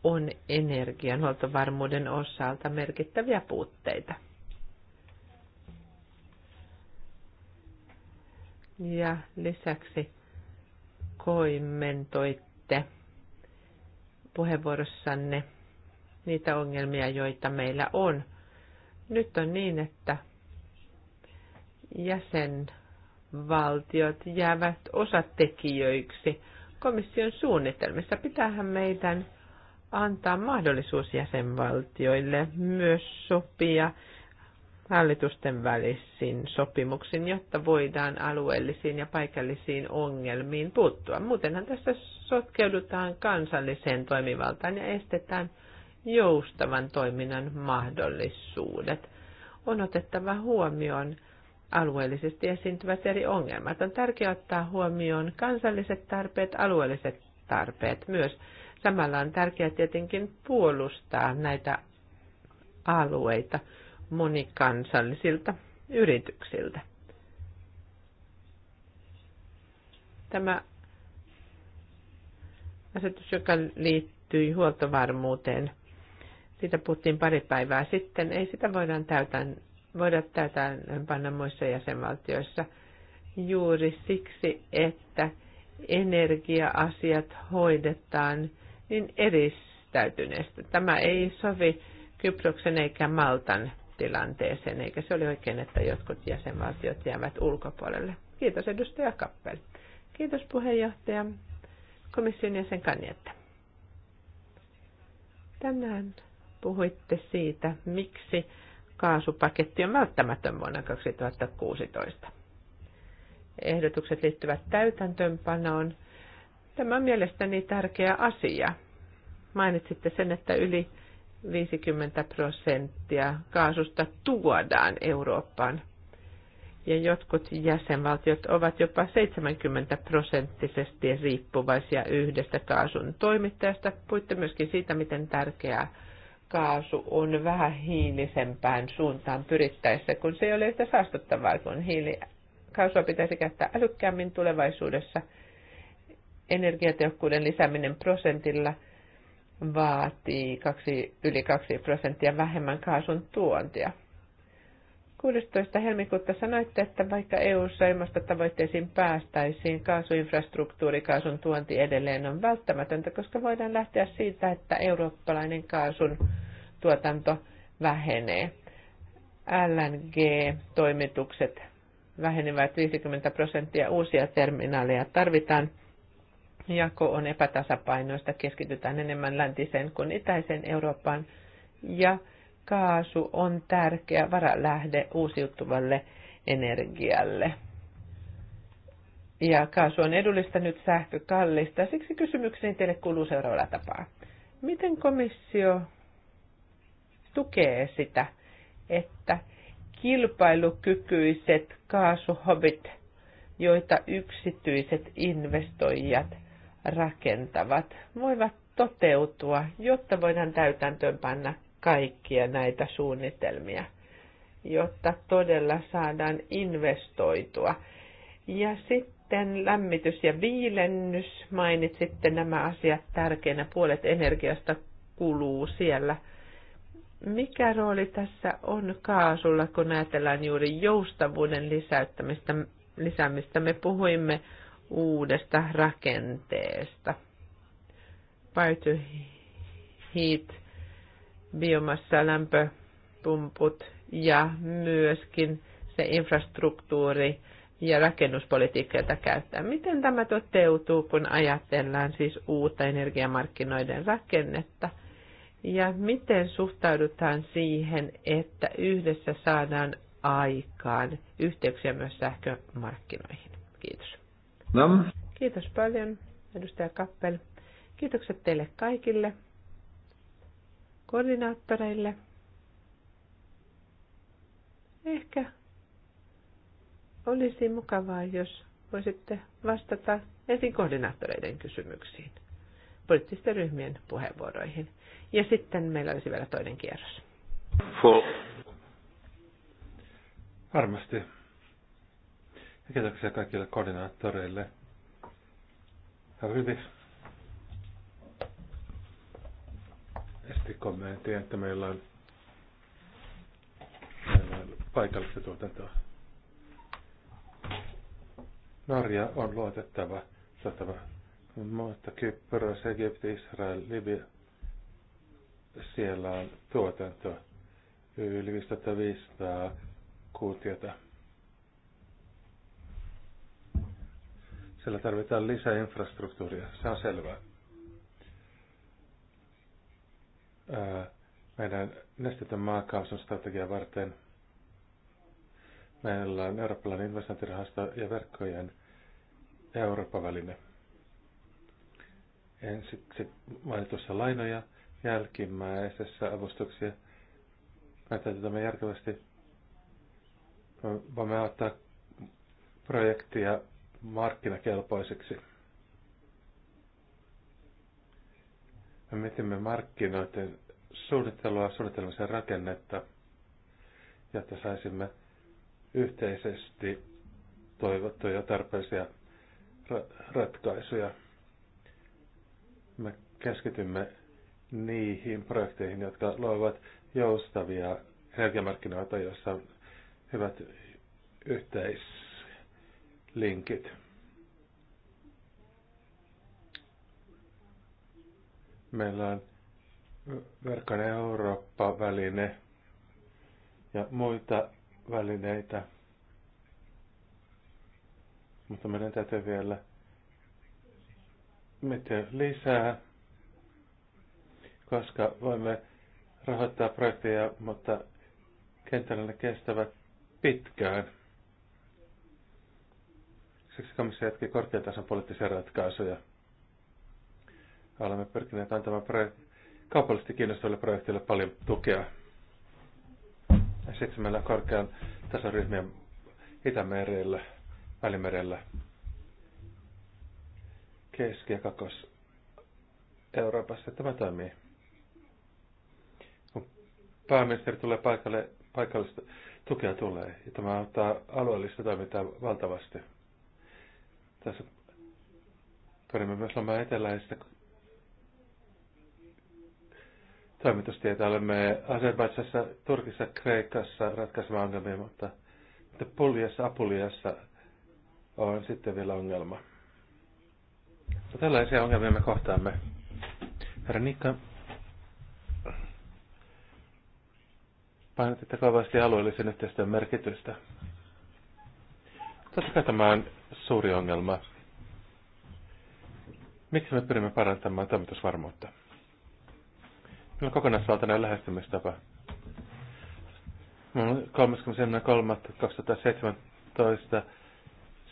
on energianhuoltovarmuuden osalta merkittäviä puutteita – Ja lisäksi koimentoitte puheenvuorossanne niitä ongelmia, joita meillä on. Nyt on niin, että jäsenvaltiot jäävät osatekijöiksi komission suunnitelmissa. Pitäähän meidän antaa mahdollisuus jäsenvaltioille myös sopia hallitusten välisiin sopimuksiin, jotta voidaan alueellisiin ja paikallisiin ongelmiin puuttua. Muutenhan tässä sotkeudutaan kansalliseen toimivaltaan ja estetään joustavan toiminnan mahdollisuudet. On otettava huomioon alueellisesti esiintyvät eri ongelmat. On tärkeää ottaa huomioon kansalliset tarpeet, alueelliset tarpeet myös. Samalla on tärkeää tietenkin puolustaa näitä alueita monikansallisilta yrityksiltä. Tämä asetus, joka liittyy huoltovarmuuteen, siitä puhuttiin pari päivää sitten. Ei sitä voidaan täytän, voida täytäntöönpanna muissa jäsenvaltioissa juuri siksi, että energia-asiat hoidetaan niin eristäytyneestä. Tämä ei sovi Kyproksen eikä Maltan tilanteeseen, eikä se oli oikein, että jotkut jäsenvaltiot jäävät ulkopuolelle. Kiitos edustaja Kappel. Kiitos puheenjohtaja komission jäsen Kanjetta. Tänään puhuitte siitä, miksi kaasupaketti on välttämätön vuonna 2016. Ehdotukset liittyvät täytäntöönpanoon. Tämä on mielestäni tärkeä asia. Mainitsitte sen, että yli 50 prosenttia kaasusta tuodaan Eurooppaan. Ja jotkut jäsenvaltiot ovat jopa 70 prosenttisesti riippuvaisia yhdestä kaasun toimittajasta. Puitte myöskin siitä, miten tärkeää kaasu on vähän hiilisempään suuntaan pyrittäessä, kun se ei ole yhtä saastuttavaa kuin hiili. Kaasua pitäisi käyttää älykkäämmin tulevaisuudessa. Energiatehokkuuden lisääminen prosentilla – vaatii kaksi, yli 2 prosenttia vähemmän kaasun tuontia. 16. helmikuuta sanoitte, että vaikka EU-ssa ilmastotavoitteisiin päästäisiin, kaasuinfrastruktuuri kaasun tuonti edelleen on välttämätöntä, koska voidaan lähteä siitä, että eurooppalainen kaasun tuotanto vähenee. LNG-toimitukset vähenevät 50 prosenttia, uusia terminaaleja tarvitaan jako on epätasapainoista, keskitytään enemmän läntiseen kuin itäiseen Eurooppaan, ja kaasu on tärkeä varalähde uusiutuvalle energialle. Ja kaasu on edullista nyt sähkö kallista, siksi kysymykseni teille kuuluu seuraavalla tapaa. Miten komissio tukee sitä, että kilpailukykyiset kaasuhobit, joita yksityiset investoijat rakentavat voivat toteutua, jotta voidaan täytäntöön panna kaikkia näitä suunnitelmia, jotta todella saadaan investoitua. Ja sitten lämmitys ja viilennys, mainitsitte nämä asiat tärkeinä, puolet energiasta kuluu siellä. Mikä rooli tässä on kaasulla, kun ajatellaan juuri joustavuuden lisäyttämistä, lisäämistä? Me puhuimme uudesta rakenteesta. Paitsi heat, biomassa, lämpöpumput ja myöskin se infrastruktuuri ja rakennuspolitiikka, jota käyttää. Miten tämä toteutuu, kun ajatellaan siis uutta energiamarkkinoiden rakennetta? Ja miten suhtaudutaan siihen, että yhdessä saadaan aikaan yhteyksiä myös sähkömarkkinoihin? Kiitos. Kiitos paljon, edustaja Kappel. Kiitokset teille kaikille, koordinaattoreille. Ehkä olisi mukavaa, jos voisitte vastata ensin koordinaattoreiden kysymyksiin, poliittisten ryhmien puheenvuoroihin. Ja sitten meillä olisi vielä toinen kierros. Full. Varmasti. Ja kiitoksia kaikille koordinaattoreille. Rivi esti kommentti, että meillä on, meillä on paikallista tuotantoa. Norja on luotettava satama, mutta Kypros, Egypti, Israel, Libya, siellä on tuotanto yli 5500 kuutiota Siellä tarvitaan lisää infrastruktuuria, se on selvää. Meidän nestetön maakaasun strategia varten meillä on eurooppalainen investointirahasto ja verkkojen Euroopan väline. Ensiksi mainitussa lainoja, jälkimmäisessä avustuksia. Me täytetään järkevästi. Voimme ottaa projektia markkinakelpoiseksi. Me mietimme markkinoiden suunnittelua, suunnittelemisen rakennetta, jotta saisimme yhteisesti toivottuja tarpeellisia ra- ratkaisuja. Me keskitymme niihin projekteihin, jotka luovat joustavia energiamarkkinoita, joissa on hyvät yhteis- linkit. Meillä on verkon Eurooppa-väline ja muita välineitä. Mutta meidän täytyy vielä miettiä lisää, koska voimme rahoittaa projekteja, mutta kentällä ne kestävät pitkään. Siksi komissio jatkii tason poliittisia ratkaisuja. Olemme pyrkineet antamaan projek- kaupallisesti kiinnostaville projekteille paljon tukea. Ja siksi meillä on korkean tason ryhmien Itämerellä, Välimerellä, Keski- ja Kakos-Euroopassa. Tämä toimii. Kun pääministeri tulee paikalle, paikallista tukea tulee, ja tämä auttaa alueellista toimintaa valtavasti. Tässä pyrimme myös olemaan eteläistä toimitustietä. Olemme Azerbaidsassa, Turkissa, Kreikassa ratkaisemaan ongelmia, mutta Puljassa, Apuliassa on sitten vielä ongelma. Ja no, tällaisia ongelmia me kohtaamme. Herra Nikka, painotitte kovasti alueellisen yhteistyön merkitystä. Totta kai tämä on suuri ongelma. Miksi me pyrimme parantamaan toimitusvarmuutta? Meillä on kokonaisvaltainen lähestymistapa. 33.2017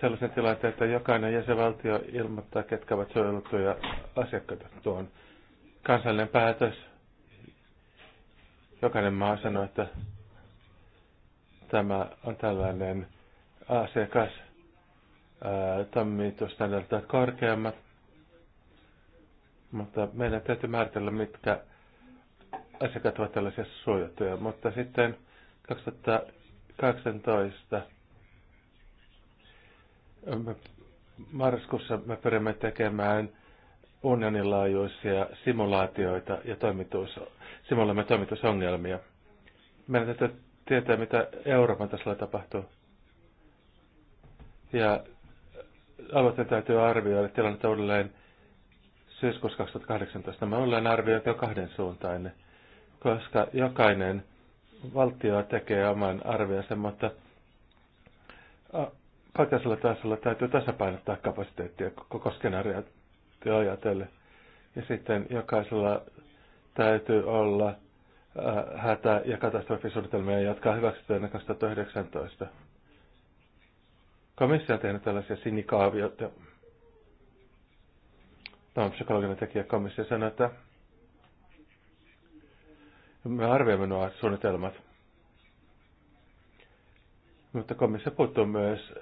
sellaisen tilanteen, että jokainen jäsenvaltio ilmoittaa, ketkä ovat suojeltuja asiakkaita. Tuo on kansallinen päätös. Jokainen maa sanoo, että tämä on tällainen asiakas, tammitustandardia korkeammat, mutta meidän täytyy määritellä, mitkä asiakkaat ovat tällaisia suojattuja. Mutta sitten 2018 me, marraskuussa me pyrimme tekemään unionin simulaatioita ja toimitus, simuloimme toimitusongelmia. Meidän täytyy tietää, mitä Euroopan tasolla tapahtuu. Ja aloitteen täytyy arvioida tilannetta uudelleen syyskuussa 2018. Mä olen arvioitu jo kahden suuntainen, koska jokainen valtio tekee oman arvionsa, mutta paikallisella tasolla täytyy tasapainottaa kapasiteettia koko skenaarioita ajatellen. Ja sitten jokaisella täytyy olla hätä- ja katastrofisuunnitelmia, jotka ennen 2019. Kamissa on tehnyt tällaisia sinikaavioita. Tämä on psykologinen tekijä. ja sanoi, että me arvioimme nuo suunnitelmat. Mutta komissio puuttuu myös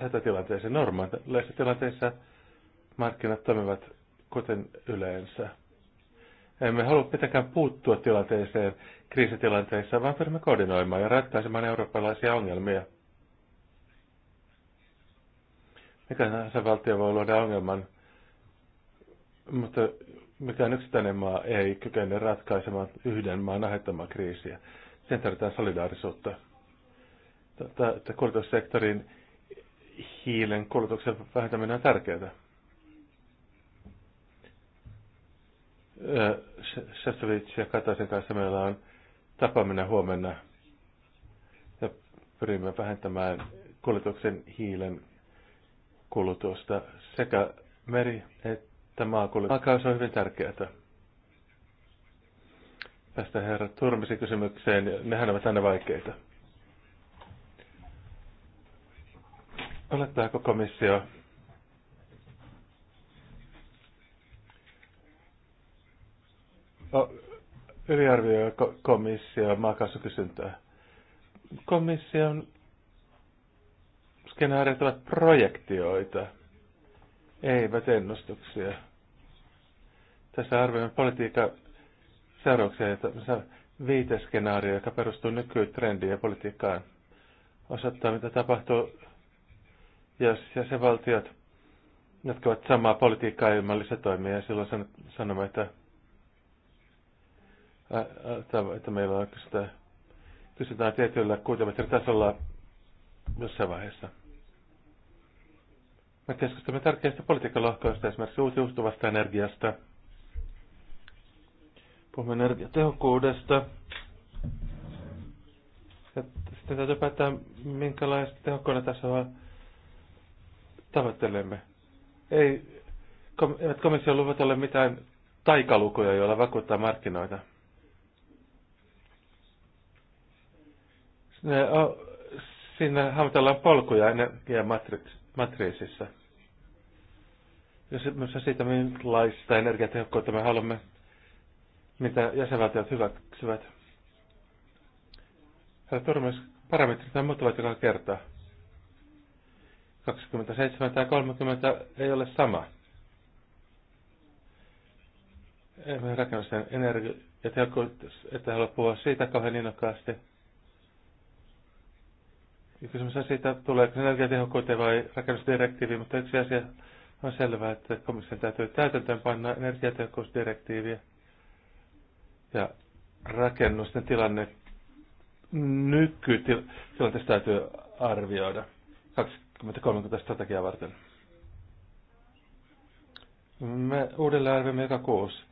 hätätilanteeseen. Normaaleissa tilanteissa markkinat toimivat kuten yleensä. Emme halua mitenkään puuttua tilanteeseen kriisitilanteissa, vaan pyrimme koordinoimaan ja ratkaisemaan eurooppalaisia ongelmia – Mikä se valtio voi luoda ongelman, mutta mikään yksittäinen maa ei kykene ratkaisemaan yhden maan aiheuttamaa kriisiä. Sen tarvitaan solidaarisuutta. Tätä kulutussektorin hiilen kulutuksen vähentäminen on tärkeää. Sestovic ja Kataisen kanssa meillä on tapaaminen huomenna ja pyrimme vähentämään kuljetuksen hiilen kulutusta sekä meri- että maakulutus. Maakaus on hyvin tärkeää. Tästä herra Turmisi kysymykseen, nehän ovat aina vaikeita. Olettaako komissio O, yliarvioi komissio maakaasukysyntää. Komission skenaariot ovat projektioita, eivät ennustuksia. Tässä arvioimme politiikan seurauksia, että skenaario, joka perustuu nykytrendiin ja politiikkaan, osoittaa, mitä tapahtuu, jos jäsenvaltiot jatkavat samaa politiikkaa ilman lisätoimia. Ja silloin sanomme, että, että meillä on kysytään tietyllä kuutiometritasolla jossain vaiheessa. Me keskustamme tärkeistä politiikkalohkoista, esimerkiksi uusiutuvasta energiasta. Puhumme energiatehokkuudesta. Ja sitten täytyy päättää, minkälaista tehokkuuden tasoa tavoittelemme. Ei, kom, eivät komission luvut ole mitään taikalukuja, joilla vakuuttaa markkinoita. Sinne, oh, sinne hahmotellaan polkuja energiamatriisissa. Ja se myös siitä, millaista energiatehokkuutta me haluamme, mitä jäsenvaltiot hyväksyvät. Täällä parametrit, on muuttuvat joka kerta. 27 tai 30 ei ole sama. Emme rakennusten energiatehokkuutta, että haluaa puhua siitä kauhean innokkaasti. Ja kysymys on siitä, tuleeko energiatehokkuuteen vai rakennusdirektiivi, mutta yksi asia on selvää, että komission täytyy täytäntöönpanna energiatehokkuusdirektiiviä ja rakennusten tilanne nykytilanteessa täytyy arvioida 2030 strategiaa varten. Me uudelleen arvioimme joka kuusi.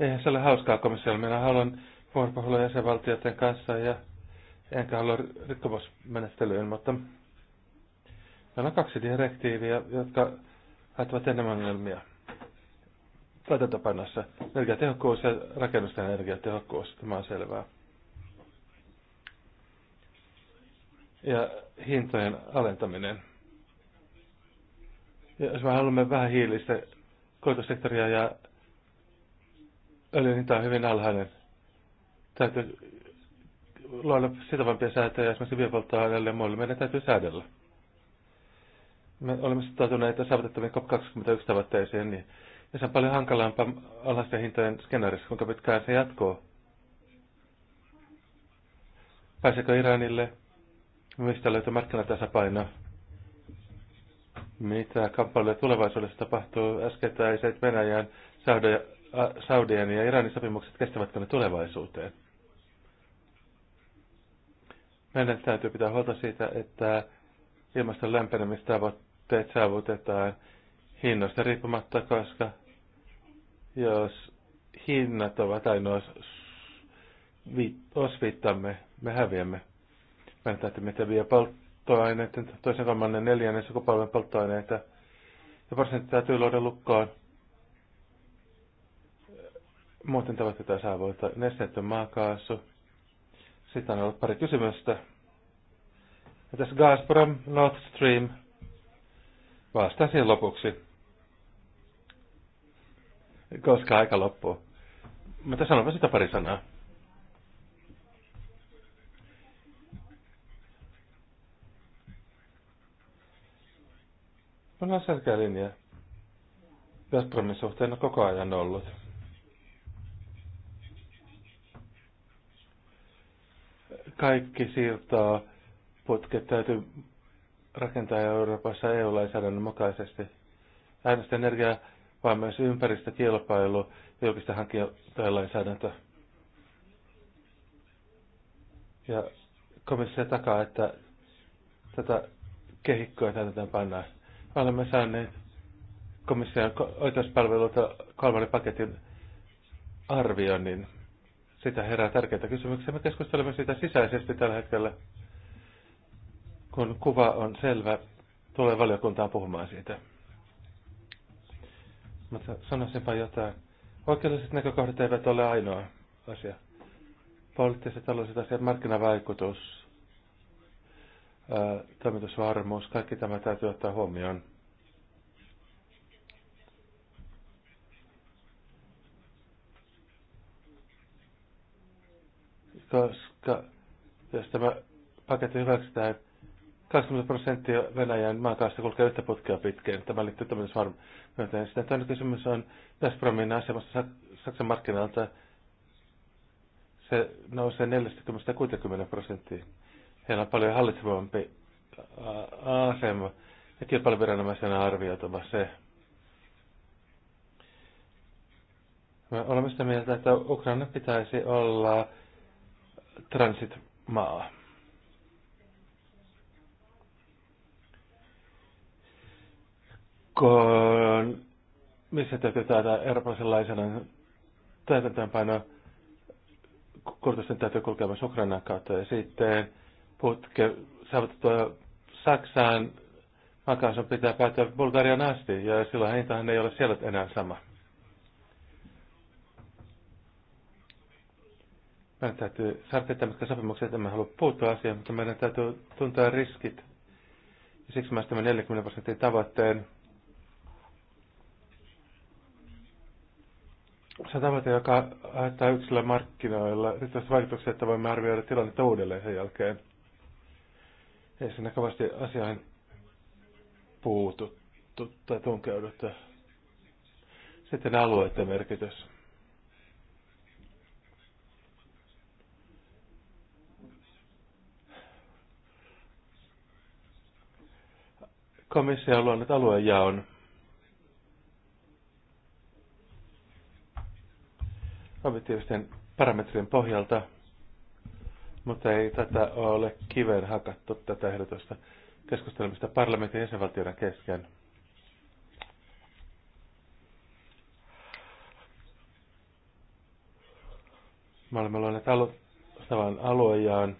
Eihän se ole hauskaa komissiolla. Minä haluan vuoropuhelua jäsenvaltioiden kanssa ja enkä halua rikkomusmenettelyyn, mutta meillä on kaksi direktiiviä, jotka aiheuttavat enemmän ongelmia tuotantopanossa. Energiatehokkuus ja rakennusten energiatehokkuus, tämä on selvää. Ja hintojen alentaminen. Ja jos me haluamme vähän hiilistä koulutussektoria ja öljyn hinta on hyvin alhainen, täytyy luoda sitovampia säätöjä esimerkiksi biopolttoaineille ja muille. Meidän täytyy säädellä me olemme sitoutuneita saavutettaviin COP21 tavoitteisiin, niin ja se on paljon hankalampaa alhaisten hintojen skenaarissa, kuinka pitkään se jatkuu. Pääseekö Iranille? Mistä löytyy markkinatasapaino? Mitä kamppailuja tulevaisuudessa tapahtuu? Äskettäiset Venäjän, äh, Saudien ja Iranin sopimukset kestävätkö ne tulevaisuuteen? Meidän täytyy pitää huolta siitä, että ilmaston lämpenemistavoitteet tavoitteet saavutetaan hinnasta riippumatta, koska jos hinnat ovat ainoa osvittamme me häviämme. en täytyy miettiä vielä polttoaineiden, toisen kolmannen neljännen sukupolven polttoaineita, ja varsinkin täytyy luoda lukkoon. Muuten tavoitteita saavuttaa. nesteetön maakaasu. Sitten on ollut pari kysymystä. Tässä Gazprom, Nord Stream, Vasta siihen lopuksi. Koska aika loppuu. Mutta sanonpa sitä pari sanaa. Minulla on selkeä linja. Gazpromin suhteen on koko ajan ollut. Kaikki siirtää putket täytyy rakentaa Euroopassa EU-lainsäädännön mukaisesti. Äänestä energiaa, vaan myös ympäristökilpailu, julkista hankintojen lainsäädäntö. Ja komissio takaa, että tätä kehikkoa täytetään pannaan. Olemme saaneet komission oikeuspalveluilta kolmannen paketin arvioinnin. Sitä herää tärkeitä kysymyksiä. Me keskustelemme siitä sisäisesti tällä hetkellä. Kun kuva on selvä, tulee valiokuntaan puhumaan siitä. Mutta sanoisinpa jotain. Oikeudelliset näkökohdat eivät ole ainoa asia. Poliittiset, taloudelliset asiat, markkinavaikutus, toimitusvarmuus, kaikki tämä täytyy ottaa huomioon. Koska jos tämä paketti hyväksytään, 20 prosenttia Venäjän maakaasta kulkee yhtä putkea pitkään. Tämä liittyy toimitusvarmuuteen. Sitten toinen kysymys on Gazpromin asemassa Saksan markkinoilta. Se nousee 40-60 prosenttiin. Heillä on paljon hallitsevampi asema ja kilpailuviranomaisena arvioitava se. Me olemme sitä mieltä, että Ukraina pitäisi olla transitmaa. kun missä täytyy saada eurooppalaisen lainsäädännön täytäntöönpano kulutusten täytyy kulkea myös Ukrainan kautta. Ja sitten putke saavutettua Saksaan makaisun pitää päätyä Bulgarian asti, ja silloin hintahan ei ole siellä enää sama. Meidän täytyy saada tämmöistä sopimuksia, että emme halua puuttua asiaan, mutta meidän täytyy tuntea riskit. Ja siksi mä tämän 40 prosentin tavoitteen se tavoite, joka haittaa yksilön markkinoilla riittävästi vaikutuksia, että voimme arvioida tilannetta uudelleen sen jälkeen. Ei siinä kovasti asiaan puututtu tai tunkeuduttu. Sitten alueiden merkitys. Komissio on luonut aluejaon objektiivisten parametrien pohjalta, mutta ei tätä ole kiven hakattu tätä ehdotusta keskustelemista parlamentin jäsenvaltioiden kesken. Me olemme luoneet alustavan aluejaan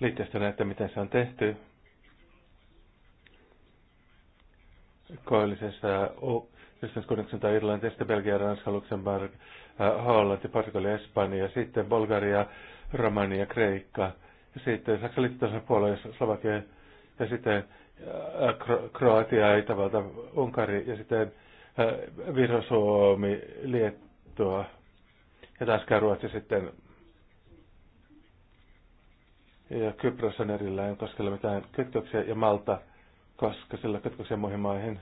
liitteestä että miten se on tehty. Koillisessa yhteiskunnassa tai Irlantista, Belgia, Ranska, Luxemburg, Äh, Hollanti, Portugali, Espanja, sitten Bulgaria, Romania, Kreikka, ja sitten Saksan liittotason puolella Slovakia, ja sitten äh, Kroatia, Itävalta, Unkari, ja sitten äh, Viro, Suomi, Liettua, ja Tanska Ruotsi sitten. Ja Kypros on erillään, koska ei ole mitään kytköksiä, ja Malta, koska sillä on kytköksiä muihin maihin.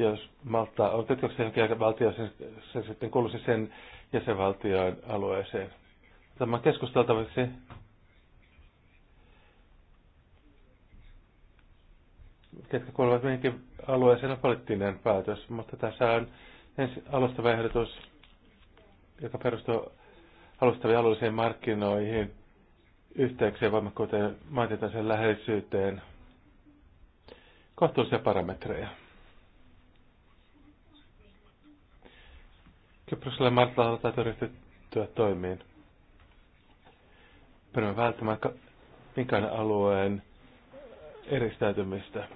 Jos Malta on kytköksessä johonkin sen se, se sitten kuuluisi sen jäsenvaltion alueeseen. Tämä on keskusteltavaksi. Ketkä kuuluvat mihinkin alueeseen on poliittinen päätös, mutta tässä on ensi alustava ehdotus, joka perustuu alustaviin alueellisiin markkinoihin, yhteyksien voimakkuuteen, maantieteelliseen läheisyyteen, kohtuullisia parametreja. Kyprosella Martalla täytyy ryhtyä toimiin. Pyrimme välttämään minkään alueen eristäytymistä.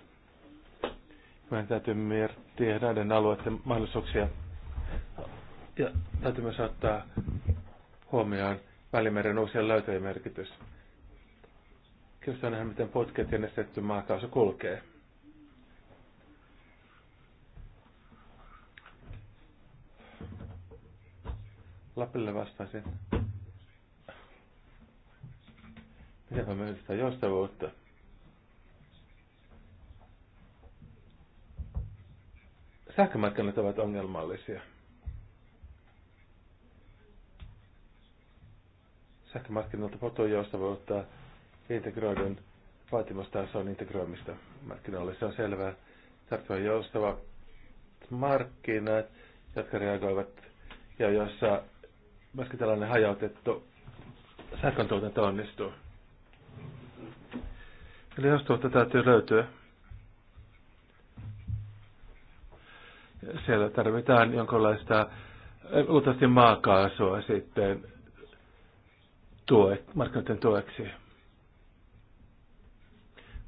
Meidän täytyy miettiä näiden alueiden mahdollisuuksia ja täytyy myös ottaa huomioon Välimeren uusien löytöjen merkitys. Kyllä nähdään, miten potket ja nestetty maakaasu kulkee. Lapille vastasin. Mitäpä me edistää joustavuutta? Sähkömarkkinat ovat ongelmallisia. Sähkömarkkinoilta puuttuu joustavuutta integroidun vaatimustason integroimista markkinoille. Se on selvää. Tarvitaan joustavat markkinat, jotka reagoivat ja jossa myöskin tällainen hajautettu sähkön tuotanto onnistuu. Eli jos tuota täytyy löytyä. Siellä tarvitaan jonkinlaista luultavasti eh, maakaasua sitten tuet, markkinoiden tueksi.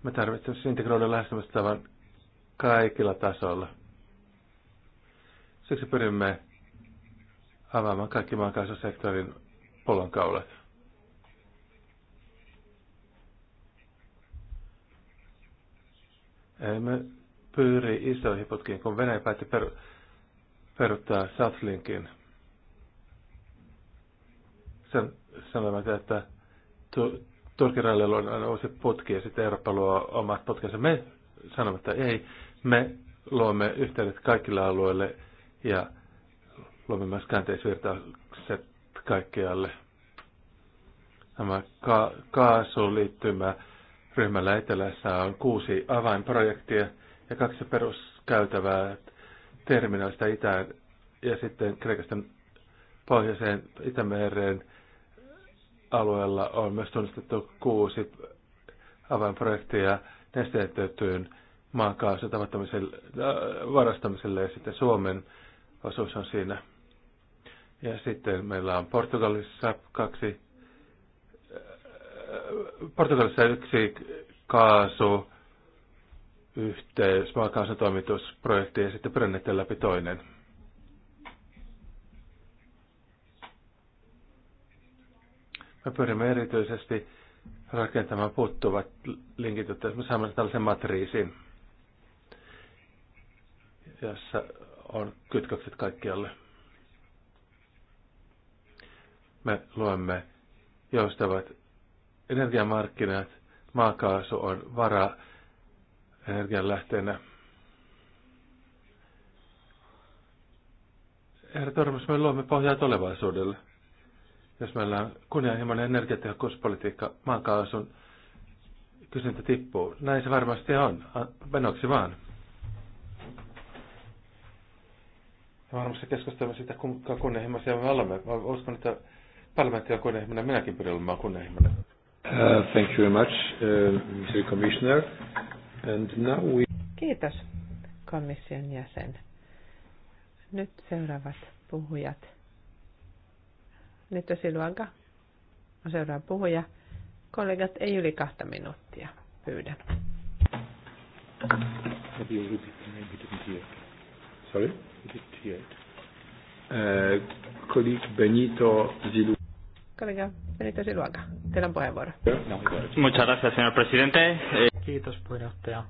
Me tarvitsemme integroidun lähestymistavan kaikilla tasoilla. Siksi pyrimme avaamaan kaikki maankäyttösektorin pullonkaulat. Emme pyyri isoihin putkiin, kun Venäjä päätti peru- peruttaa Southlinkin. Sen sanoivat, että tu, rallilla on uusi putki ja sitten Eurooppa luo omat putkensa. Me sanomme, että ei, me luomme yhteydet kaikille alueille ja luomme myös käänteisvirtaukset kaikkialle. Tämä ka- kaasuliittymä ryhmällä etelässä on kuusi avainprojektia ja kaksi peruskäytävää terminaalista itään ja sitten Kreikasta pohjoiseen Itämereen alueella on myös tunnistettu kuusi avainprojektia nesteytettyyn maakaasun tavattamiselle, äh, varastamiselle ja sitten Suomen osuus on siinä ja sitten meillä on Portugalissa kaksi, äh, Portugalissa yksi kaasu, yhteys, maakaasutoimitusprojekti ja sitten Brenneten läpi toinen. Me pyrimme erityisesti rakentamaan puuttuvat linkit, jotta me saamme tällaisen matriisin, jossa on kytkökset kaikkialle. Me luemme joustavat energiamarkkinat. Maakaasu on vara energianlähteenä. Herra Tormus, me luomme pohjaa tulevaisuudelle. Jos meillä on kunnianhimoinen energiatehokkuuspolitiikka, maakaasun kysyntä tippuu. Näin se varmasti on. Menoksi vaan. Ja varmasti keskustelemme siitä, kuinka kunnianhimoisia me olemme. Mä uskon, että Parlamentti on kunnianhimoinen, minäkin pyrin olemaan kunnianhimoinen. Uh, thank you very much, uh, Mr. Commissioner. And now we... Kiitos, komission jäsen. Nyt seuraavat puhujat. Nyt on Siluanka, seuraava puhuja. Kollegat, ei yli kahta minuuttia, pyydän. Sorry? Uh, colleague Benito Zilu. Kollega Benito Siluaga, teillä on puheenvuoro. Muchas gracias, señor presidente. Eh, Kiitos, puheenjohtaja.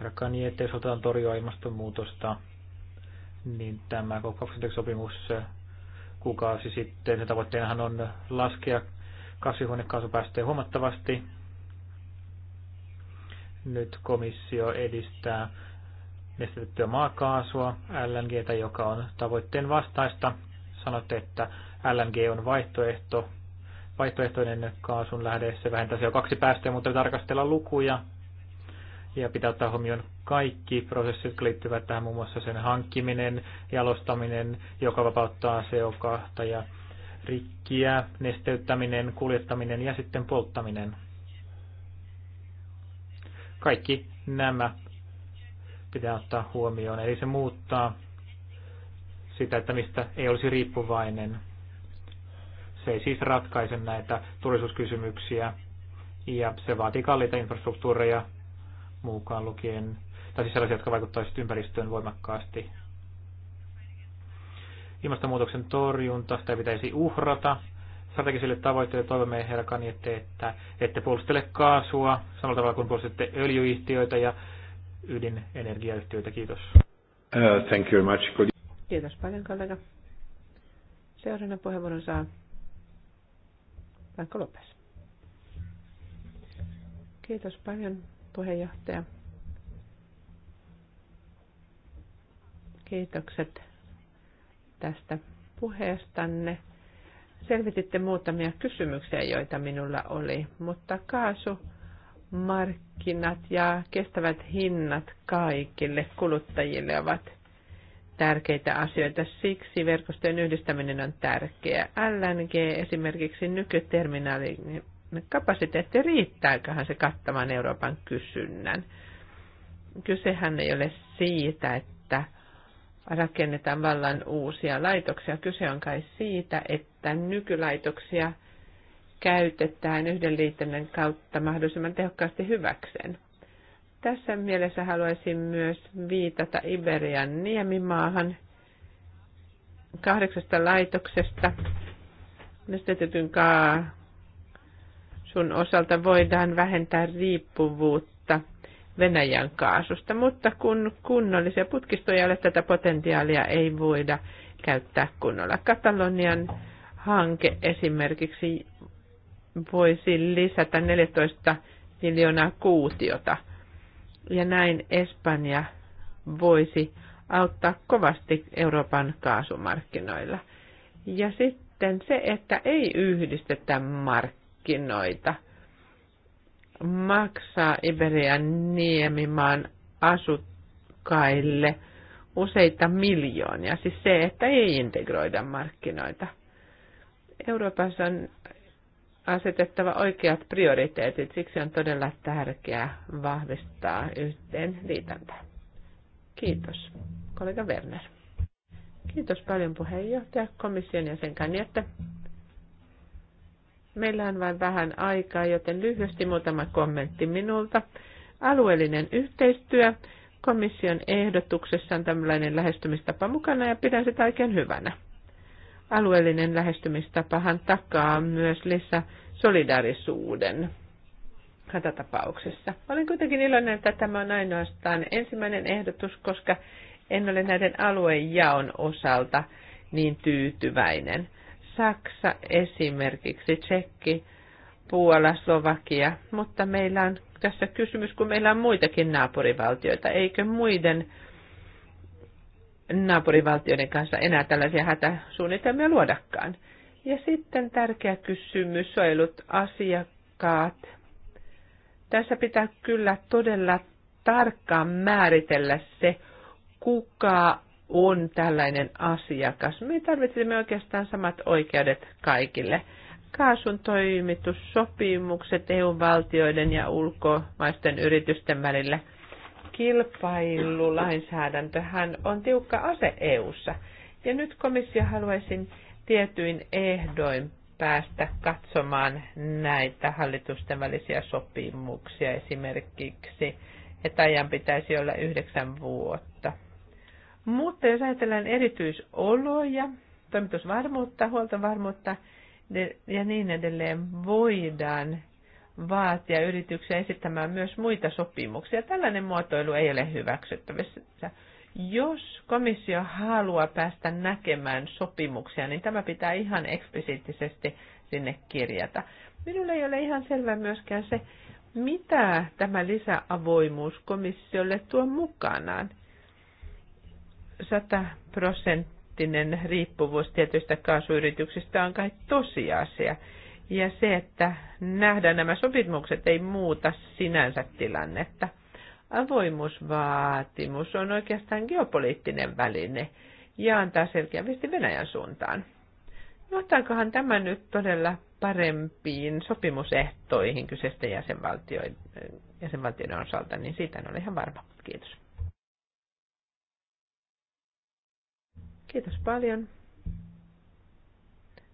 Herra että jos otetaan torjua ilmastonmuutosta, niin tämä COP21-sopimus kuukausi sitten, se tavoitteenahan on laskea kasvihuonekaasupäästöjä huomattavasti. Nyt komissio edistää nestetettyä maakaasua, LNGtä, joka on tavoitteen vastaista. Sanoitte, että LNG on vaihtoehto, vaihtoehtoinen kaasun lähde, se vähentää jo kaksi päästöjä, mutta tarkastella lukuja ja pitää ottaa huomioon kaikki prosessit, jotka liittyvät tähän muun muassa sen hankkiminen, jalostaminen, joka vapauttaa CO2 ja rikkiä, nesteyttäminen, kuljettaminen ja sitten polttaminen. Kaikki nämä pitää ottaa huomioon, eli se muuttaa sitä, että mistä ei olisi riippuvainen. Se ei siis ratkaise näitä turvallisuuskysymyksiä ja se vaatii kalliita infrastruktuureja mukaan lukien, tai siis sellaisia, jotka vaikuttaisivat ympäristöön voimakkaasti. Ilmastonmuutoksen torjunta, sitä pitäisi uhrata. Strategisille tavoitteille toivomme herra Kanjette, että ette puolustele kaasua samalla tavalla kuin puolustette öljyyhtiöitä ja ydinenergiayhtiöitä. Kiitos. Uh, thank you very much. Kiitos paljon kollega. Seuraavana puheenvuoron saa Vankko Lopes. Kiitos paljon puheenjohtaja. Kiitokset tästä puheestanne. Selvititte muutamia kysymyksiä, joita minulla oli, mutta kaasu markkinat ja kestävät hinnat kaikille kuluttajille ovat tärkeitä asioita. Siksi verkostojen yhdistäminen on tärkeää. LNG esimerkiksi nykyterminaalin kapasiteetti, riittääköhän se kattamaan Euroopan kysynnän? Kysehän ei ole siitä, että rakennetaan vallan uusia laitoksia. Kyse on kai siitä, että nykylaitoksia käytetään yhden liitännän kautta mahdollisimman tehokkaasti hyväkseen. Tässä mielessä haluaisin myös viitata Iberian niemimaahan kahdeksasta laitoksesta nestetetyn kaasun osalta voidaan vähentää riippuvuutta Venäjän kaasusta, mutta kun kunnollisia putkistoja ole, tätä potentiaalia ei voida käyttää kunnolla. Katalonian hanke esimerkiksi voisi lisätä 14 miljoonaa kuutiota – ja näin Espanja voisi auttaa kovasti Euroopan kaasumarkkinoilla. Ja sitten se, että ei yhdistetä markkinoita, maksaa Iberian niemimaan asukkaille useita miljoonia. Siis se, että ei integroida markkinoita. Euroopassa on asetettava oikeat prioriteetit. Siksi on todella tärkeää vahvistaa yhteen liitäntää. Kiitos, kollega Werner. Kiitos paljon puheenjohtaja, komission jäsen Kanjette. Meillä on vain vähän aikaa, joten lyhyesti muutama kommentti minulta. Alueellinen yhteistyö. Komission ehdotuksessa on tämmöinen lähestymistapa mukana ja pidän sitä oikein hyvänä Alueellinen lähestymistapahan takaa myös lisä solidaarisuuden hätätapauksessa. Olen kuitenkin iloinen, että tämä on ainoastaan ensimmäinen ehdotus, koska en ole näiden aluejaon osalta niin tyytyväinen. Saksa esimerkiksi, Tsekki, Puola, Slovakia, mutta meillä on tässä kysymys, kun meillä on muitakin naapurivaltioita, eikö muiden naapurivaltioiden kanssa enää tällaisia hätäsuunnitelmia luodakaan. Ja sitten tärkeä kysymys, suojelut asiakkaat. Tässä pitää kyllä todella tarkkaan määritellä se, kuka on tällainen asiakas. Me tarvitsemme oikeastaan samat oikeudet kaikille. Kaasun toimitussopimukset EU-valtioiden ja ulkomaisten yritysten välillä – kilpailulainsäädäntöhän on tiukka ase EU:ssa. Ja nyt komissio haluaisi tietyin ehdoin päästä katsomaan näitä hallitusten välisiä sopimuksia esimerkiksi, että ajan pitäisi olla yhdeksän vuotta. Mutta jos ajatellaan erityisoloja, toimitusvarmuutta, huoltovarmuutta ja niin edelleen, voidaan vaatia yrityksiä esittämään myös muita sopimuksia. Tällainen muotoilu ei ole hyväksyttävissä. Jos komissio haluaa päästä näkemään sopimuksia, niin tämä pitää ihan eksplisiittisesti sinne kirjata. Minulle ei ole ihan selvä myöskään se, mitä tämä lisäavoimuus komissiolle tuo mukanaan. 100 prosenttinen riippuvuus tietyistä kaasuyrityksistä on kai tosiasia. Ja se, että nähdään nämä sopimukset, ei muuta sinänsä tilannetta. Avoimuusvaatimus on oikeastaan geopoliittinen väline ja antaa selkeä viesti Venäjän suuntaan. Johtaakohan tämä nyt todella parempiin sopimusehtoihin kyseisten jäsenvaltioiden, jäsenvaltioiden osalta, niin siitä en ole ihan varma. Kiitos. Kiitos paljon.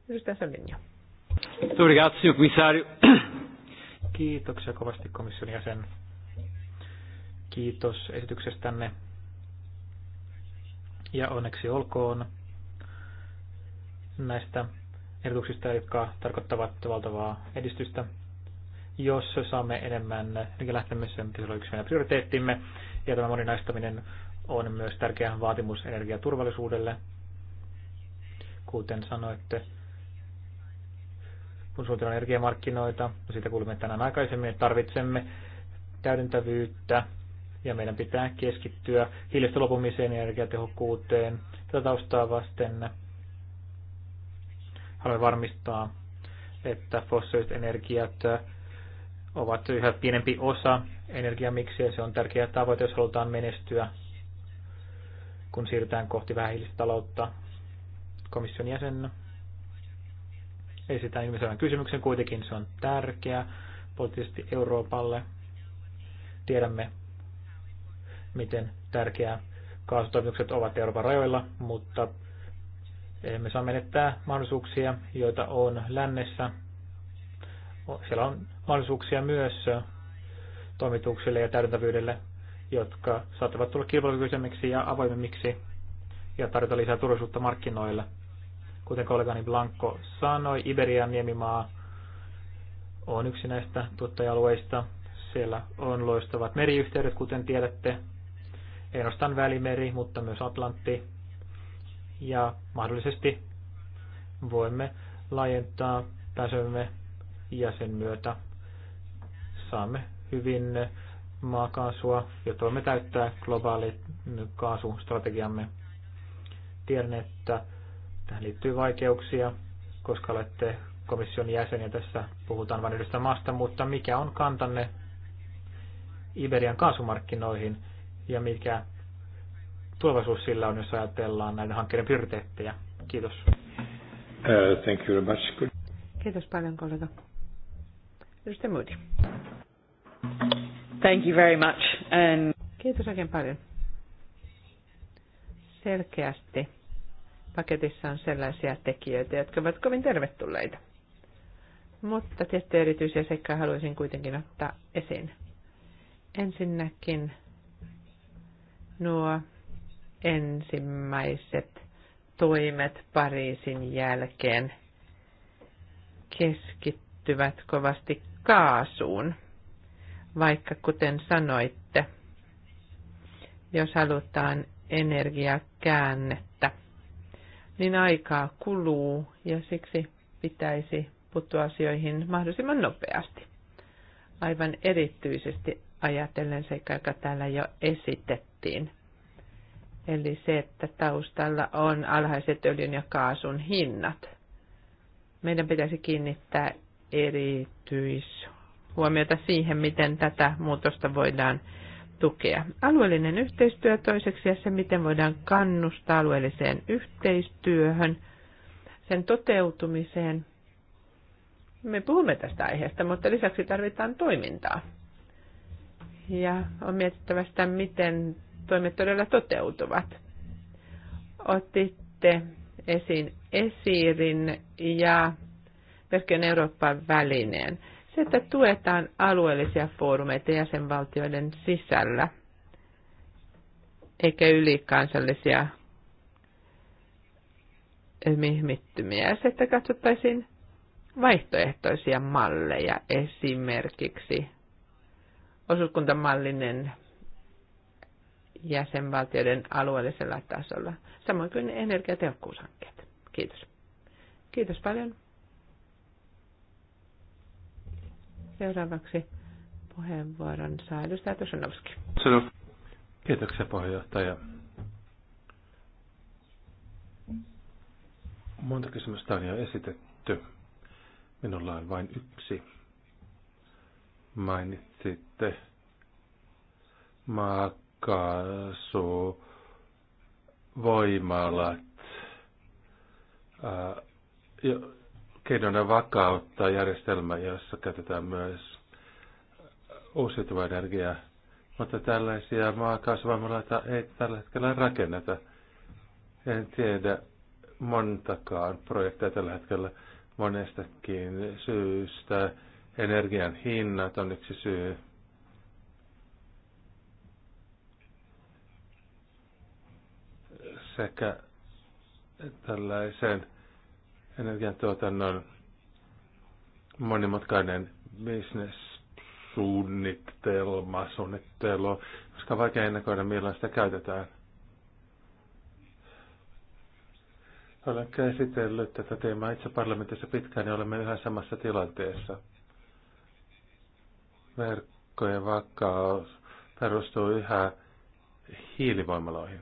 Edustaja Solinja. Kiitoksia kovasti komission jäsen. Kiitos esityksestänne. Ja onneksi olkoon näistä ehdotuksista, jotka tarkoittavat valtavaa edistystä. Jos saamme enemmän energialähtemisen, niin se on yksi meidän prioriteettimme. Ja tämä moninaistaminen on myös tärkeä vaatimus energiaturvallisuudelle. Kuten sanoitte, kun suunnitellaan energiamarkkinoita, no siitä kuulimme tänään aikaisemmin, että tarvitsemme täydentävyyttä ja meidän pitää keskittyä hiilestä lopumiseen ja energiatehokkuuteen. Tätä taustaa vasten haluamme varmistaa, että fossiiliset energiat ovat yhä pienempi osa energiamiksiä. Se on tärkeä tavoite, jos halutaan menestyä, kun siirrytään kohti vähähiilistä taloutta komission jäsenä esitä ihmisoikeuden kysymyksen. Kuitenkin se on tärkeä poliittisesti Euroopalle. Tiedämme, miten tärkeää kaasutoimitukset ovat Euroopan rajoilla, mutta emme saa menettää mahdollisuuksia, joita on lännessä. Siellä on mahdollisuuksia myös toimituksille ja täydentävyydelle, jotka saattavat tulla kilpailukykyisemmiksi ja avoimemmiksi ja tarjota lisää turvallisuutta markkinoille. Kuten kollegani Blanco sanoi, Iberian niemimaa on yksi näistä tuottajalueista. Siellä on loistavat meriyhteydet, kuten tiedätte. Ei ainoastaan Välimeri, mutta myös Atlantti. Ja mahdollisesti voimme laajentaa pääsemme ja sen myötä saamme hyvin maakaasua, jota voimme täyttää globaalit kaasustrategiamme. Tiedän, että Tähän liittyy vaikeuksia, koska olette komission jäseniä tässä puhutaan vain yhdestä maasta, mutta mikä on kantanne Iberian kaasumarkkinoihin ja mikä tulevaisuus sillä on, jos ajatellaan näiden hankkeiden prioriteetteja? Kiitos. Uh, thank you very much. Good. Kiitos paljon kollega. Edustaja Moody. Thank you very much. And... Kiitos oikein paljon. Selkeästi paketissa on sellaisia tekijöitä, jotka ovat kovin tervetulleita. Mutta tiettyjä erityisiä seikkoja haluaisin kuitenkin ottaa esiin. Ensinnäkin nuo ensimmäiset toimet Pariisin jälkeen keskittyvät kovasti kaasuun, vaikka kuten sanoitte, jos halutaan energiakäännettä, niin aikaa kuluu ja siksi pitäisi puuttua asioihin mahdollisimman nopeasti. Aivan erityisesti ajatellen sekä joka täällä jo esitettiin. Eli se, että taustalla on alhaiset öljyn ja kaasun hinnat. Meidän pitäisi kiinnittää erityishuomiota siihen, miten tätä muutosta voidaan tukea. Alueellinen yhteistyö toiseksi ja se, miten voidaan kannustaa alueelliseen yhteistyöhön, sen toteutumiseen. Me puhumme tästä aiheesta, mutta lisäksi tarvitaan toimintaa. Ja on mietittävä sitä, miten toimet todella toteutuvat. Otitte esiin Esirin ja Perkeen Euroopan välineen. Se, että tuetaan alueellisia foorumeita jäsenvaltioiden sisällä, eikä ylikansallisia mihmittymiä. Se, että katsottaisiin vaihtoehtoisia malleja, esimerkiksi osuuskuntamallinen jäsenvaltioiden alueellisella tasolla, samoin kuin energiatehokkuushankkeet. Kiitos. Kiitos paljon. Seuraavaksi puheenvuoron saa edustaja Tosanovski. Kiitoksia puheenjohtaja. Monta kysymystä on jo esitetty. Minulla on vain yksi. Mainitsitte maakaasu, voimalat, ää, jo, keinona vakauttaa järjestelmä, jossa käytetään myös uusiutuvaa energiaa. Mutta tällaisia maakaasuvoimaloita ei tällä hetkellä rakenneta. En tiedä montakaan projekteja tällä hetkellä monestakin syystä. Energian hinnat on yksi syy. Sekä tällaisen energiantuotannon monimutkainen bisnessuunnitelma, suunnittelu, koska on vaikea ennakoida milloin sitä käytetään. Olen käsitellyt tätä teemaa itse parlamentissa pitkään ja olemme yhä samassa tilanteessa. Verkkojen vakaus perustuu yhä hiilivoimaloihin.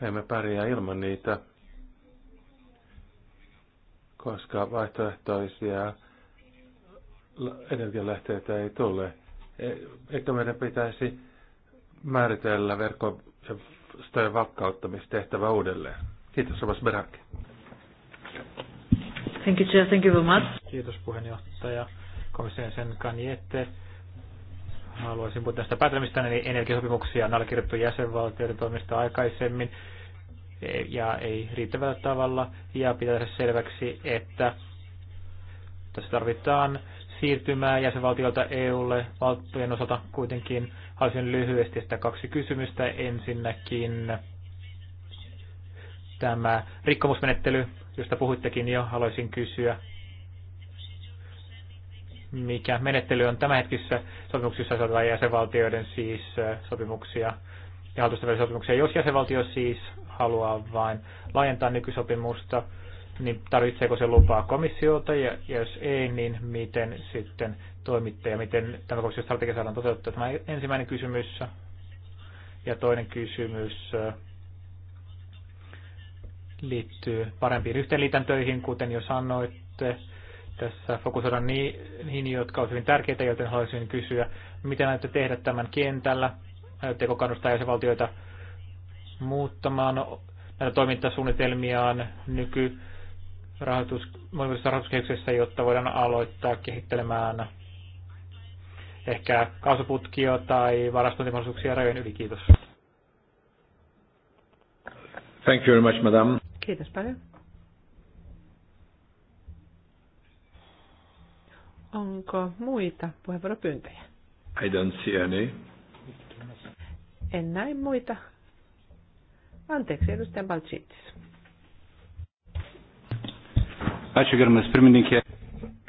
Me emme pärjää ilman niitä koska vaihtoehtoisia energialähteitä ei tule. E, eikö meidän pitäisi määritellä verkostojen vakkauttamistehtävä uudelleen? Kiitos, Rovas Berak. Thank you, Chair. Thank you very much. Kiitos puheenjohtaja. Komission sen kanjette. Haluaisin puhua tästä päätelmistä, eli energiasopimuksia on allekirjoittu jäsenvaltioiden toimista aikaisemmin ja ei riittävällä tavalla. Ja pitää tehdä selväksi, että tässä tarvitaan siirtymää jäsenvaltiolta EUlle valtojen osalta kuitenkin. Haluaisin lyhyesti sitä kaksi kysymystä. Ensinnäkin tämä rikkomusmenettely, josta puhuittekin jo, haluaisin kysyä, mikä menettely on tämänhetkisissä sopimuksissa tai jäsenvaltioiden siis äh, sopimuksia ja hallitusten sopimuksia. Jos jäsenvaltio siis haluaa vain laajentaa nykysopimusta, niin tarvitseeko se lupaa komissiolta, ja jos ei, niin miten sitten toimitte, ja miten tämä komission strategia saadaan toteuttaa. Tämä ensimmäinen kysymys, ja toinen kysymys äh, liittyy parempiin yhteenliitäntöihin, kuten jo sanoitte. Tässä fokusoidaan niihin, jotka ovat hyvin tärkeitä, joten haluaisin kysyä, miten näette tehdä tämän kentällä? Aiotteko kannustaa jäsenvaltioita valtioita muuttamaan näitä toimintasuunnitelmiaan nyky rahoitus, jotta voidaan aloittaa kehittelemään ehkä kaasuputkia tai varastointimahdollisuuksia rajojen yli. Kiitos. Thank you very much, madam. Kiitos paljon. Onko muita puheenvuoropyyntöjä? I don't see any. En näe muita Anteeksi, edustaja Balcicis.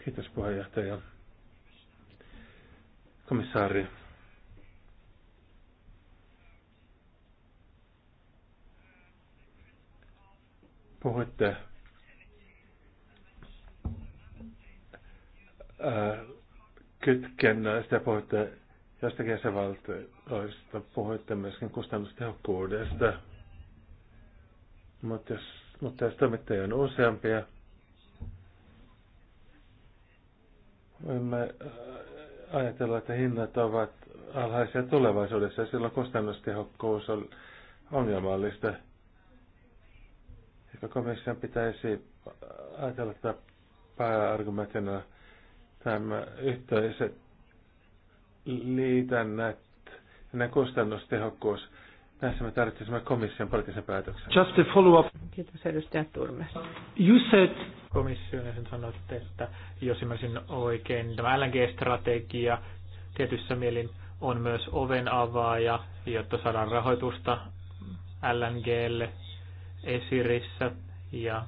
Kiitos puheenjohtaja. Komissaari. Puhuitte kytkennöistä ja puhuitte jostakin jäsenvaltioista, puhuitte myöskin kustannustehokkuudesta. Mutta jos, mutta jos toimittajia on useampia, voimme äh, ajatella, että hinnat ovat alhaisia tulevaisuudessa ja silloin kustannustehokkuus on ongelmallista. Ehkä komission pitäisi ajatella että pääargumentina tämä yhteiset liitännät ja kustannustehokkuus tässä me tarvitsisimme komission poliittisen päätöksen. Just a follow-up. Kiitos edustaja Turmes. You said... Komission ja sen sanoitte, että jos ymmärsin oikein, niin tämä LNG-strategia tietyssä mielin on myös oven avaaja, jotta saadaan rahoitusta LNGlle esirissä. Ja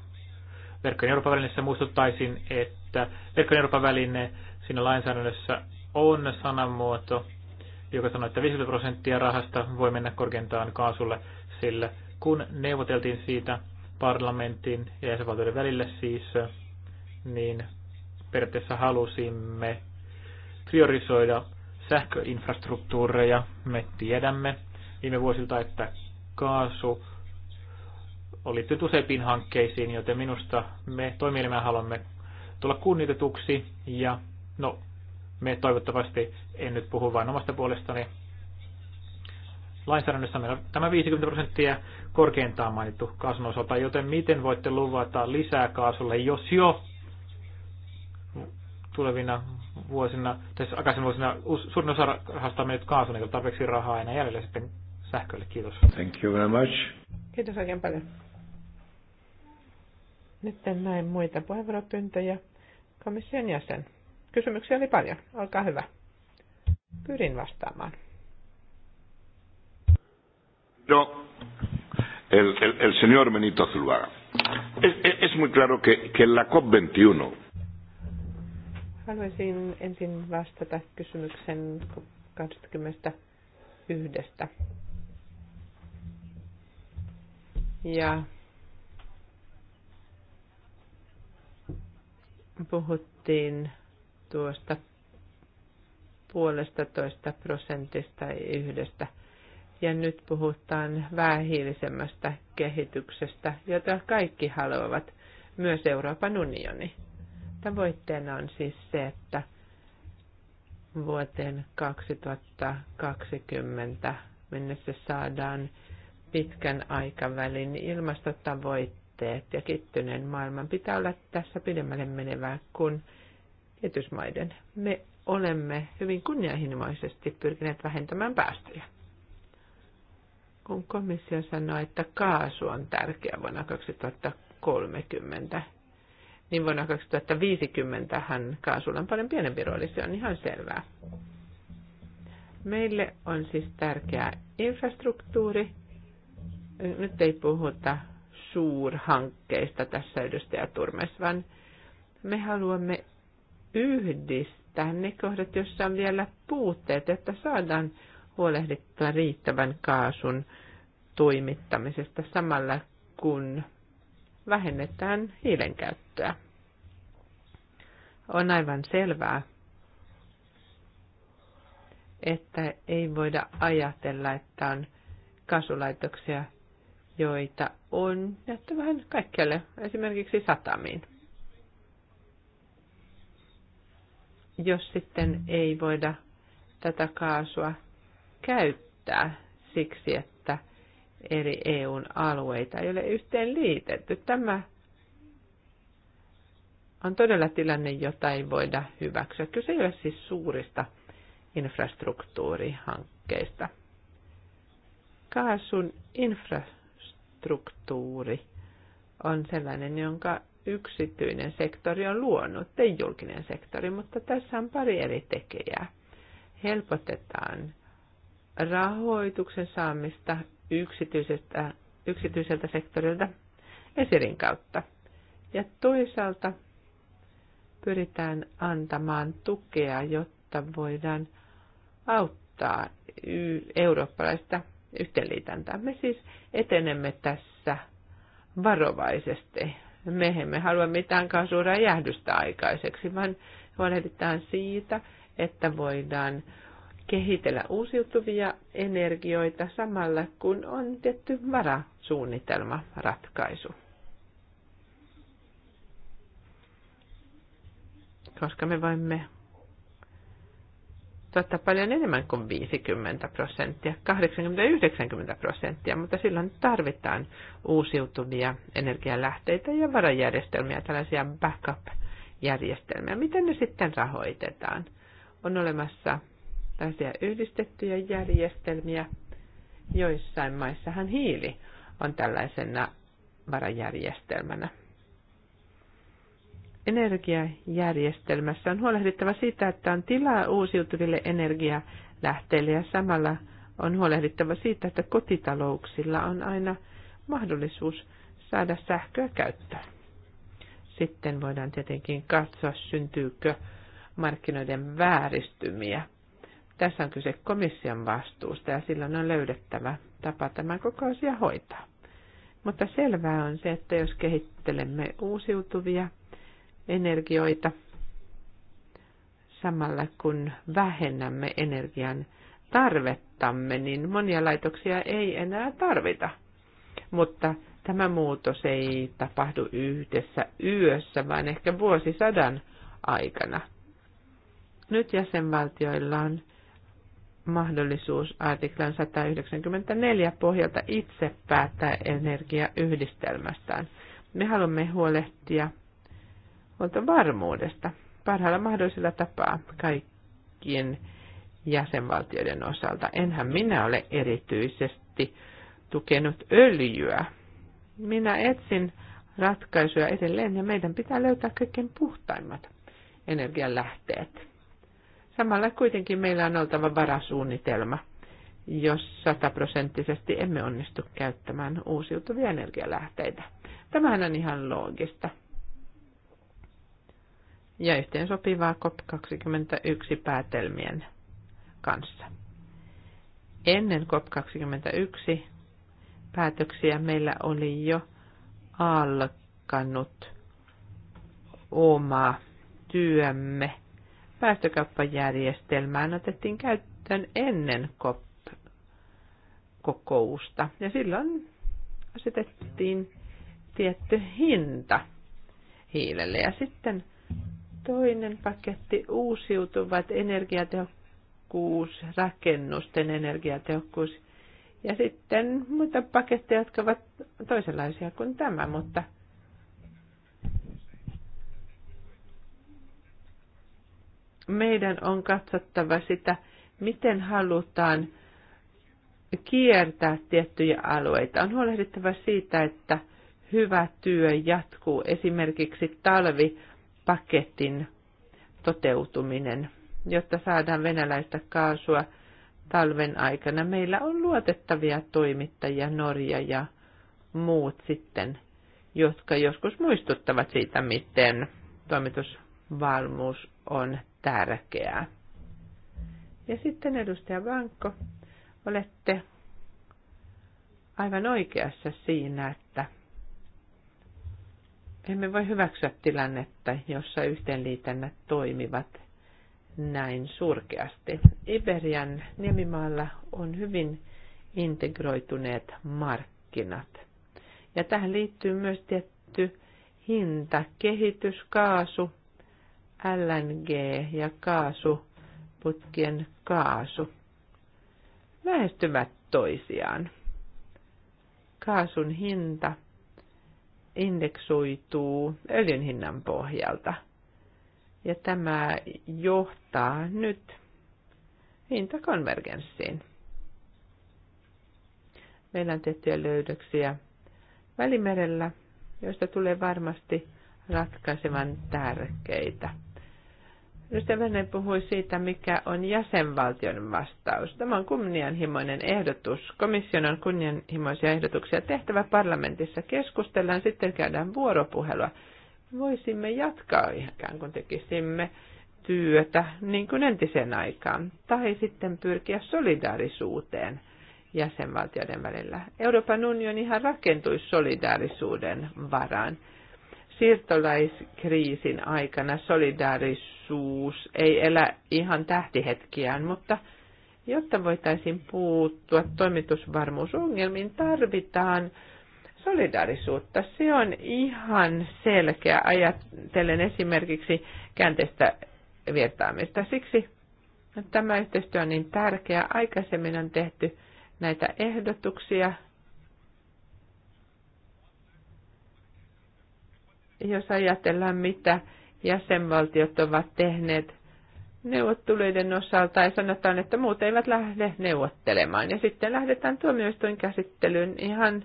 verkkojen Euroopan välineessä muistuttaisin, että verkkojen Euroopan väline siinä lainsäädännössä on sanamuoto, joka sanoi, että 50 prosenttia rahasta voi mennä korkeintaan kaasulle, sillä kun neuvoteltiin siitä parlamentin ja jäsenvaltioiden välille siis, niin periaatteessa halusimme priorisoida sähköinfrastruktuureja. Me tiedämme viime vuosilta, että kaasu oli liittynyt useimpiin hankkeisiin, joten minusta me toimielimään haluamme tulla kunnitetuksi ja no, me toivottavasti, en nyt puhu vain omasta puolestani, lainsäädännössä meillä on tämä 50 prosenttia korkeintaan mainittu kaasun osalta, joten miten voitte luvata lisää kaasulle, jos jo tulevina vuosina, tai aikaisemmin vuosina suurin osa rahasta on mennyt kaasun, niin tarpeeksi rahaa enää jäljellä sitten sähkölle. Kiitos. Thank you very much. Kiitos oikein paljon. Nyt en näe muita puheenvuoropyyntöjä. Komission jäsen. Kysymyksiä oli paljon. Olkaa hyvä. Pyrin vastaamaan. No, el, el, el señor Benito Zuluaga. Es, es, es muy claro que, que la COP21. Haluaisin ensin vastata kysymyksen 21. Ja puhuttiin tuosta puolesta toista prosentista yhdestä. Ja nyt puhutaan vähähiilisemmästä kehityksestä, jota kaikki haluavat, myös Euroopan unioni. Tavoitteena on siis se, että vuoteen 2020 mennessä saadaan pitkän aikavälin ilmastotavoitteet ja kittyneen maailman pitää olla tässä pidemmälle menevää kuin kehitysmaiden. Me olemme hyvin kunnianhimoisesti pyrkineet vähentämään päästöjä. Kun komissio sanoi, että kaasu on tärkeä vuonna 2030, niin vuonna 2050 hän kaasulla on paljon pienempi rooli, se on ihan selvää. Meille on siis tärkeää infrastruktuuri. Nyt ei puhuta suurhankkeista tässä edustaja Turmes, vaan me haluamme yhdistää ne kohdat, joissa on vielä puutteet, että saadaan huolehdittua riittävän kaasun toimittamisesta samalla, kun vähennetään hiilen käyttöä. On aivan selvää, että ei voida ajatella, että on kasulaitoksia, joita on jättä vähän kaikkialle, esimerkiksi satamiin. jos sitten ei voida tätä kaasua käyttää siksi, että eri EUn alueita ei ole yhteen liitetty. Tämä on todella tilanne, jota ei voida hyväksyä. Kyse ei ole siis suurista infrastruktuurihankkeista. Kaasun infrastruktuuri on sellainen, jonka yksityinen sektori on luonut, ei julkinen sektori, mutta tässä on pari eri tekijää. Helpotetaan rahoituksen saamista yksityisestä, yksityiseltä sektorilta esirin kautta. Ja toisaalta pyritään antamaan tukea, jotta voidaan auttaa eurooppalaista yhteenliitäntää. Me siis etenemme tässä varovaisesti me emme halua mitään kaasuräjähdystä aikaiseksi, vaan huolehditaan siitä, että voidaan kehitellä uusiutuvia energioita samalla, kun on tietty varasuunnitelma ratkaisu. Koska me voimme tuottaa paljon enemmän kuin 50 prosenttia, 80-90 prosenttia, mutta silloin tarvitaan uusiutuvia energialähteitä ja varajärjestelmiä, tällaisia backup-järjestelmiä. Miten ne sitten rahoitetaan? On olemassa tällaisia yhdistettyjä järjestelmiä. Joissain maissahan hiili on tällaisena varajärjestelmänä energiajärjestelmässä on huolehdittava siitä, että on tilaa uusiutuville energialähteille ja samalla on huolehdittava siitä, että kotitalouksilla on aina mahdollisuus saada sähköä käyttöön. Sitten voidaan tietenkin katsoa, syntyykö markkinoiden vääristymiä. Tässä on kyse komission vastuusta ja silloin on löydettävä tapa tämän asia hoitaa. Mutta selvää on se, että jos kehittelemme uusiutuvia energioita samalla kun vähennämme energian tarvettamme, niin monia laitoksia ei enää tarvita. Mutta tämä muutos ei tapahdu yhdessä yössä, vaan ehkä vuosisadan aikana. Nyt jäsenvaltioilla on mahdollisuus artiklan 194 pohjalta itse päättää energiayhdistelmästään. Me haluamme huolehtia varmuudesta parhaalla mahdollisella tapaa kaikkien jäsenvaltioiden osalta. Enhän minä ole erityisesti tukenut öljyä. Minä etsin ratkaisuja edelleen ja meidän pitää löytää kaikkein puhtaimmat energianlähteet. Samalla kuitenkin meillä on oltava varasuunnitelma, jos sataprosenttisesti emme onnistu käyttämään uusiutuvia energialähteitä. Tämähän on ihan loogista ja sopivaa COP21 päätelmien kanssa. Ennen COP21 päätöksiä meillä oli jo alkanut oma työmme. Päästökauppajärjestelmään otettiin käyttöön ennen COP-kokousta ja silloin asetettiin tietty hinta hiilelle ja sitten Toinen paketti uusiutuvat energiatehokkuus, rakennusten energiatehokkuus ja sitten muita paketteja, jotka ovat toisenlaisia kuin tämä, mutta meidän on katsottava sitä, miten halutaan kiertää tiettyjä alueita. On huolehdittava siitä, että hyvä työ jatkuu esimerkiksi talvi paketin toteutuminen, jotta saadaan venäläistä kaasua talven aikana. Meillä on luotettavia toimittajia, Norja ja muut sitten, jotka joskus muistuttavat siitä, miten toimitusvalmuus on tärkeää. Ja sitten edustaja Vankko, olette aivan oikeassa siinä, että emme voi hyväksyä tilannetta, jossa yhteenliitännät toimivat näin surkeasti. Iberian niemimaalla on hyvin integroituneet markkinat. Ja tähän liittyy myös tietty hinta, kehitys, kaasu, LNG ja kaasuputkien kaasu lähestyvät toisiaan. Kaasun hinta indeksoituu öljyn hinnan pohjalta. Ja tämä johtaa nyt hintakonvergenssiin. Meillä on tiettyjä löydöksiä Välimerellä, joista tulee varmasti ratkaisevan tärkeitä. Ystäväni puhui siitä, mikä on jäsenvaltion vastaus. Tämä on kunnianhimoinen ehdotus. Komission on kunnianhimoisia ehdotuksia tehtävä parlamentissa. Keskustellaan, sitten käydään vuoropuhelua. Voisimme jatkaa ikään kuin tekisimme työtä niin kuin entisen aikaan. Tai sitten pyrkiä solidaarisuuteen jäsenvaltioiden välillä. Euroopan unionihan rakentui solidaarisuuden varaan siirtolaiskriisin aikana solidaarisuus ei elä ihan tähtihetkiään, mutta jotta voitaisiin puuttua toimitusvarmuusongelmiin, tarvitaan solidaarisuutta. Se on ihan selkeä. Ajattelen esimerkiksi käänteistä virtaamista. Siksi tämä yhteistyö on niin tärkeä. Aikaisemmin on tehty näitä ehdotuksia jos ajatellaan, mitä jäsenvaltiot ovat tehneet neuvotteluiden osalta ja sanotaan, että muut eivät lähde neuvottelemaan. Ja sitten lähdetään tuomioistuin käsittelyyn ihan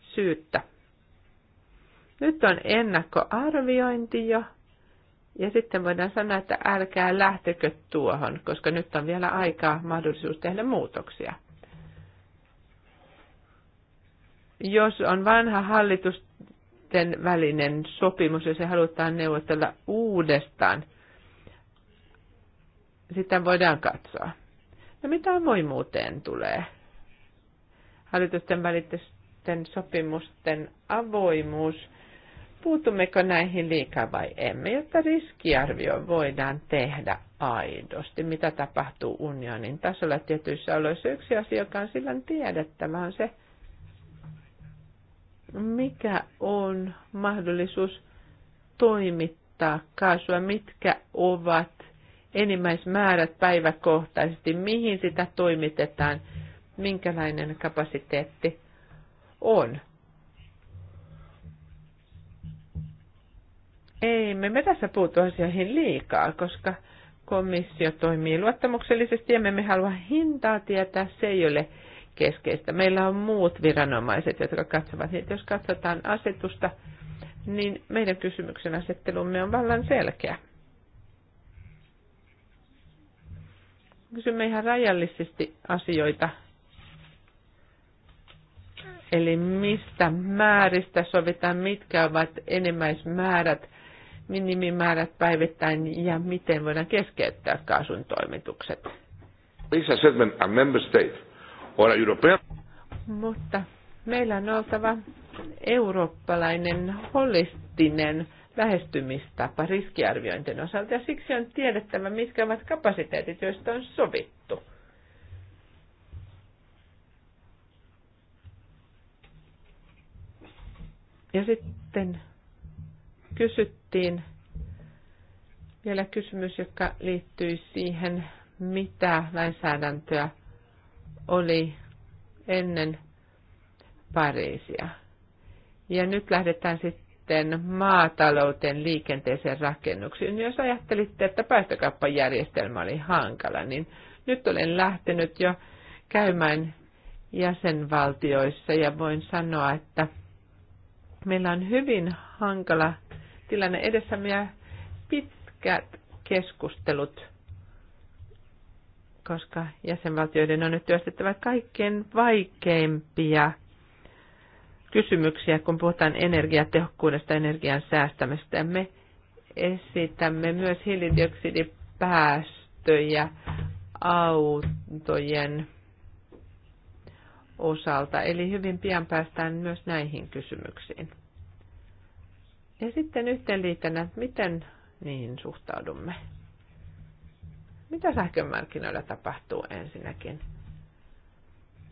syyttä. Nyt on ennakkoarviointi jo. Ja sitten voidaan sanoa, että älkää lähtekö tuohon, koska nyt on vielä aikaa mahdollisuus tehdä muutoksia. Jos on vanha hallitus hallitusten välinen sopimus, jos se halutaan neuvotella uudestaan, sitä voidaan katsoa. No mitä avoimuuteen tulee? Hallitusten välisten sopimusten avoimuus, puutummeko näihin liikaa vai emme, jotta riskiarvio voidaan tehdä aidosti, mitä tapahtuu unionin tasolla tietyissä oloissa. Yksi asia, joka on silloin tiedettävä, on se, mikä on mahdollisuus toimittaa kaasua, mitkä ovat enimmäismäärät päiväkohtaisesti, mihin sitä toimitetaan, minkälainen kapasiteetti on. Ei me, me tässä puutu asioihin liikaa, koska komissio toimii luottamuksellisesti ja me emme halua hintaa tietää, se ei ole keskeistä. Meillä on muut viranomaiset, jotka katsovat niitä. Jos katsotaan asetusta, niin meidän kysymyksen asettelumme on vallan selkeä. Kysymme ihan rajallisesti asioita. Eli mistä määristä sovitaan, mitkä ovat enimmäismäärät, minimimäärät päivittäin ja miten voidaan keskeyttää kaasun toimitukset. Lisa assessment a member state hora europea. Mutta meillä on oltava eurooppalainen holistinen lähestymistapa riskiarviointien osalta ja siksi on tiedettävä, mitkä ovat kapasiteetit, joista on sovittu. Ja sitten kysyttiin vielä kysymys, joka liittyy siihen, mitä lainsäädäntöä oli ennen Pariisia. Ja nyt lähdetään sitten maatalouteen, liikenteeseen, rakennuksiin. Jos ajattelitte, että päästökauppajärjestelmä oli hankala, niin nyt olen lähtenyt jo käymään jäsenvaltioissa ja voin sanoa, että meillä on hyvin hankala tilanne edessämme ja pitkät keskustelut koska jäsenvaltioiden on nyt työstettävä kaikkein vaikeimpia kysymyksiä, kun puhutaan energiatehokkuudesta, energian säästämistä. Me esitämme myös hiilidioksidipäästöjä autojen osalta, eli hyvin pian päästään myös näihin kysymyksiin. Ja sitten yhteenliitänä, miten niihin suhtaudumme. Mitä sähkömarkkinoilla tapahtuu ensinnäkin?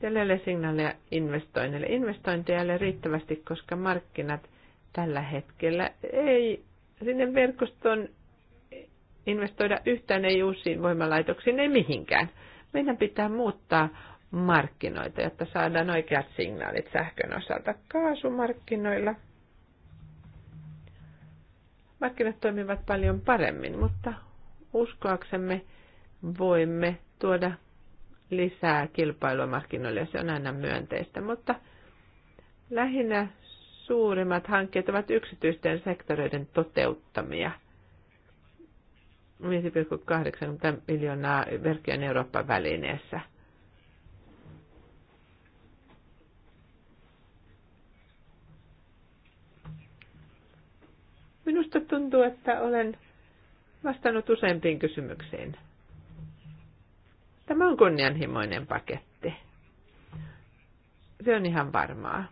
Tälle signaaleja investoinneille. Investointeja ei riittävästi, koska markkinat tällä hetkellä ei sinne verkoston investoida yhtään, ei uusiin voimalaitoksiin, ei mihinkään. Meidän pitää muuttaa markkinoita, jotta saadaan oikeat signaalit sähkön osalta kaasumarkkinoilla. Markkinat toimivat paljon paremmin, mutta uskoaksemme voimme tuoda lisää kilpailua markkinoille, se on aina myönteistä, mutta lähinnä suurimmat hankkeet ovat yksityisten sektoreiden toteuttamia. 5,80 miljoonaa verkkojen Euroopan välineessä. Minusta tuntuu, että olen vastannut useimpiin kysymyksiin. Tämä on kunnianhimoinen paketti. Se on ihan varmaa.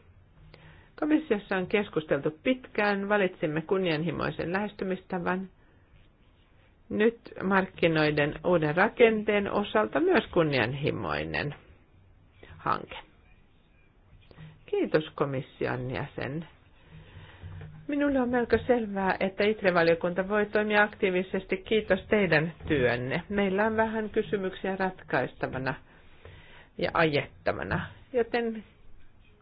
Komissiossa on keskusteltu pitkään, valitsimme kunnianhimoisen lähestymistavan. Nyt markkinoiden uuden rakenteen osalta myös kunnianhimoinen hanke. Kiitos komission jäsen Minulle on melko selvää, että ITRE-valiokunta voi toimia aktiivisesti. Kiitos teidän työnne. Meillä on vähän kysymyksiä ratkaistavana ja ajettavana, joten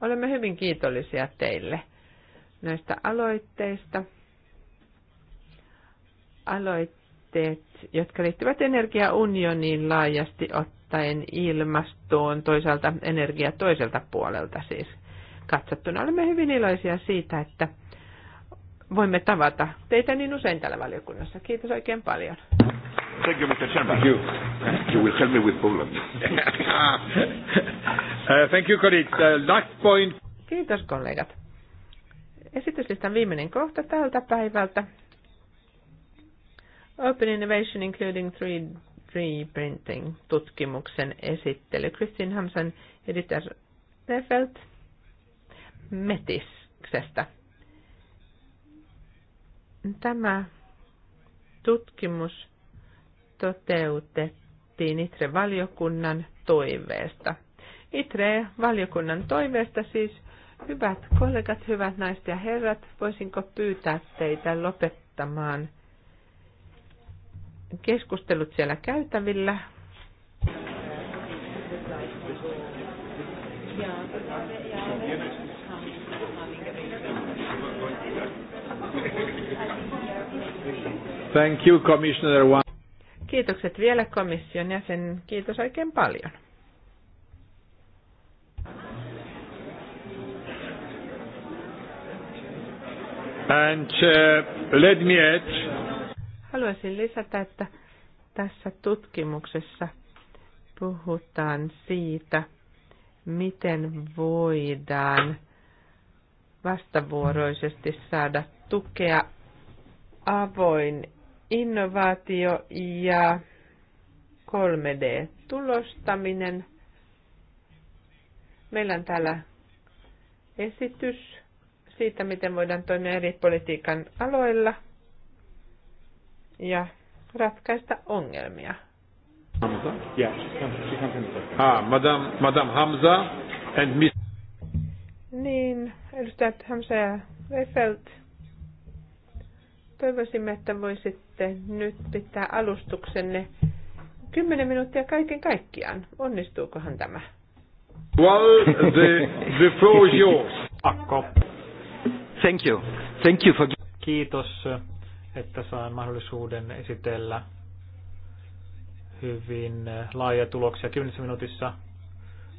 olemme hyvin kiitollisia teille näistä aloitteista. Aloitteet, jotka liittyvät energiaunioniin laajasti ottaen ilmastoon, toisaalta energia toiselta puolelta siis katsottuna. Olemme hyvin iloisia siitä, että voimme tavata teitä niin usein täällä valiokunnassa. Kiitos oikein paljon. Thank you, Mr. Chairman. Thank you. You will help me with Poland. *laughs* uh, thank you, colleagues. Uh, last point. Kiitos, kollegat. Esityslistan viimeinen kohta tältä päivältä. Open Innovation Including 3D Printing tutkimuksen esittely. Kristin Hansen Editor Nefelt, Metisksestä. Tämä tutkimus toteutettiin ITRE-valiokunnan toiveesta. ITRE-valiokunnan toiveesta siis Hyvät kollegat, hyvät naiset ja herrat, voisinko pyytää teitä lopettamaan keskustelut siellä käytävillä? Thank you, Commissioner Wang. Kiitokset vielä komission jäsen. Kiitos oikein paljon. And uh, let me add. Haluaisin lisätä, että tässä tutkimuksessa puhutaan siitä, miten voidaan vastavuoroisesti saada tukea avoin Innovaatio ja 3D-tulostaminen. Meillä on täällä esitys siitä, miten voidaan toimia eri politiikan aloilla ja ratkaista ongelmia. Ha ah, Madame, Madame Hamza and Miss... Niin, edustajat Hamza ja Reifeld. Toivoisimme, että voisitte voitte nyt pitää alustuksenne 10 minuuttia kaiken kaikkiaan. Onnistuukohan tämä? Well, the, the floor is yours. Akko. Thank you. Thank you for... Kiitos, että saan mahdollisuuden esitellä hyvin laajia tuloksia. Kymmenessä minuutissa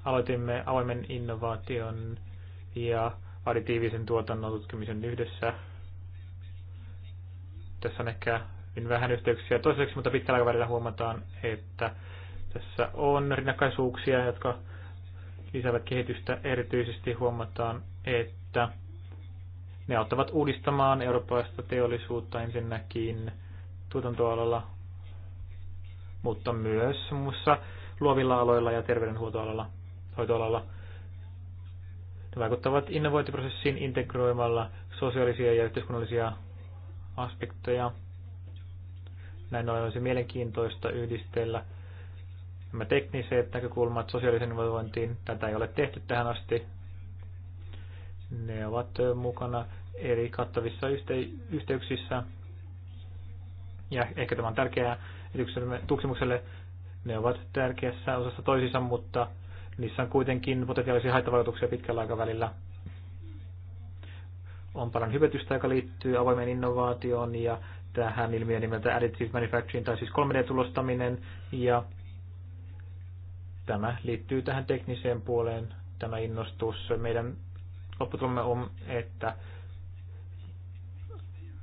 aloitimme avoimen innovaation ja additiivisen tuotannon tutkimisen yhdessä. Tässä on ehkä hyvin vähän yhteyksiä toiseksi, mutta pitkällä aikavälillä huomataan, että tässä on rinnakkaisuuksia, jotka lisäävät kehitystä. Erityisesti huomataan, että ne auttavat uudistamaan eurooppalaista teollisuutta ensinnäkin tuotantoalalla, mutta myös muussa luovilla aloilla ja terveydenhuoltoalalla, hoitoalalla. Ne vaikuttavat innovointiprosessiin integroimalla sosiaalisia ja yhteiskunnallisia aspekteja näin ollen olisi mielenkiintoista yhdistellä nämä tekniset näkökulmat sosiaalisen hyvinvointiin. Tätä ei ole tehty tähän asti. Ne ovat mukana eri kattavissa yhte- yhteyksissä. Ja ehkä tämä on tärkeää tutkimukselle. Ne ovat tärkeässä osassa toisissa, mutta niissä on kuitenkin potentiaalisia haittavaikutuksia pitkällä aikavälillä. On paljon hyvetystä, joka liittyy avoimeen innovaatioon ja tähän ilmiön nimeltä additive manufacturing, tai siis 3D-tulostaminen, ja tämä liittyy tähän tekniseen puoleen, tämä innostus. Meidän lopputulomme on, että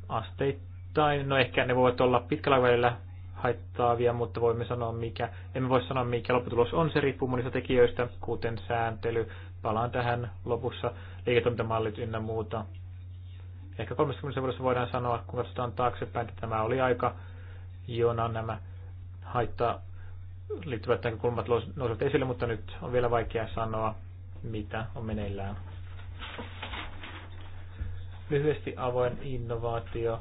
asteittain, no ehkä ne voivat olla pitkällä välillä haittaavia, mutta voimme sanoa mikä, emme voi sanoa mikä lopputulos on, se riippuu monista tekijöistä, kuten sääntely, palaan tähän lopussa, liiketoimintamallit ynnä muuta. Ehkä 30 vuodessa voidaan sanoa, kun katsotaan taaksepäin, että tämä oli aika, jona nämä haittaa liittyvät näkökulmat nousevat esille, mutta nyt on vielä vaikea sanoa, mitä on meneillään. Lyhyesti avoin innovaatio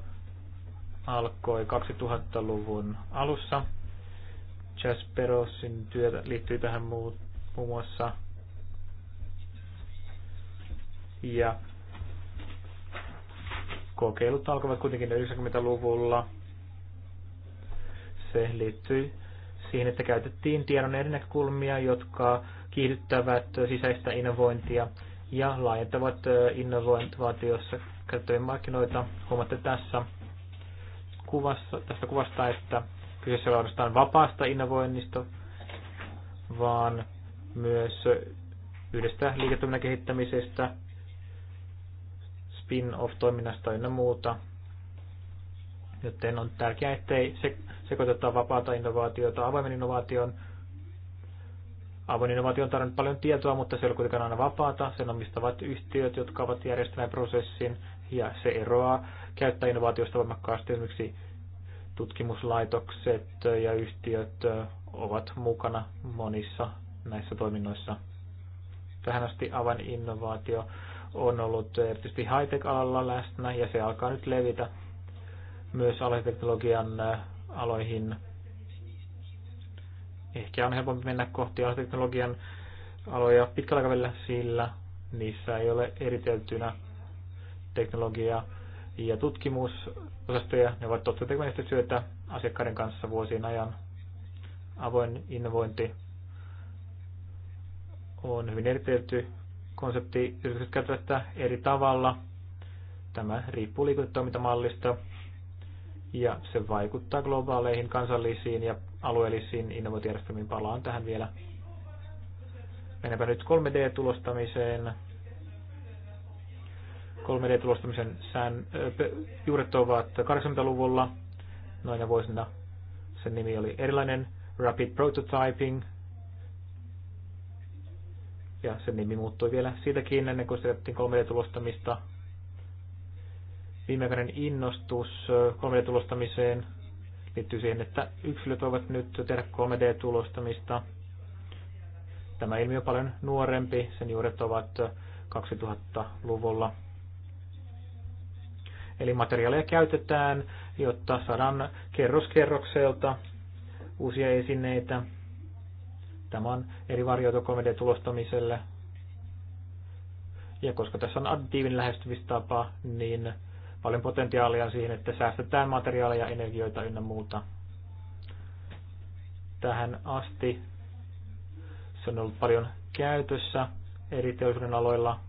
alkoi 2000-luvun alussa. Jasperosin työ liittyy tähän muun muassa. Ja kokeilut alkoivat kuitenkin 90-luvulla. Se liittyi siihen, että käytettiin tiedon eri näkökulmia, jotka kiihdyttävät sisäistä innovointia ja laajentavat innovaatiossa käytettäviä markkinoita. Huomaatte tässä kuvassa, tästä kuvasta, että kyseessä on oikeastaan vapaasta innovoinnista, vaan myös yhdestä liiketoiminnan kehittämisestä, spin-off-toiminnasta ynnä muuta. Joten on tärkeää, ettei se, sekoiteta vapaata innovaatiota avoimen innovaation. Avoin innovaatio on tarvinnut paljon tietoa, mutta se ei ole kuitenkaan aina vapaata. Sen omistavat yhtiöt, jotka ovat järjestäneet prosessin, ja se eroaa käyttää innovaatiosta voimakkaasti. Esimerkiksi tutkimuslaitokset ja yhtiöt ovat mukana monissa näissä toiminnoissa. Tähän asti avain innovaatio on ollut erityisesti eh, high-tech-alalla läsnä ja se alkaa nyt levitä myös alateknologian eh, aloihin. Ehkä on helpompi mennä kohti alateknologian aloja pitkällä aikavälillä, sillä niissä ei ole eriteltynä teknologia- ja tutkimusosastoja. Ne ovat totta työtä asiakkaiden kanssa vuosien ajan. Avoin innovointi on hyvin eritelty konsepti, yritykset käyttävät sitä eri tavalla. Tämä riippuu liiketoimintamallista ja se vaikuttaa globaaleihin, kansallisiin ja alueellisiin innovaatiojärjestelmiin. Palaan tähän vielä. Mennäänpä nyt 3D-tulostamiseen. 3D-tulostamisen sään, juuret ovat 80-luvulla. Noina vuosina sen nimi oli erilainen. Rapid Prototyping – ja se nimi muuttui vielä siitäkin ennen kuin siirrettiin 3D-tulostamista. Viimeaikainen innostus 3D-tulostamiseen liittyy siihen, että yksilöt voivat nyt tehdä 3D-tulostamista. Tämä ilmiö on paljon nuorempi, sen juuret ovat 2000-luvulla. Eli materiaaleja käytetään, jotta saadaan kerroskerrokselta uusia esineitä Tämä on eri varjoitu 3D-tulostamiselle. Ja koska tässä on additiivinen lähestymistapa, niin paljon potentiaalia siihen, että säästetään materiaaleja, energioita ynnä muuta. Tähän asti se on ollut paljon käytössä eri teollisuuden aloilla.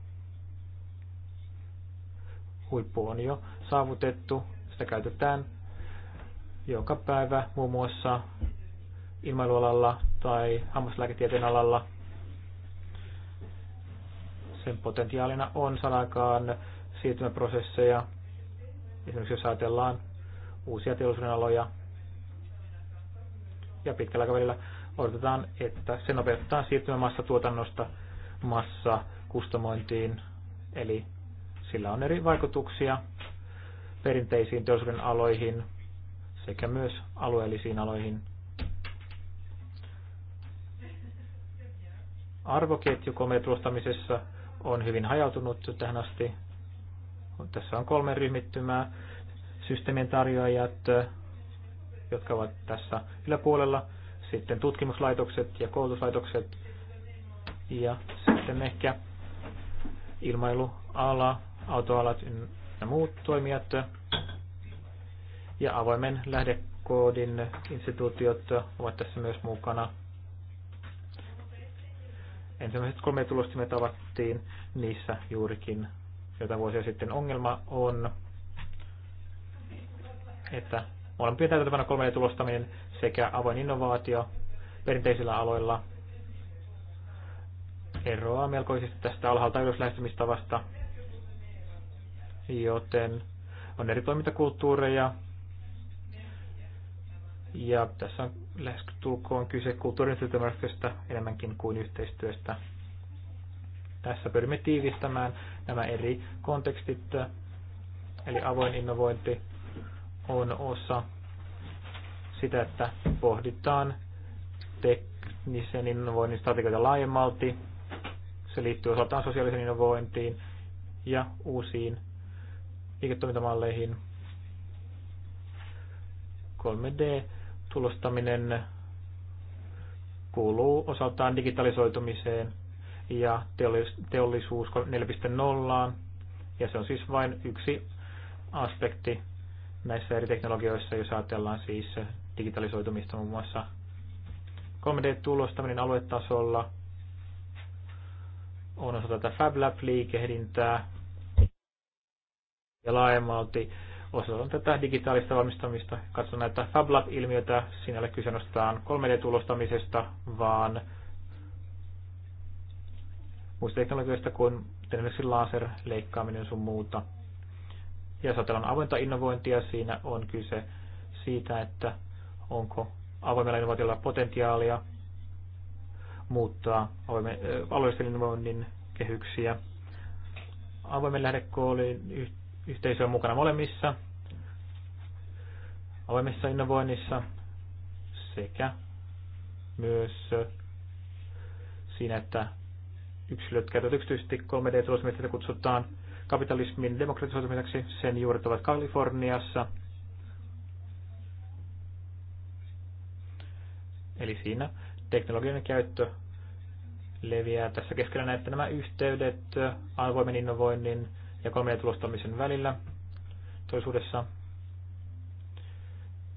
Huippu on jo saavutettu, sitä käytetään joka päivä muun muassa ilmailualalla, tai hammaslääketieteen alalla. Sen potentiaalina on sanakaan siirtymäprosesseja, esimerkiksi jos ajatellaan uusia teollisuuden aloja, ja pitkällä aikavälillä odotetaan, että se nopeuttaa siirtymämassa tuotannosta massa kustomointiin, eli sillä on eri vaikutuksia perinteisiin teollisuuden aloihin sekä myös alueellisiin aloihin. arvoketju kometrustamisessa on hyvin hajautunut tähän asti. Tässä on kolme ryhmittymää. Systeemien tarjoajat, jotka ovat tässä yläpuolella, sitten tutkimuslaitokset ja koulutuslaitokset ja sitten ehkä ilmailuala, autoalat ja muut toimijat ja avoimen lähdekoodin instituutiot ovat tässä myös mukana ensimmäiset kolme tulosta me tavattiin niissä juurikin joita vuosia sitten. Ongelma on, että molempien täytettävänä kolme tulostaminen sekä avoin innovaatio perinteisillä aloilla eroaa melkoisesti tästä alhaalta ylös lähestymistavasta, joten on eri toimintakulttuureja, ja tässä on lähes tulkoon kyse kulttuurin enemmänkin kuin yhteistyöstä. Tässä pyrimme tiivistämään nämä eri kontekstit, eli avoin innovointi on osa sitä, että pohditaan teknisen innovoinnin strategioita laajemmalti. Se liittyy osaltaan sosiaaliseen innovointiin ja uusiin liiketoimintamalleihin. 3D tulostaminen kuuluu osaltaan digitalisoitumiseen ja teollisuus 4.0, ja se on siis vain yksi aspekti näissä eri teknologioissa, jos ajatellaan siis digitalisoitumista muun muassa 3D-tulostaminen aluetasolla on osa tätä FabLab-liikehdintää ja laajemmalti osa on tätä digitaalista valmistamista. Katson näitä FabLab-ilmiötä. Siinä ei ole kyse 3D-tulostamisesta, vaan muista teknologioista kuin esimerkiksi laserleikkaaminen sun muuta. Ja jos avointa innovointia, siinä on kyse siitä, että onko avoimella innovaatiolla potentiaalia muuttaa avoimen, alueellisen innovoinnin kehyksiä. Avoimen lähdekoolin Yhteisö on mukana molemmissa avoimessa innovoinnissa sekä myös siinä, että yksilöt käytetään yksityisesti 3D-tulosmieltä kutsutaan kapitalismin demokratisoitumiseksi. Sen juuret ovat Kaliforniassa. Eli siinä teknologian käyttö leviää tässä keskellä näette nämä yhteydet avoimen innovoinnin ja kolmen tulostamisen välillä toisuudessa.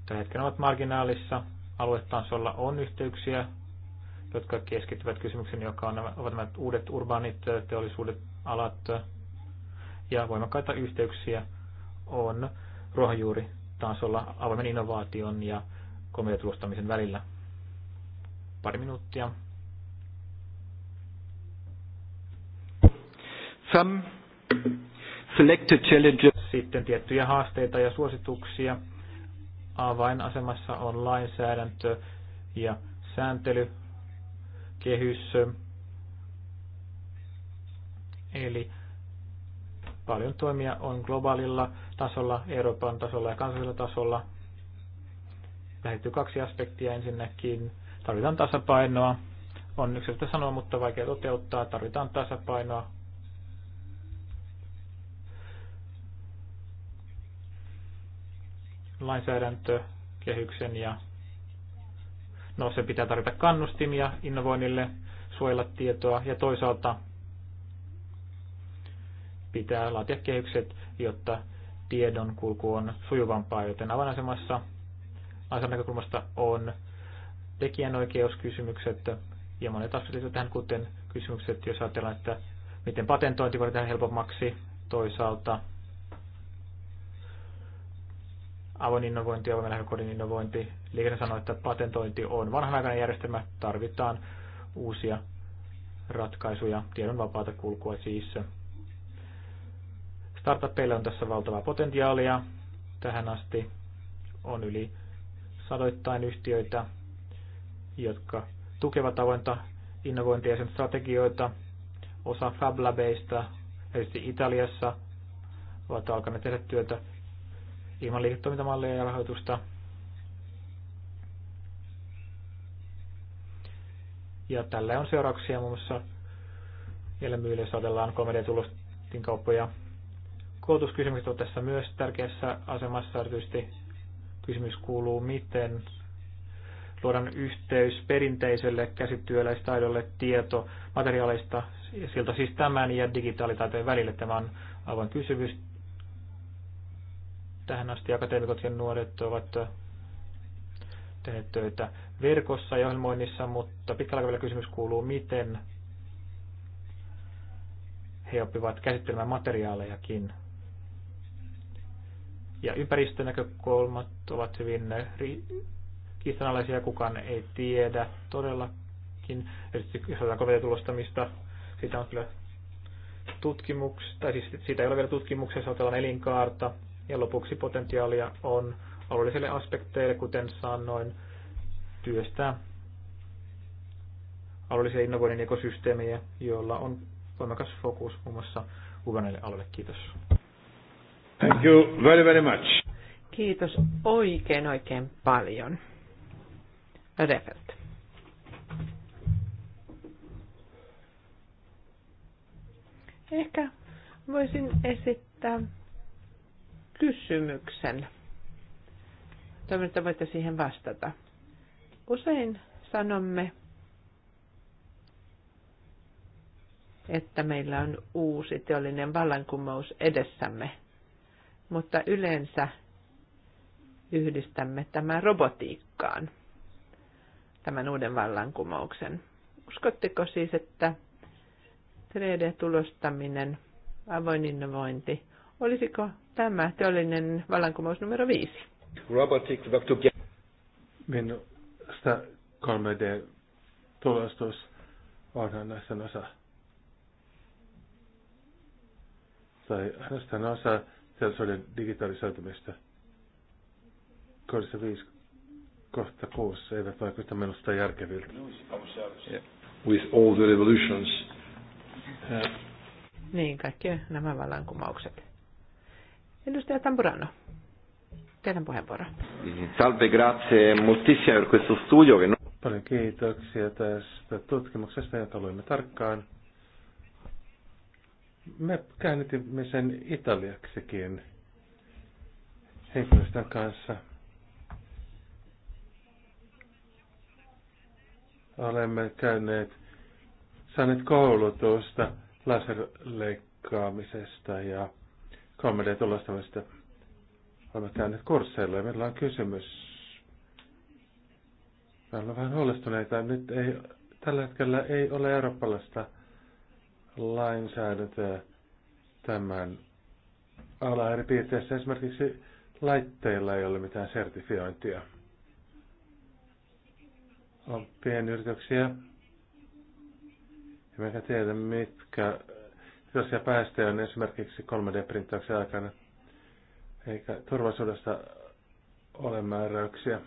Tällä hetkellä ovat marginaalissa. Aluetasolla on yhteyksiä, jotka keskittyvät kysymykseen, joka on, ovat nämä uudet urbaanit teollisuudet, alat ja voimakkaita yhteyksiä on ruohonjuuritasolla avoimen innovaation ja komiteatulostamisen välillä. Pari minuuttia. Some selected challenges. Sitten tiettyjä haasteita ja suosituksia. Avainasemassa on lainsäädäntö ja sääntelykehys. Eli paljon toimia on globaalilla tasolla, Euroopan tasolla ja kansallisella tasolla. Lähettyy kaksi aspektia ensinnäkin. Tarvitaan tasapainoa. On yksilöstä sanoa, mutta vaikea toteuttaa. Tarvitaan tasapainoa lainsäädäntökehyksen ja no se pitää tarjota kannustimia innovoinnille, suojella tietoa ja toisaalta pitää laatia kehykset, jotta tiedon kulku on sujuvampaa, joten avainasemassa asian näkökulmasta on tekijänoikeuskysymykset ja monet asiat liittyvät tähän, kuten kysymykset, jos ajatellaan, että miten patentointi voidaan tehdä helpommaksi, toisaalta avoin innovointi, avoin lähtökodin innovointi. Liikenne sanoi, että patentointi on vanhanaikainen järjestelmä, tarvitaan uusia ratkaisuja, tiedon vapaata kulkua siis. Startupeille on tässä valtavaa potentiaalia. Tähän asti on yli sadoittain yhtiöitä, jotka tukevat avointa innovointia ja sen strategioita. Osa FabLabeista, erityisesti Italiassa, ovat alkaneet tehdä työtä ilman liiketoimintamallia ja rahoitusta. Ja tällä on seurauksia muun muassa elämyille, jos otellaan 3D-tulostin kauppoja. Koulutuskysymykset ovat tässä myös tärkeässä asemassa. Erityisesti kysymys kuuluu, miten luodaan yhteys perinteiselle käsityöläistaidolle tieto materiaaleista, siltä siis tämän ja digitaalitaitojen välille. Tämä on aivan kysymys Tähän asti akateemikot ja nuoret ovat tehneet töitä verkossa ja ohjelmoinnissa, mutta pitkällä aikavälillä kysymys kuuluu, miten he oppivat käsittelemään materiaalejakin. Ja ympäristönäkökulmat ovat hyvin kiistanalaisia, kukaan ei tiedä todellakin. Ja jos otetaan tulostamista, siitä on kyllä tutkimuks, tai siis siitä ei ole vielä tutkimuksessa, otetaan elinkaarta, ja lopuksi potentiaalia on alueellisille aspekteille, kuten sanoin, työstää alueellisia innovoinnin ekosysteemejä, joilla on voimakas fokus muun muassa uudelle alueelle. Kiitos. Thank you very, very much. Kiitos oikein oikein paljon. Refelt. Ehkä voisin esittää kysymyksen. Toivon, että voitte siihen vastata. Usein sanomme, että meillä on uusi teollinen vallankumous edessämme, mutta yleensä yhdistämme tämän robotiikkaan, tämän uuden vallankumouksen. Uskotteko siis, että 3D-tulostaminen, avoin innovointi, olisiko Tämä teollinen vallankumous numero viisi. Robotik Robotics Minusta 3D-tulostus onhan näissä osa. Tai ainoastaan osa teollisuuden digitalisoitumista. Kohdassa 5 kohta 6 eivät vaikuta minusta järkeviltä. With all the revolutions. Yeah. Äh. Niin, kaikki nämä vallankumoukset. Edustaja Tamburano, teidän puheenvuoro. Salve, grazie moltissimo per questo studio. Paljon kiitoksia tästä tutkimuksesta, jota luimme tarkkaan. Me käännytimme sen italiaksikin henkilöstön kanssa. Olemme käyneet, saaneet koulutusta laserleikkaamisesta ja komediat ulostamista. Olemme käyneet kursseilla ja meillä on kysymys. Me ollaan vähän huolestuneita. Nyt ei, tällä hetkellä ei ole eurooppalaista lainsäädäntöä tämän ala eri piirteissä. Esimerkiksi laitteilla ei ole mitään sertifiointia. On pienyrityksiä, emmekä tiedä mitkä jos ja päästöjä on esimerkiksi 3D-printtauksen aikana, eikä turvallisuudesta ole määräyksiä.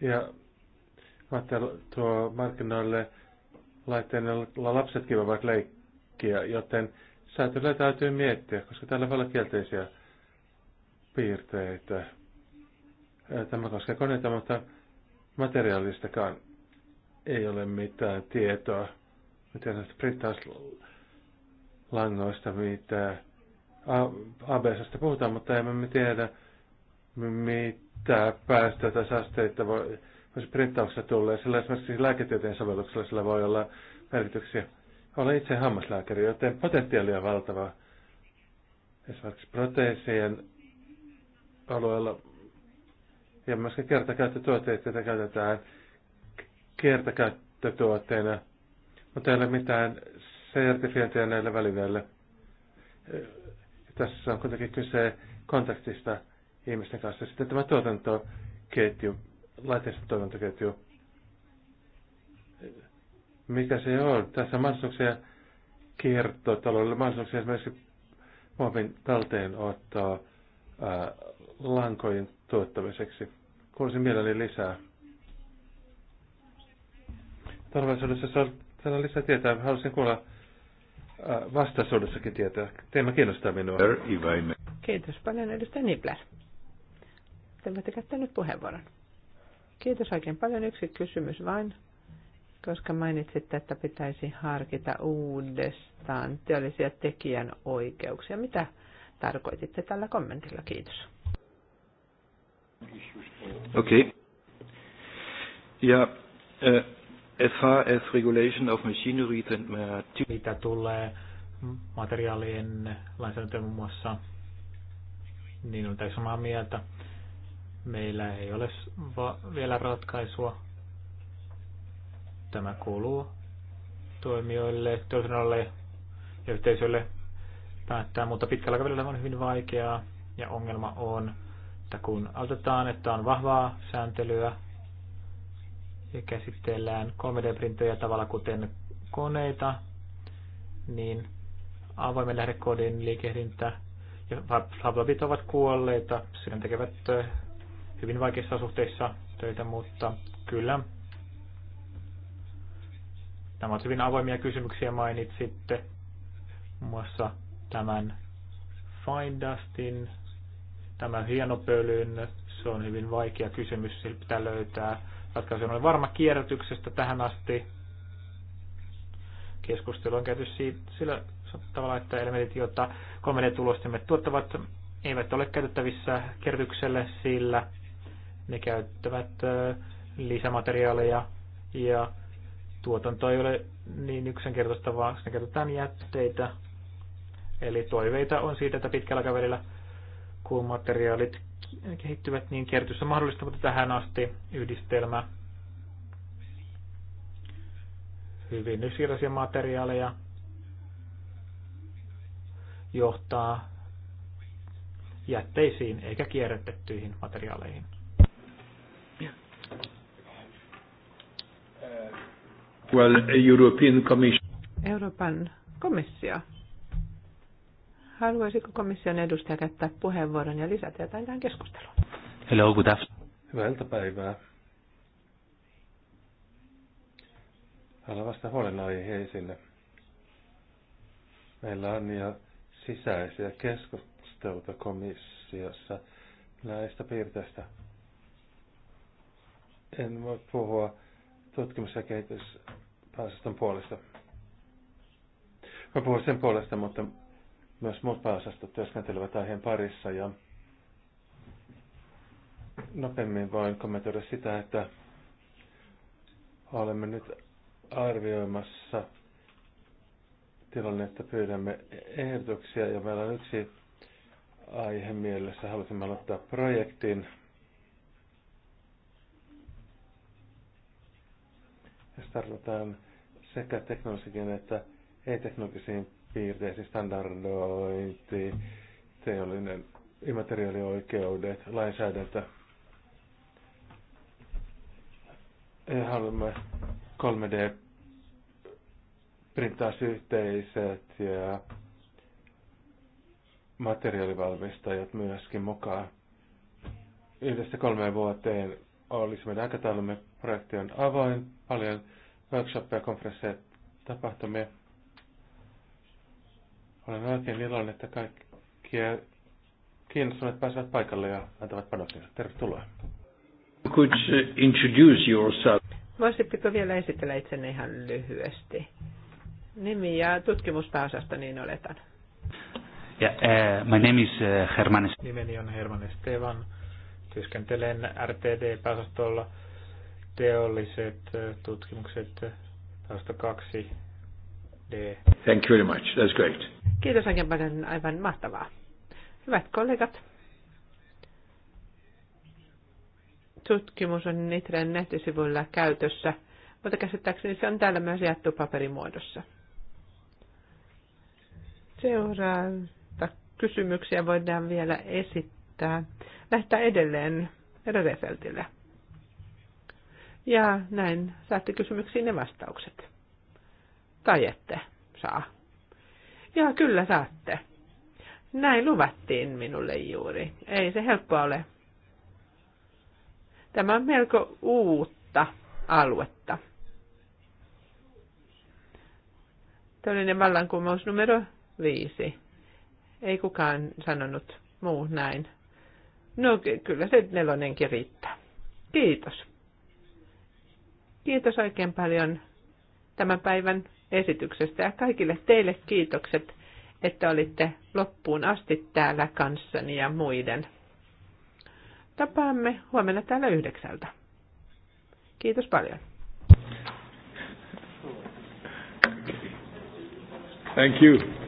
Ja mä tuo markkinoille laitteen, jolla lapsetkin voivat leikkiä, joten säätöllä täytyy miettiä, koska täällä voi olla kielteisiä piirteitä. Tämä koskee koneita, mutta materiaalistakaan ei ole mitään tietoa, miten näistä brittaislangoista, mitä ABSstä puhutaan, mutta emme me tiedä, mitä päästöä tai asteita voi, voisi printtauksessa tulla. Sillä esimerkiksi lääketieteen sovelluksella sillä voi olla merkityksiä. Olen itse hammaslääkäri, joten potentiaali on valtava. Esimerkiksi proteesien alueella ja myöskin kertakäyttötuotteita, joita käytetään kiertäkäyttötuotteena, mutta ei ole mitään sertifiointia näille välineille. Tässä on kuitenkin kyse kontaktista ihmisten kanssa. Sitten tämä tuotantoketju, laitteisten tuotantoketju, mikä se on? Tässä on mahdollisuuksia kiertotaloudelle, mahdollisuuksia esimerkiksi muovin talteenottoa ää, lankojen tuottamiseksi. Kuulisin mielelläni lisää tulevaisuudessa saada lisää tietää. Haluaisin kuulla äh, vastaisuudessakin tietää. Teema kiinnostaa minua. Kiitos paljon edustaja Nibler. Te olette käyttänyt puheenvuoron. Kiitos oikein paljon. Yksi kysymys vain, koska mainitsitte, että pitäisi harkita uudestaan teollisia tekijän oikeuksia. Mitä tarkoititte tällä kommentilla? Kiitos. Okei. Okay. Ja äh, As far as regulation of machinery and materials. Uh, Mitä tulee materiaalien lainsäädäntöön muun muassa, niin on täysin samaa mieltä. Meillä ei ole vielä ratkaisua. Tämä kuuluu toimijoille, toisenolle ja yhteisölle päättää, mutta pitkällä aikavälillä on hyvin vaikeaa ja ongelma on, että kun autetaan, että on vahvaa sääntelyä, ja käsitellään 3D-printtejä tavalla kuten koneita, niin avoimen lähdekoodin liikehdintä ja fablabit ovat kuolleita. siinä tekevät hyvin vaikeissa suhteissa töitä, mutta kyllä nämä ovat hyvin avoimia kysymyksiä mainitsitte. Muun muassa tämän findastin tämän hienopölyn, se on hyvin vaikea kysymys, sillä pitää löytää ratkaisu oli varma kierrätyksestä tähän asti. Keskustelu on käyty siitä, sillä tavalla, että elementit, joita 3D-tulostimme tuottavat, eivät ole käytettävissä kierrätykselle, sillä ne käyttävät lisämateriaaleja ja tuotanto ei ole niin yksinkertaista, vaan ne käytetään jätteitä. Eli toiveita on siitä, että pitkällä kaverilla kun materiaalit kehittyvät, niin kertyssä mahdollista, mutta tähän asti yhdistelmä hyvin yksinkertaisia materiaaleja johtaa jätteisiin eikä kierrätettyihin materiaaleihin. Well, European Commission. Euroopan komissio Haluaisiko komission edustaja käyttää puheenvuoron ja lisätä jotain tähän keskusteluun? Hello, good afternoon. Hyvää iltapäivää. Haluan vasta huolenaihe esille. Meillä on jo sisäisiä keskusteluita komissiossa näistä piirteistä. En voi puhua tutkimus- ja kehityspääosaston puolesta. Mä puhun sen puolesta, mutta myös muut pääosastot työskentelevät aiheen parissa ja nopeammin voin kommentoida sitä, että olemme nyt arvioimassa tilannetta, pyydämme ehdotuksia ja meillä on yksi aihe mielessä. Halusimme aloittaa projektin, jos tarvitaan sekä teknologisiin että ei-teknologisiin piirteisi standardointi, teollinen immateriaalioikeudet, lainsäädäntö. Ja haluamme 3D printtausyhteiset ja materiaalivalmistajat myöskin mukaan. Yhdessä kolmeen vuoteen olisi meidän aikataulumme projekti on avoin, paljon workshoppeja, konferensseja, tapahtumia. Olen oikein iloinen, että kaikki kiinnostuneet pääsevät paikalle ja antavat panoksia. Tervetuloa. Could introduce yourself. Voisitteko vielä esitellä itsenne ihan lyhyesti? Nimi ja tutkimuspääosasta niin oletan. Yeah, uh, my name is uh, Herman. Nimeni on Herman Estevan. Työskentelen RTD-pääosastolla teolliset uh, tutkimukset tausta 2D. Thank you very much. That's great. Kiitos oikein paljon, aivan mahtavaa. Hyvät kollegat, tutkimus on Nitren nettisivuilla käytössä, mutta käsittääkseni se on täällä myös jaettu paperimuodossa. Seuraavta kysymyksiä voidaan vielä esittää. Lähtää edelleen Refeltille. Ja näin saatte kysymyksiin ne vastaukset. Tai ette saa. Joo, kyllä saatte. Näin luvattiin minulle juuri. Ei se helppoa ole. Tämä on melko uutta aluetta. Todellinen vallankumous numero viisi. Ei kukaan sanonut muu näin. No kyllä se nelonenkin riittää. Kiitos. Kiitos oikein paljon tämän päivän esityksestä ja kaikille teille kiitokset, että olitte loppuun asti täällä kanssani ja muiden. Tapaamme huomenna täällä yhdeksältä. Kiitos paljon. Thank you.